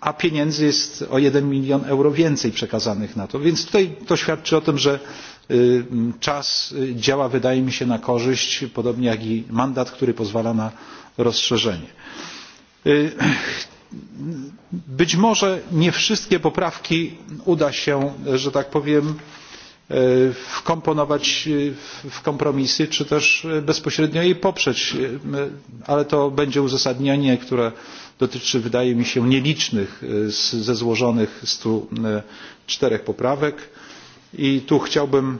a pieniędzy jest o 1 milion euro więcej przekazanych na to. Więc tutaj to świadczy o tym, że czas działa, wydaje mi się, na korzyść, podobnie jak i mandat, który pozwala na rozszerzenie. Być może nie wszystkie poprawki uda się, że tak powiem, E, wkomponować e, w kompromisy, czy też e, bezpośrednio jej poprzeć, ale to będzie uzasadnienie, które dotyczy, wydaje mi się, nielicznych ze złożonych 104 poprawek. I tu chciałbym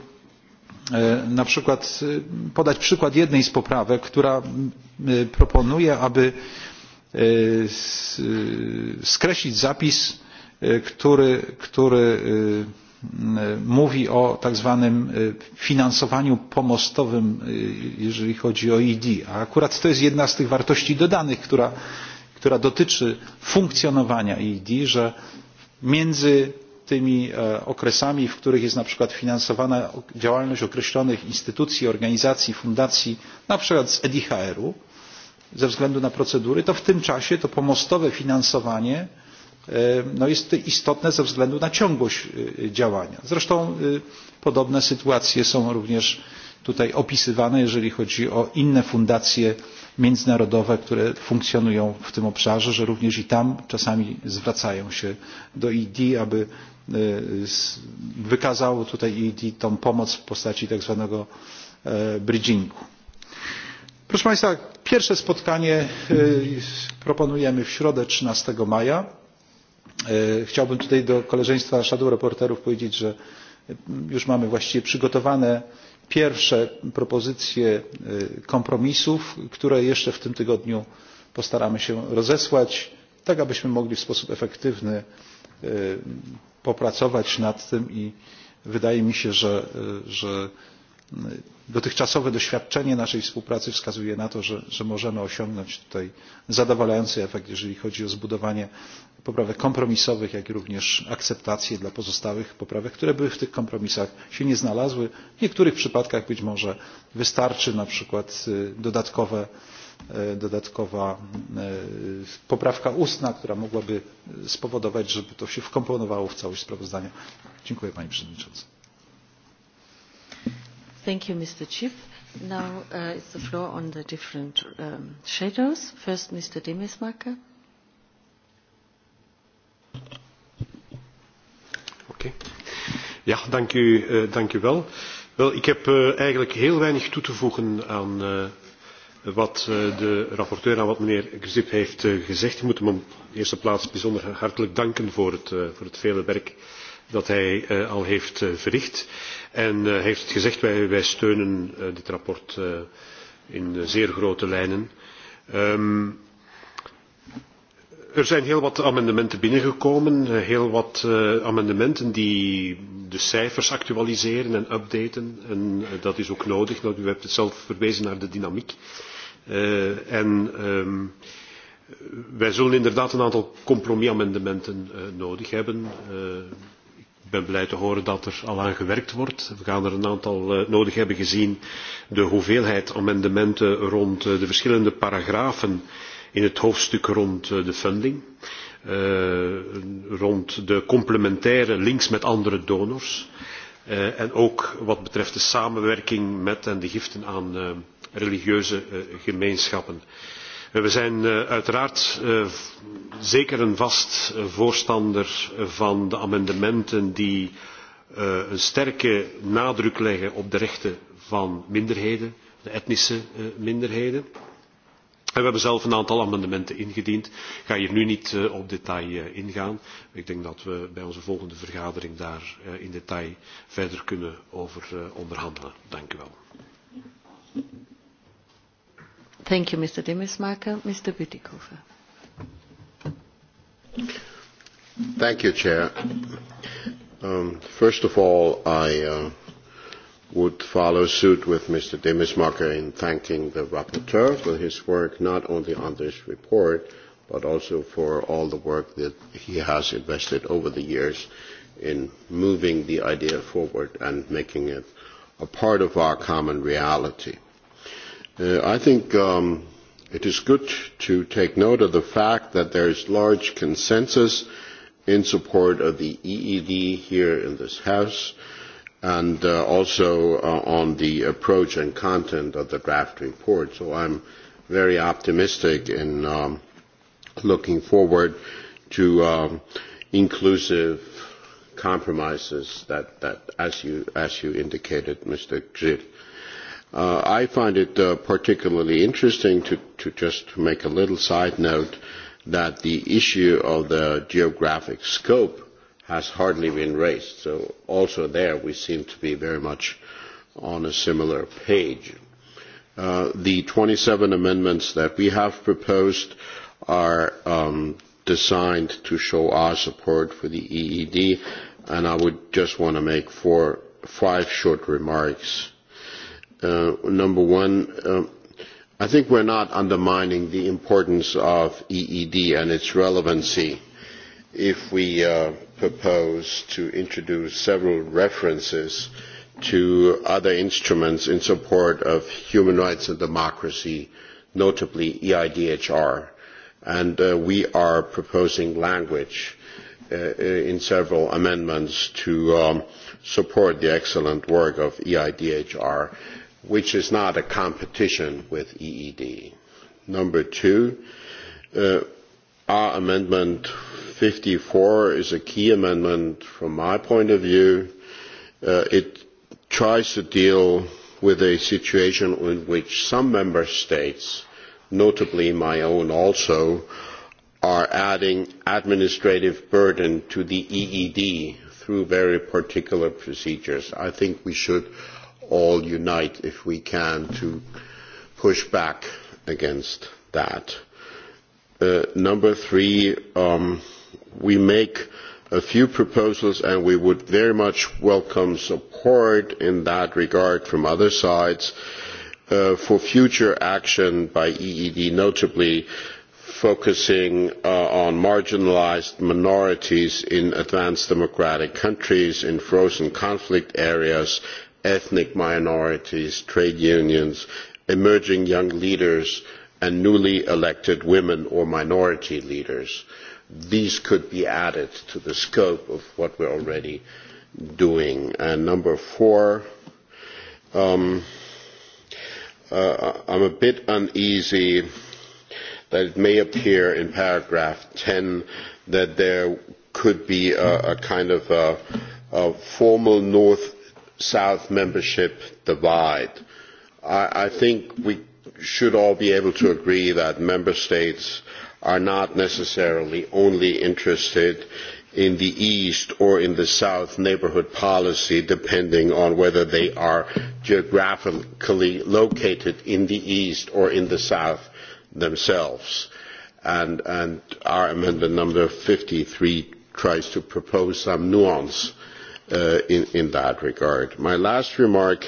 na przykład podać przykład jednej z poprawek, która proponuje, aby skreślić zapis, który, który mówi o tak zwanym finansowaniu pomostowym, jeżeli chodzi o ID. E A akurat to jest jedna z tych wartości dodanych, która, która dotyczy funkcjonowania ID, e że między tymi e, okresami, w których jest na przykład finansowana działalność określonych instytucji, organizacji, fundacji, na przykład z EDHR-u, ze względu na procedury, to w tym czasie to pomostowe finansowanie E, no jest istotne ze względu na ciągłość e, działania. Zresztą e, podobne sytuacje są również tutaj opisywane, jeżeli chodzi o inne fundacje międzynarodowe, które funkcjonują w tym obszarze, że również i tam czasami zwracają się do ID, aby wykazało tutaj ID tą pomoc w postaci tak zwanego bridgingu. Proszę Państwa, pierwsze spotkanie proponujemy w środę 13 maja. E, chciałbym tutaj do koleżeństwa shadow reporterów powiedzieć, że już mamy właściwie przygotowane pierwsze propozycje e, kompromisów, które jeszcze w tym tygodniu postaramy się rozesłać, tak abyśmy mogli w sposób efektywny e, popracować nad tym i wydaje mi się, że, że dotychczasowe doświadczenie naszej współpracy wskazuje na to, że, że możemy osiągnąć tutaj zadowalający efekt, jeżeli chodzi o zbudowanie poprawek kompromisowych, jak również akceptację dla pozostałych poprawek, które były w tych kompromisach się nie znalazły. W niektórych przypadkach być może wystarczy na przykład dodatkowe dodatkowa poprawka ustna, która mogłaby spowodować, żeby to się wkomponowało w całość sprawozdania. Dziękuję Pani Przewodnicząca. Thank you, Mr. Chief. Now uh, it's the floor on the different um, shadows. First, Mr. Demesmacher. Okay. Ja, dank u, uh, dank u wel. Wel, ik heb uh, eigenlijk heel weinig toe te voegen aan uh, wat uh, de rapporteur, aan wat meneer Grzip heeft uh, gezegd. Ik moet hem op de eerste plaats bijzonder hartelijk danken voor het, uh, voor het vele werk dat hij uh, al heeft uh, verricht. En uh, heeft gezegd, wij, wij steunen uh, dit rapport uh, in uh, zeer grote lijnen. Um, er zijn heel wat amendementen binnengekomen, heel wat uh, amendementen die de cijfers actualiseren en updaten. En uh, dat is ook nodig. Nou, u hebt het zelf verwezen naar de dynamiek. Uh, en... Um, wij zullen inderdaad een aantal compromisamendementen uh, nodig hebben. Uh, ben blij te horen dat er al aan gewerkt wordt. We gaan er een aantal eh, nodig hebben gezien. De hoeveelheid amendementen rond eh, de verschillende paragrafen in het hoofdstuk rond eh, de funding. Uh, rond de complementaire links met andere donors. Uh, en ook wat betreft de samenwerking met en de giften aan uh, religieuze uh, gemeenschappen. Uh, We zijn eh, uiteraard eh, zeker een vast eh, voorstander van de amendementen die een sterke nadruk leggen op de rechten van minderheden, de etnische minderheden. En we hebben zelf een aantal amendementen ingediend. Ik ga hier nu niet op detail ingaan. Ik denk dat we bij onze volgende vergadering daar in detail verder kunnen over onderhandelen. Dank u wel. Thank you, Mr. Demismarker. Mr. Bütikofer. Thank you, Chair. Um, first of all, I uh, would follow suit with Mr. Demismarker in thanking the rapporteur for his work not only on this report, but also for all the work that he has invested over the years in moving the idea forward and making it a part of our common reality. Uh, I think um, it is good to take note of the fact that there is large consensus in support of the EED here in this House and uh, also uh, on the approach and content of the draft report. So I'm very optimistic in um, looking forward to um, inclusive compromises that, that as, you, as you indicated, Mr. Gilles. Uh, I find it uh, particularly interesting to, to just make a little side note that the issue of the geographic scope has hardly been raised. So also there we seem to be very much on a similar page. Uh, the 27 amendments that we have proposed are um, designed to show our support for the EED, and I would just want to make four, five short remarks Uh, number one, uh, I think we're not undermining the importance of EED and its relevancy if we uh, propose to introduce several references to other instruments in support of human rights and democracy, notably EIDHR. And uh, we are proposing language uh, uh, in several amendments to um, support the excellent work of EIDHR which is not a competition with EED. Number two, uh, our amendment 54 is a key amendment from my point of view. Uh, it tries to deal with a situation in which some member states, notably my own also, are adding administrative burden to the EED through very particular procedures. I think we should all unite if we can to push back against that. Uh, number three, um, we make a few proposals and we would very much welcome support in that regard from other sides uh, for future action by EED, notably focusing uh, on marginalized minorities in advanced democratic countries, in frozen conflict areas, ethnic minorities, trade unions, emerging young leaders, and newly elected women or minority leaders. These could be added to the scope of what we're already doing. And number four, um, uh, I'm a bit uneasy that it may appear in paragraph 10 that there could be a, a kind of a, a formal North South membership divide. I, I think we should all be able to agree that member states are not necessarily only interested in the east or in the south neighborhood policy depending on whether they are geographically located in the east or in the south themselves. And, and our amendment number 53 tries to propose some nuance Uh, in, in that regard. My last remark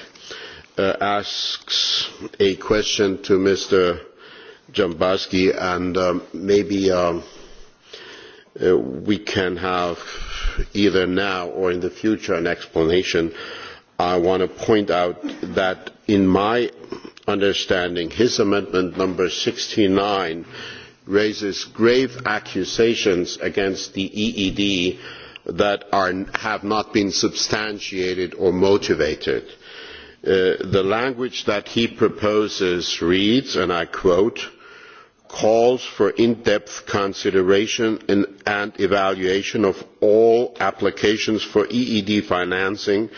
uh, asks a question to Mr. Jambaski, and um, maybe um, uh, we can have either now or in the future an explanation. I want to point out that in my understanding, his amendment number 69 raises grave accusations against the EED that are, have not been substantiated or motivated. Uh, the language that he proposes reads, and I quote, calls for in-depth consideration in, and evaluation of all applications for EED financing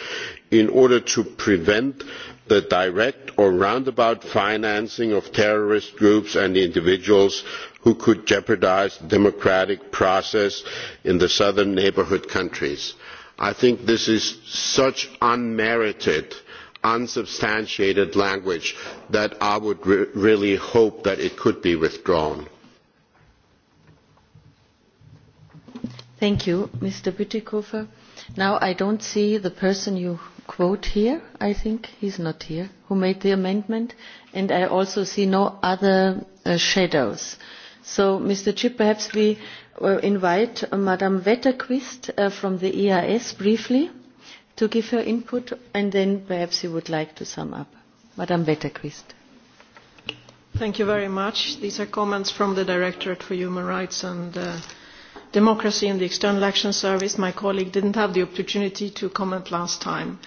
in order to prevent the direct or roundabout financing of terrorist groups and individuals who could jeopardize the democratic process in the southern neighborhood countries. I think this is such unmerited, unsubstantiated language that I would re really hope that it could be withdrawn. Thank you, Mr. Bütikofer. Now I don't see the person you quote here. I think he's not here, who made the amendment. And I also see no other uh, shadows. So, Mr. Chip, perhaps we uh, invite uh, Madame Wetterquist uh, from the EIS briefly to give her input, and then perhaps you would like to sum up. Madame Wetterquist. Thank you very much. These are comments from the Directorate for Human Rights and uh, Democracy in the External Action Service. My colleague didn't have the opportunity to comment last time.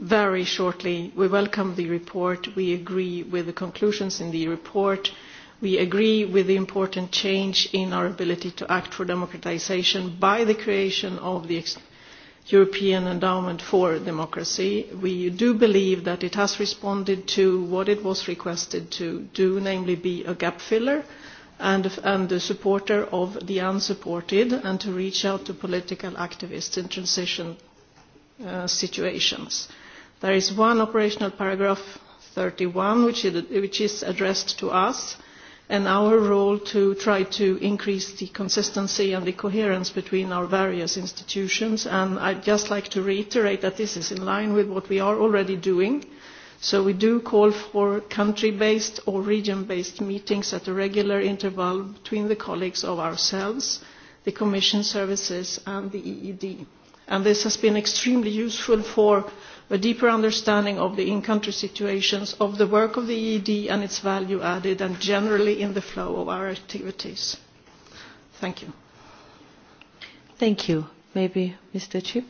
Very shortly, we welcome the report. We agree with the conclusions in the report. We agree with the important change in our ability to act for democratization by the creation of the European Endowment for Democracy. We do believe that it has responded to what it was requested to do, namely be a gap filler and, and a supporter of the unsupported and to reach out to political activists in transition uh, situations. There is one operational paragraph 31 which, is, which is addressed to us and our role to try to increase the consistency and the coherence between our various institutions. And I'd just like to reiterate that this is in line with what we are already doing. So we do call for country-based or region-based meetings at a regular interval between the colleagues of ourselves, the Commission services and the EED. And this has been extremely useful for a deeper understanding of the in-country situations, of the work of the EED and its value added, and generally in the flow of our activities. Thank you. Thank you. Maybe Mr. Chip?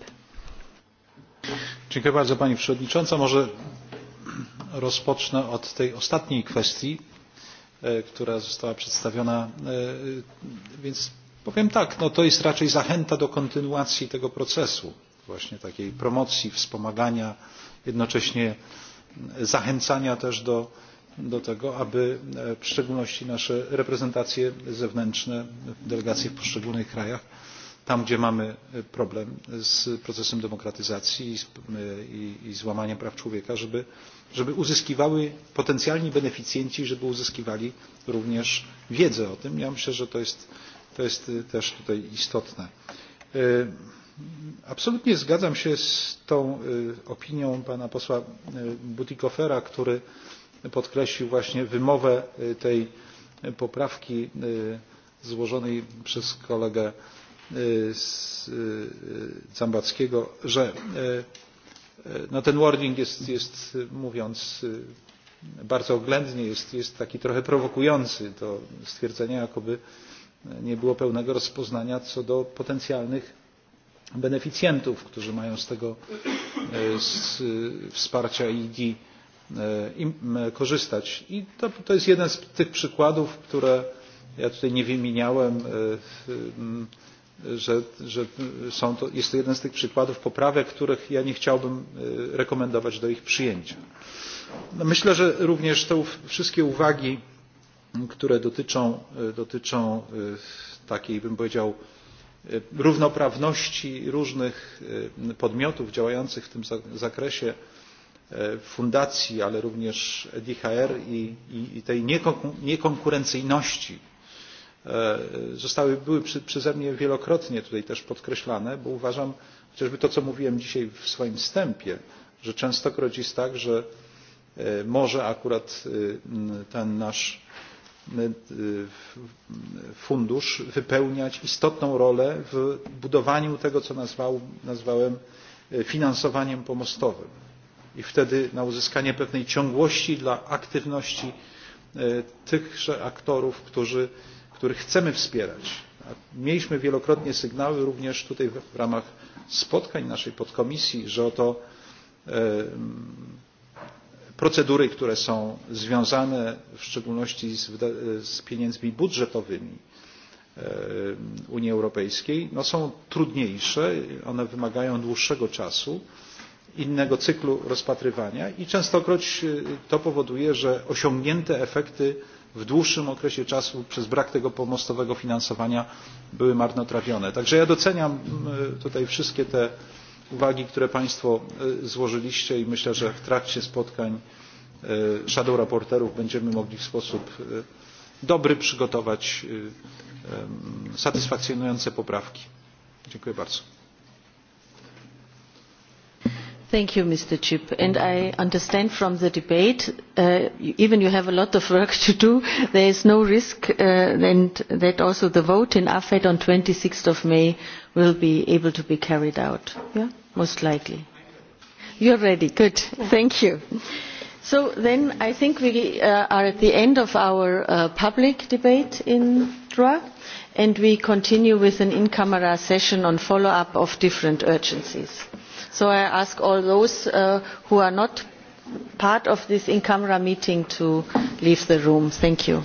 Dziękuję bardzo Pani Przewodnicząca. Może rozpocznę od tej ostatniej kwestii, e, która została przedstawiona. E, e, więc powiem tak, no to jest raczej zachęta do kontynuacji tego procesu właśnie takiej promocji, wspomagania, jednocześnie zachęcania też do, do tego, aby e, w szczególności nasze reprezentacje zewnętrzne, delegacje w poszczególnych krajach, tam gdzie mamy e, problem z procesem demokratyzacji i, e, i, i złamaniem praw człowieka, żeby, żeby uzyskiwały potencjalni beneficjenci, żeby uzyskiwali również wiedzę o tym. Ja myślę, że to jest, to jest też tutaj istotne. Absolutnie zgadzam się z tą opinią pana posła Butikofera, który podkreślił właśnie wymowę tej poprawki złożonej przez kolegę Zambackiego, że no ten wording jest, jest mówiąc bardzo oględnie, jest, jest taki trochę prowokujący do stwierdzenia, jakoby nie było pełnego rozpoznania co do potencjalnych beneficjentów, którzy mają z tego e, z e, wsparcia IGI e, korzystać. I to, to jest jeden z tych przykładów, które ja tutaj nie wymieniałem, że, że są to, jest to jeden z tych przykładów poprawek, których ja nie chciałbym rekomendować do ich przyjęcia. Myślę, że również te wszystkie uwagi, które dotyczą, dotyczą takiej, bym powiedział, E, równoprawności różnych e, podmiotów działających w tym zakresie e, fundacji, ale również EDHR i, i, i tej niekonkurencyjności zostały, były przy, przeze mnie wielokrotnie tutaj też podkreślane, bo uważam, chociażby to, co mówiłem dzisiaj w swoim wstępie, że często jest tak, że może akurat ten nasz E, fundusz wypełniać istotną rolę w budowaniu tego, co nazwał, nazwałem e, finansowaniem pomostowym. I wtedy na uzyskanie pewnej ciągłości dla aktywności e, tychże aktorów, którzy, których chcemy wspierać. Mieliśmy wielokrotnie sygnały również tutaj w ramach spotkań naszej podkomisji, że oto procedury, które są związane w szczególności z, z pieniędzmi budżetowymi e, Unii Europejskiej no są trudniejsze, one wymagają dłuższego czasu, innego cyklu rozpatrywania i częstokroć e, to powoduje, że osiągnięte efekty w dłuższym okresie czasu przez brak tego pomostowego finansowania były marnotrawione. Także ja doceniam e, tutaj wszystkie te uwagi, które Państwo e, złożyliście i myślę, że w trakcie spotkań e, shadow raporterów będziemy mogli w sposób e, dobry przygotować satysfakcjonujące poprawki. Dziękuję bardzo. Thank you, Mr. Chip. And I understand from the debate, uh, even you have a lot of work to do, there is no risk, uh, and that also the vote in AFED on 26th of May will be able to be carried out, yeah? most likely. You're ready, good, thank you. So then I think we uh, are at the end of our uh, public debate in DRA and we continue with an in-camera session on follow-up of different urgencies. So I ask all those uh, who are not part of this in-camera meeting to leave the room. Thank you.